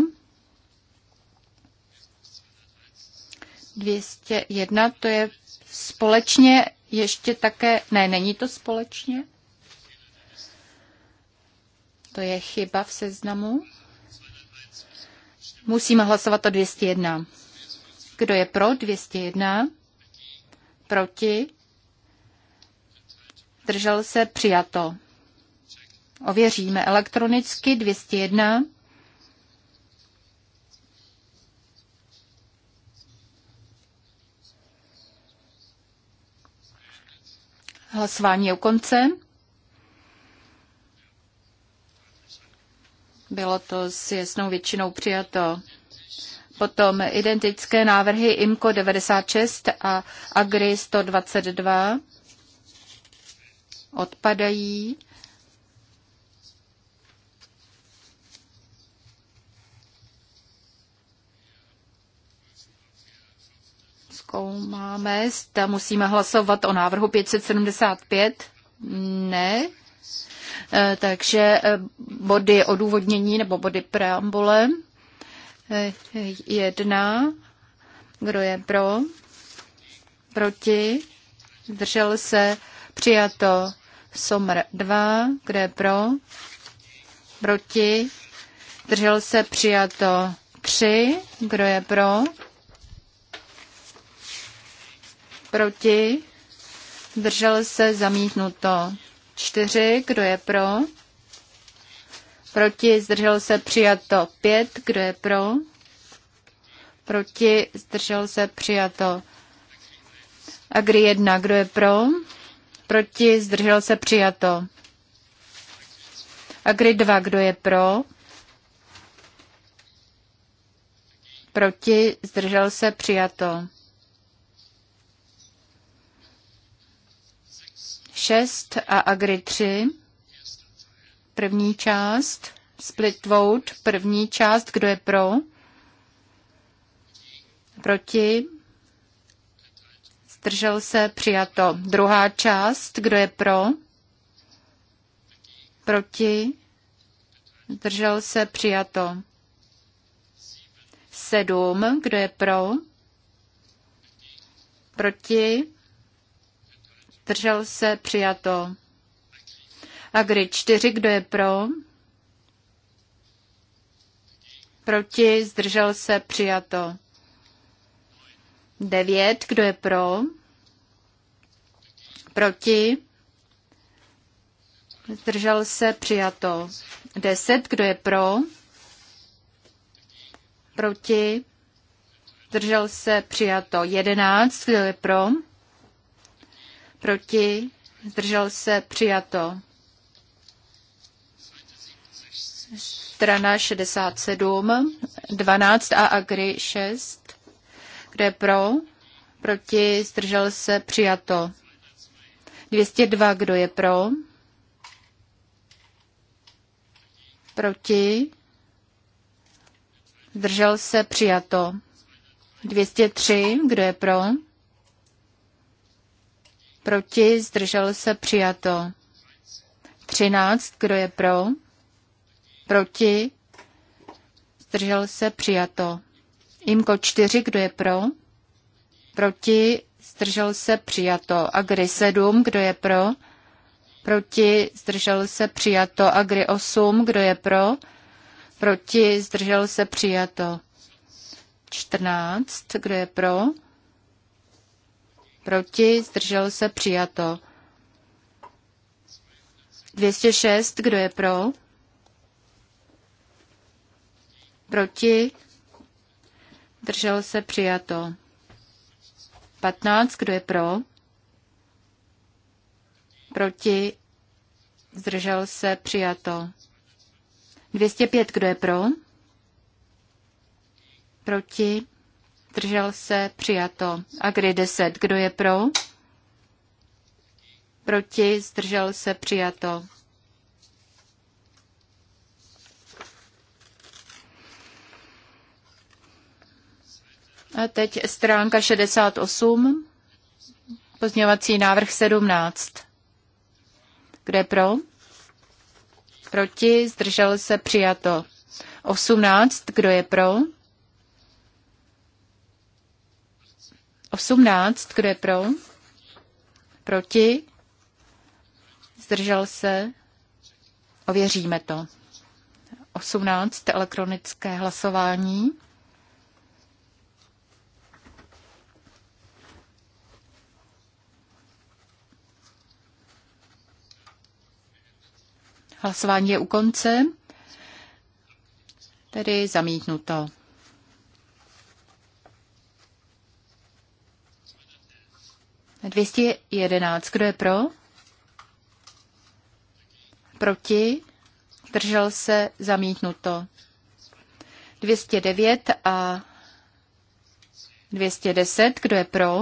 201. To je společně ještě také... Ne, není to společně. To je chyba v seznamu. Musíme hlasovat o 201. Kdo je pro 201? proti, držel se přijato. Ověříme elektronicky 201. Hlasování je u konce. Bylo to s jasnou většinou přijato. Potom identické návrhy IMCO 96 a AGRI 122 odpadají. Zkoumáme, zda musíme hlasovat o návrhu 575. Ne. Eh, takže eh, body odůvodnění nebo body preambule. Jedna. Kdo je pro? Proti? Zdržel se? Přijato. Somr 2. Kdo je pro? Proti? Zdržel se? Přijato. 3. Kdo je pro? Proti? Zdržel se? Zamítnuto. 4. Kdo je pro? proti, zdržel se přijato 5, kdo je pro, proti, zdržel se přijato Agri 1, kdo je pro, proti, zdržel se přijato Agri 2, kdo je pro, proti, zdržel se přijato 6 a Agri 3. První část, split vote, první část, kdo je pro? Proti? Zdržel se, přijato. Druhá část, kdo je pro? Proti? Zdržel se, přijato. Sedm, kdo je pro? Proti? Zdržel se, přijato. A kdy čtyři kdo je pro? Proti, zdržel se, přijato. Devět kdo je pro? Proti, zdržel se, přijato. Deset kdo je pro? Proti, zdržel se, přijato. Jedenáct, kdo je pro? Proti, zdržel se, přijato strana 67, 12 a Agri 6, kde je pro, proti, zdržel se, přijato. 202, kdo je pro, proti, zdržel se, přijato. 203, kdo je pro, proti, zdržel se, přijato. 13, kdo je pro, Proti? Zdržel se přijato. Imko 4, kdo je pro? Proti? Zdržel se přijato. Agri 7, kdo je pro? Proti? Zdržel se přijato. Agri 8, kdo je pro? Proti? Zdržel se přijato. 14, kdo je pro? Proti? Zdržel se přijato. 206, kdo je pro? Proti? Držel se přijato. 15. Kdo je pro? Proti? Zdržel se přijato. 205. Kdo je pro? Proti? Držel se přijato. A kdy 10. Kdo je pro? Proti? Zdržel se přijato. A teď stránka 68, pozměňovací návrh 17. Kde pro? Proti, zdržel se, přijato. 18, kdo je pro? 18, kdo je pro? Proti? Zdržel se? Ověříme to. 18, elektronické hlasování. Hlasování je u konce, tedy zamítnuto. Dvěstě jedenáct. Kdo je pro? Proti? Držel se zamítnuto. 209 a 210. Kdo je pro?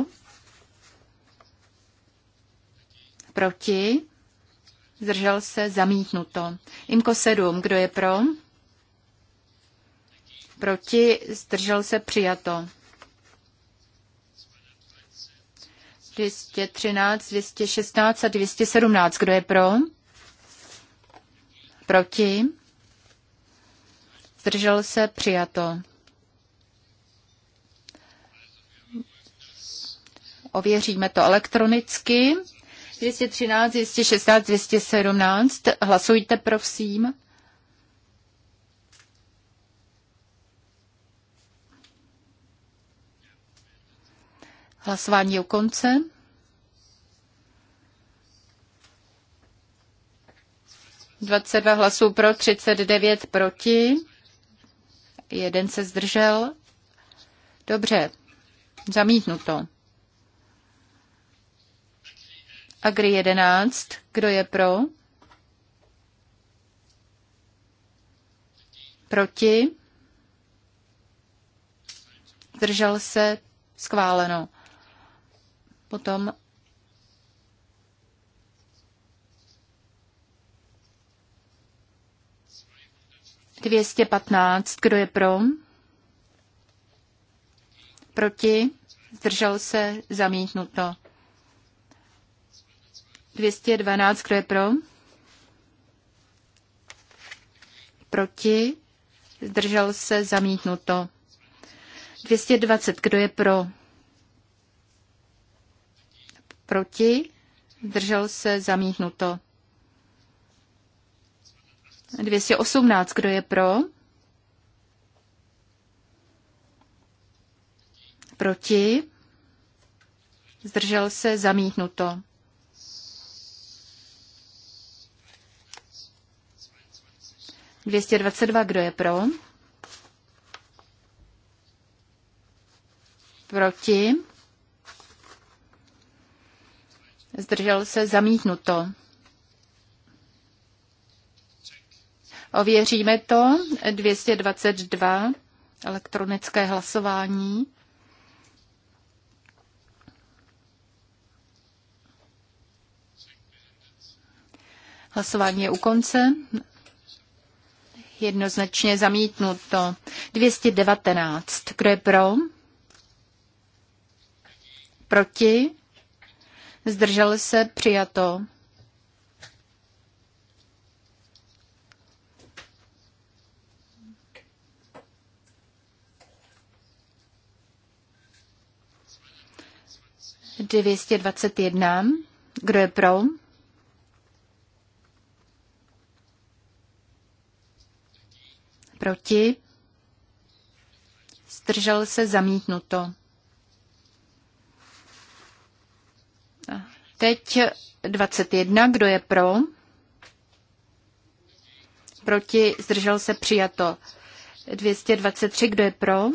Proti? Zdržel se zamítnuto. Imko 7. Kdo je pro? Proti? Zdržel se přijato. 213, 216 a 217. Kdo je pro? Proti? Zdržel se přijato. Ověříme to elektronicky. 213, 216, 217. Hlasujte, prosím. Hlasování je u konce. Dvacet dva hlasů pro, 39 proti. Jeden se zdržel. Dobře, zamítnuto. Agri 11. Kdo je pro? Proti? Zdržel se? Schváleno. Potom Dvěstě patnáct. Kdo je pro? Proti? Zdržel se? Zamítnuto. 212, kdo je pro? Proti? Zdržel se zamítnuto. 220, kdo je pro? Proti? Zdržel se zamítnuto. 218, kdo je pro? Proti? Zdržel se zamítnuto. 222, kdo je pro? Proti? Zdržel se zamítnuto. Ověříme to. 222 elektronické hlasování. Hlasování je u konce. Jednoznačně zamítnuto. 219. Kdo je pro? Proti? Zdržel se? Přijato. Dvěstě dvacet jedna. Kdo je pro? proti, zdržel se zamítnuto. Teď 21, kdo je pro, proti, zdržel se přijato. 223, kdo je pro,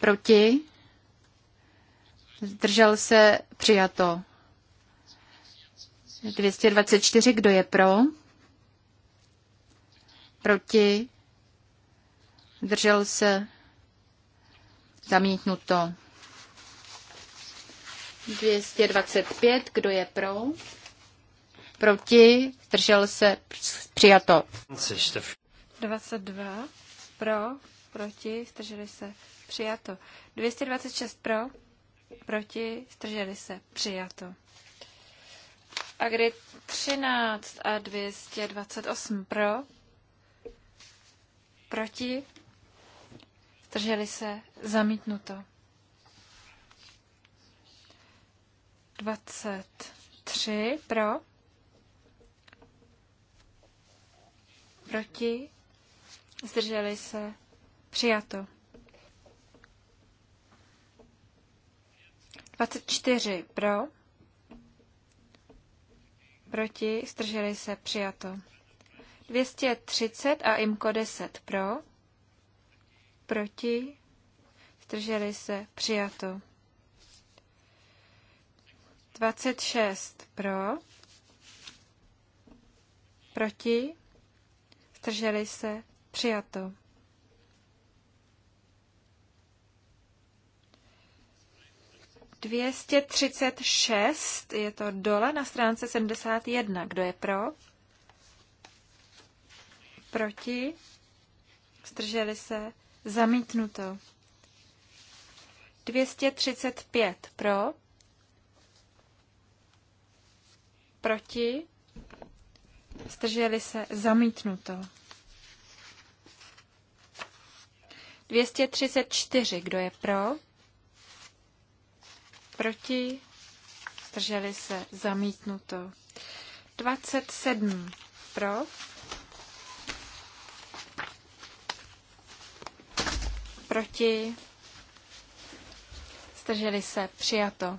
proti, zdržel se přijato. 224, kdo je pro? Proti? Držel se? Zamítnuto. 225, kdo je pro? Proti? Držel se? Přijato. 22 pro, proti, zdrželi se, přijato. 226 pro, proti, strželi se, přijato a kdy 13 a 228 pro, proti, drželi se, zamítnuto. 23 pro, proti, zdrželi se, přijato. 24 pro, proti, zdrželi se, přijato. 230 a IMKO 10 pro, proti, zdrželi se, přijato. 26 pro, proti, zdrželi se, přijato. 236, je to dole na stránce 71. Kdo je pro? Proti? Zdrželi se? Zamítnuto. 235 pro? Proti? Zdrželi se? Zamítnuto. 234, kdo je pro? Proti? Zdrželi se. Zamítnuto. 27. Pro? Proti? Zdrželi se. Přijato.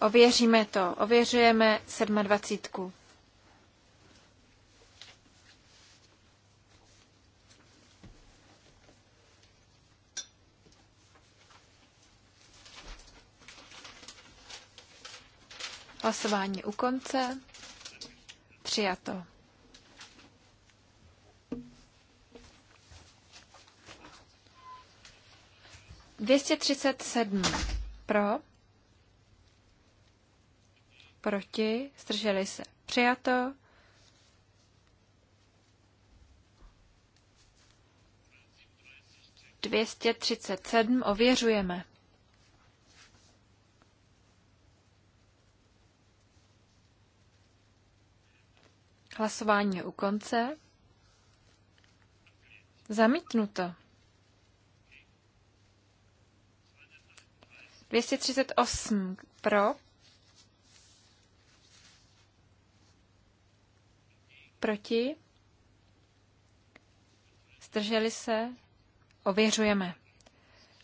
Ověříme to. Ověřujeme 27. Hlasování u konce. Přijato. Dvěstě třicet sedm pro, proti, strželi se, přijato. Dvěstě třicet sedm ověřujeme. Hlasování je u konce. Zamítnuto. 238 pro. Proti. Zdrželi se. Ověřujeme.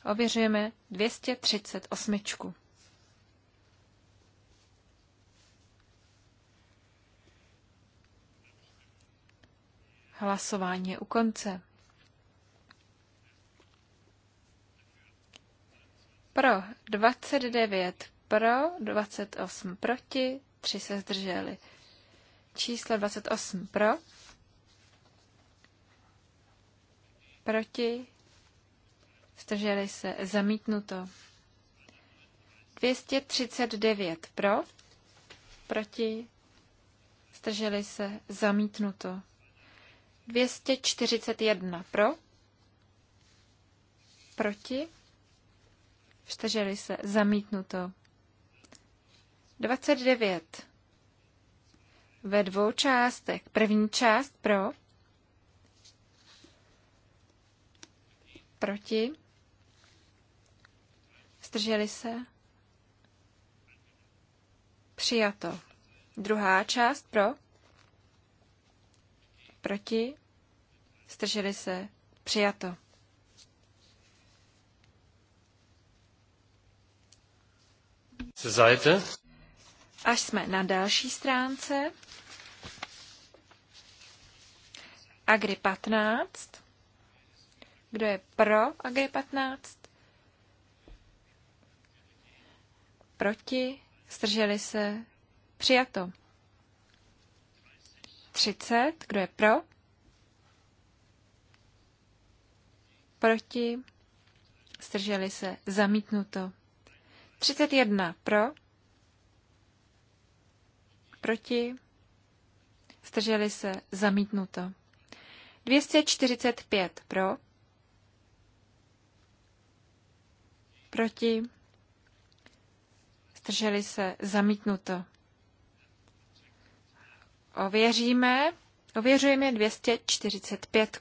Ověřujeme 238. Hlasování je u konce. Pro 29, pro 28, proti 3 se zdrželi. Číslo 28 pro, proti, zdrželi se, zamítnuto. 239 pro, proti, zdrželi se, zamítnuto. 241 pro, proti, vštrželi se, zamítnuto. 29 ve dvou částech. První část pro, proti, zdrželi se, přijato. Druhá část pro, Proti? strželi se? Přijato. Zajete? Až jsme na další stránce. Agri 15. Kdo je pro Agri 15? Proti? strželi se? Přijato. 30. Kdo je pro? Proti? Zdrželi se. Zamítnuto. 31. Pro? Proti? Zdrželi se. Zamítnuto. 245. Pro? Proti? Zdrželi se. Zamítnuto ověříme. Ověřujeme 245.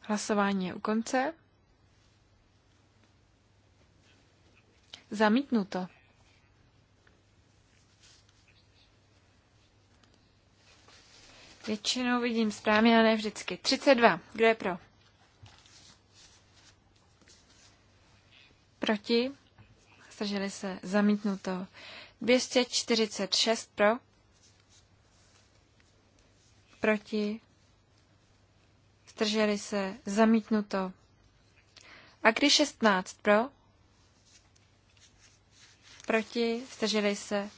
Hlasování je u konce. Zamítnuto. Většinou vidím správně, ale ne vždycky. 32. Kdo je pro? Proti? strželi se. Zamítnuto. 246 pro. Proti? strželi se. Zamítnuto. A když 16 pro? Proti? strželi se.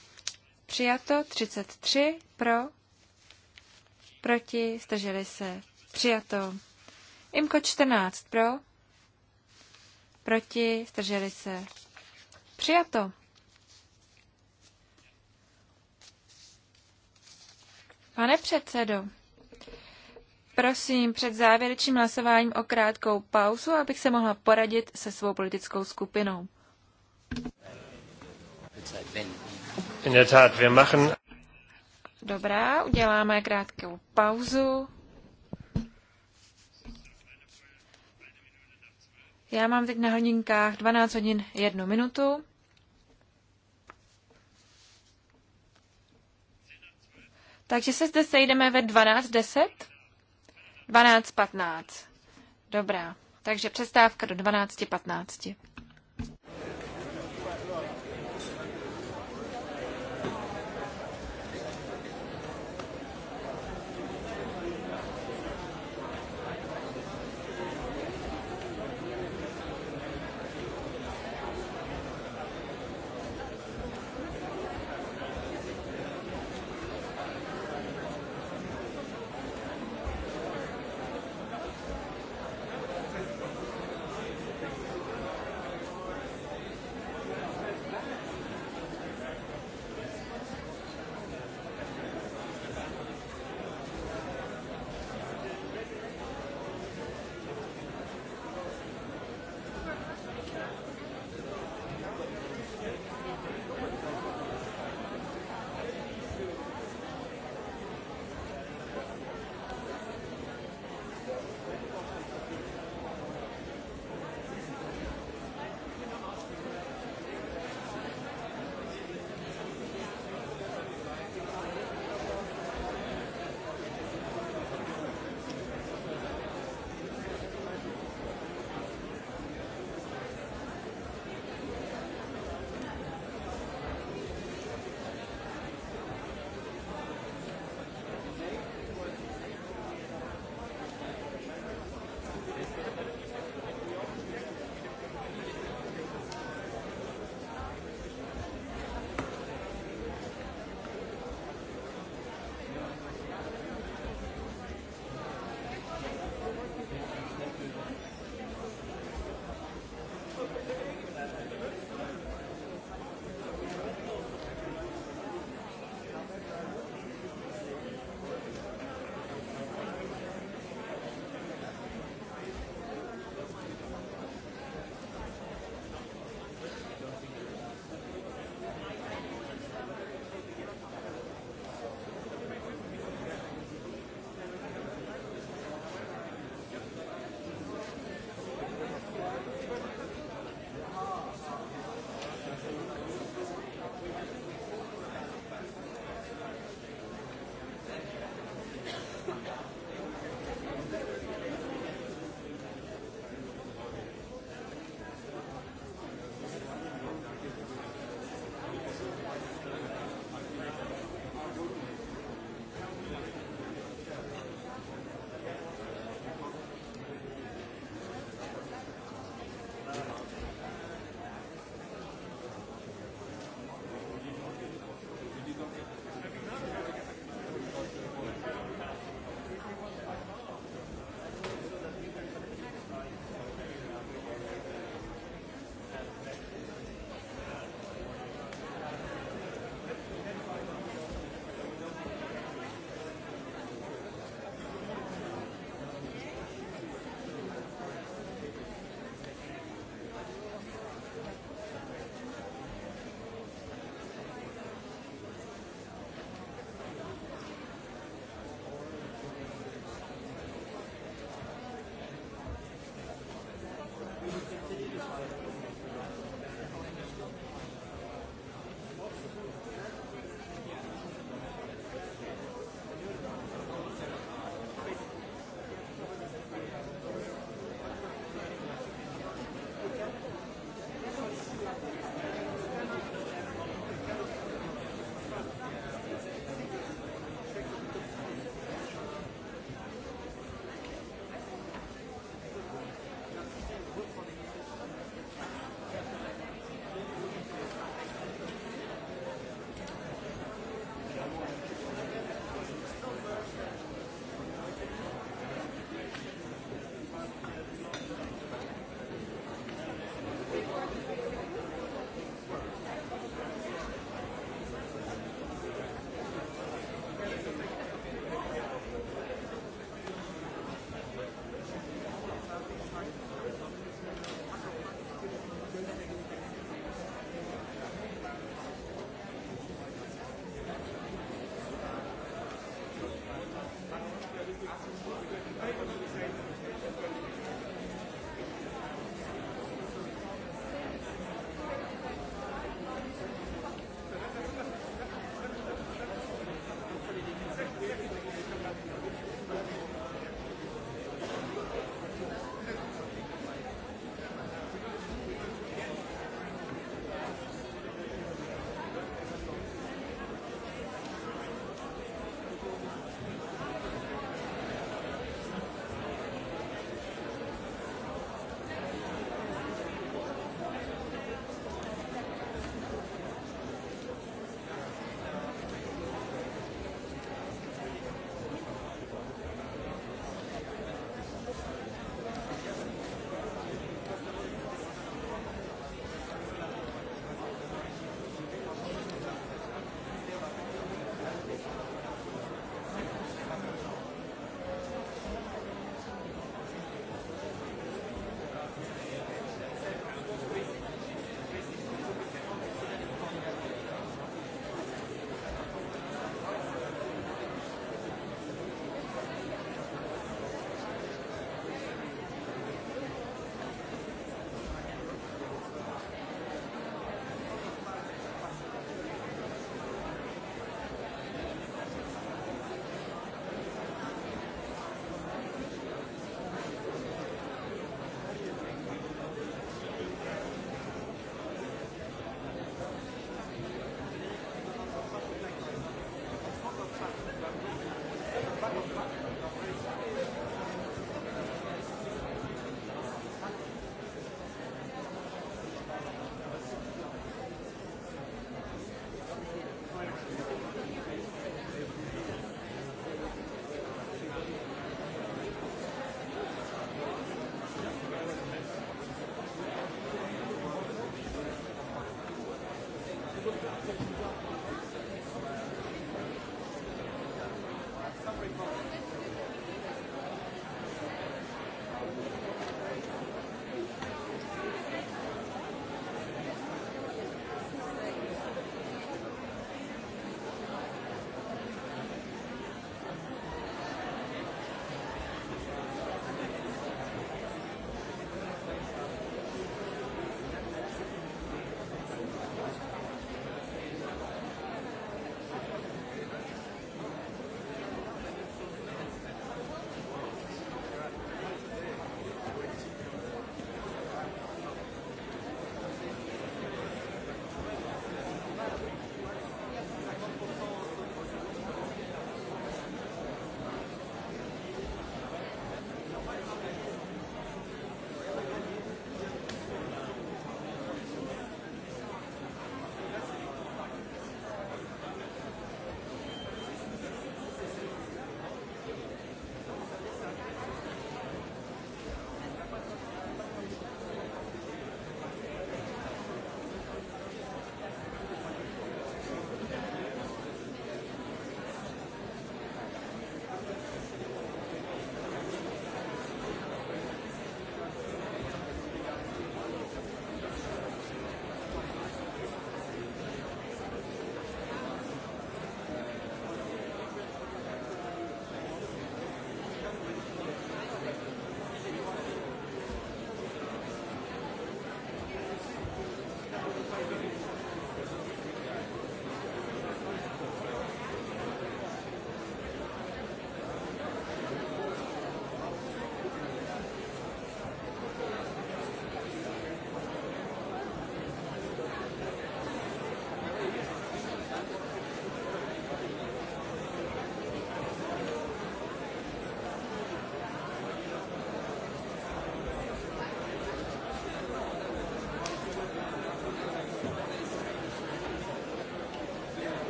Přijato. 33 pro. Proti? strželi se. Přijato. Imko 14 pro proti, zdrželi se. Přijato. Pane předsedo, prosím před závěrečným hlasováním o krátkou pauzu, abych se mohla poradit se svou politickou skupinou. Dobrá, uděláme krátkou pauzu. Já mám teď na hodinkách 12 hodin 1 minutu. Takže se zde sejdeme ve 12.10? 12.15. Dobrá. Takže přestávka do 12.15.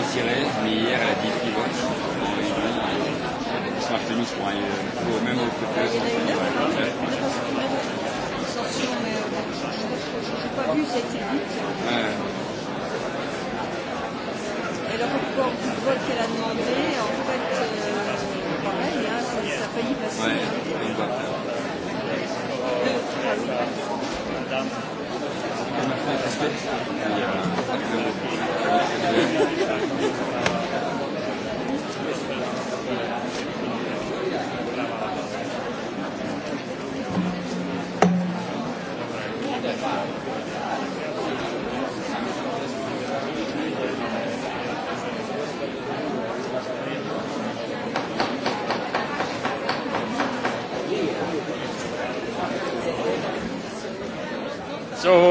proposition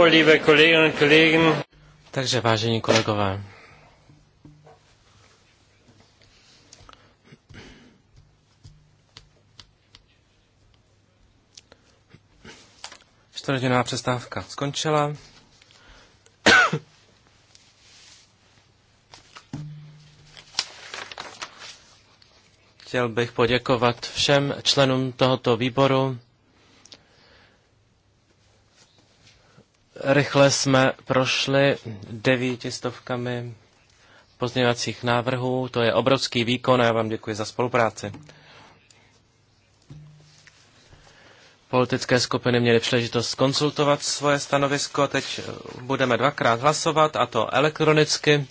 liebe Kolleginnen und Kollegen. Takže vážení kolegové. Čtvrthodinná přestávka skončila. Chtěl bych poděkovat všem členům tohoto výboru rychle jsme prošli devítistovkami pozměňovacích návrhů. To je obrovský výkon a já vám děkuji za spolupráci. Politické skupiny měly příležitost konsultovat svoje stanovisko. Teď budeme dvakrát hlasovat, a to elektronicky.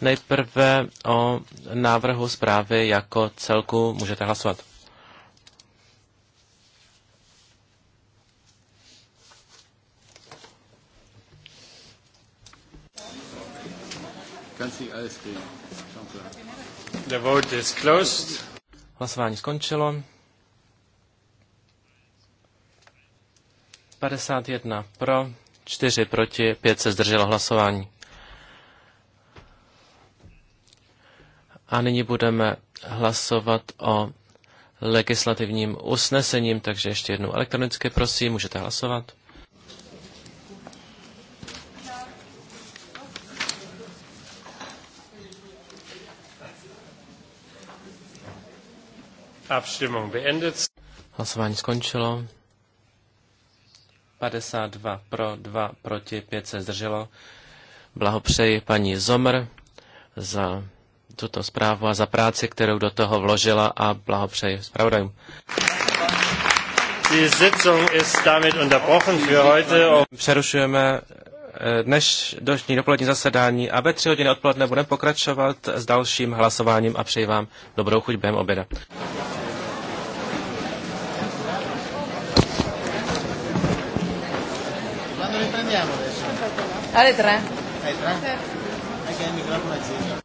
Nejprve o návrhu zprávy jako celku můžete hlasovat. The vote is closed. Hlasování skončilo. 51 pro, 4 proti, 5 se zdrželo hlasování. A nyní budeme hlasovat o legislativním usnesením, takže ještě jednou elektronicky prosím, můžete hlasovat. Abstimmung beendet. Hlasování skončilo. 52 pro, 2 proti, 5 se zdrželo. Blahopřeji paní Zomr za tuto zprávu a za práci, kterou do toho vložila a blahopřeji zpravodajům. Přerušujeme eh, dneš, dnešní dopolední zasedání a ve tři hodiny odpoledne budeme pokračovat s dalším hlasováním a přeji vám dobrou chuť během oběda. A detrás. Ahí detrás. Hay que dar el micrófono a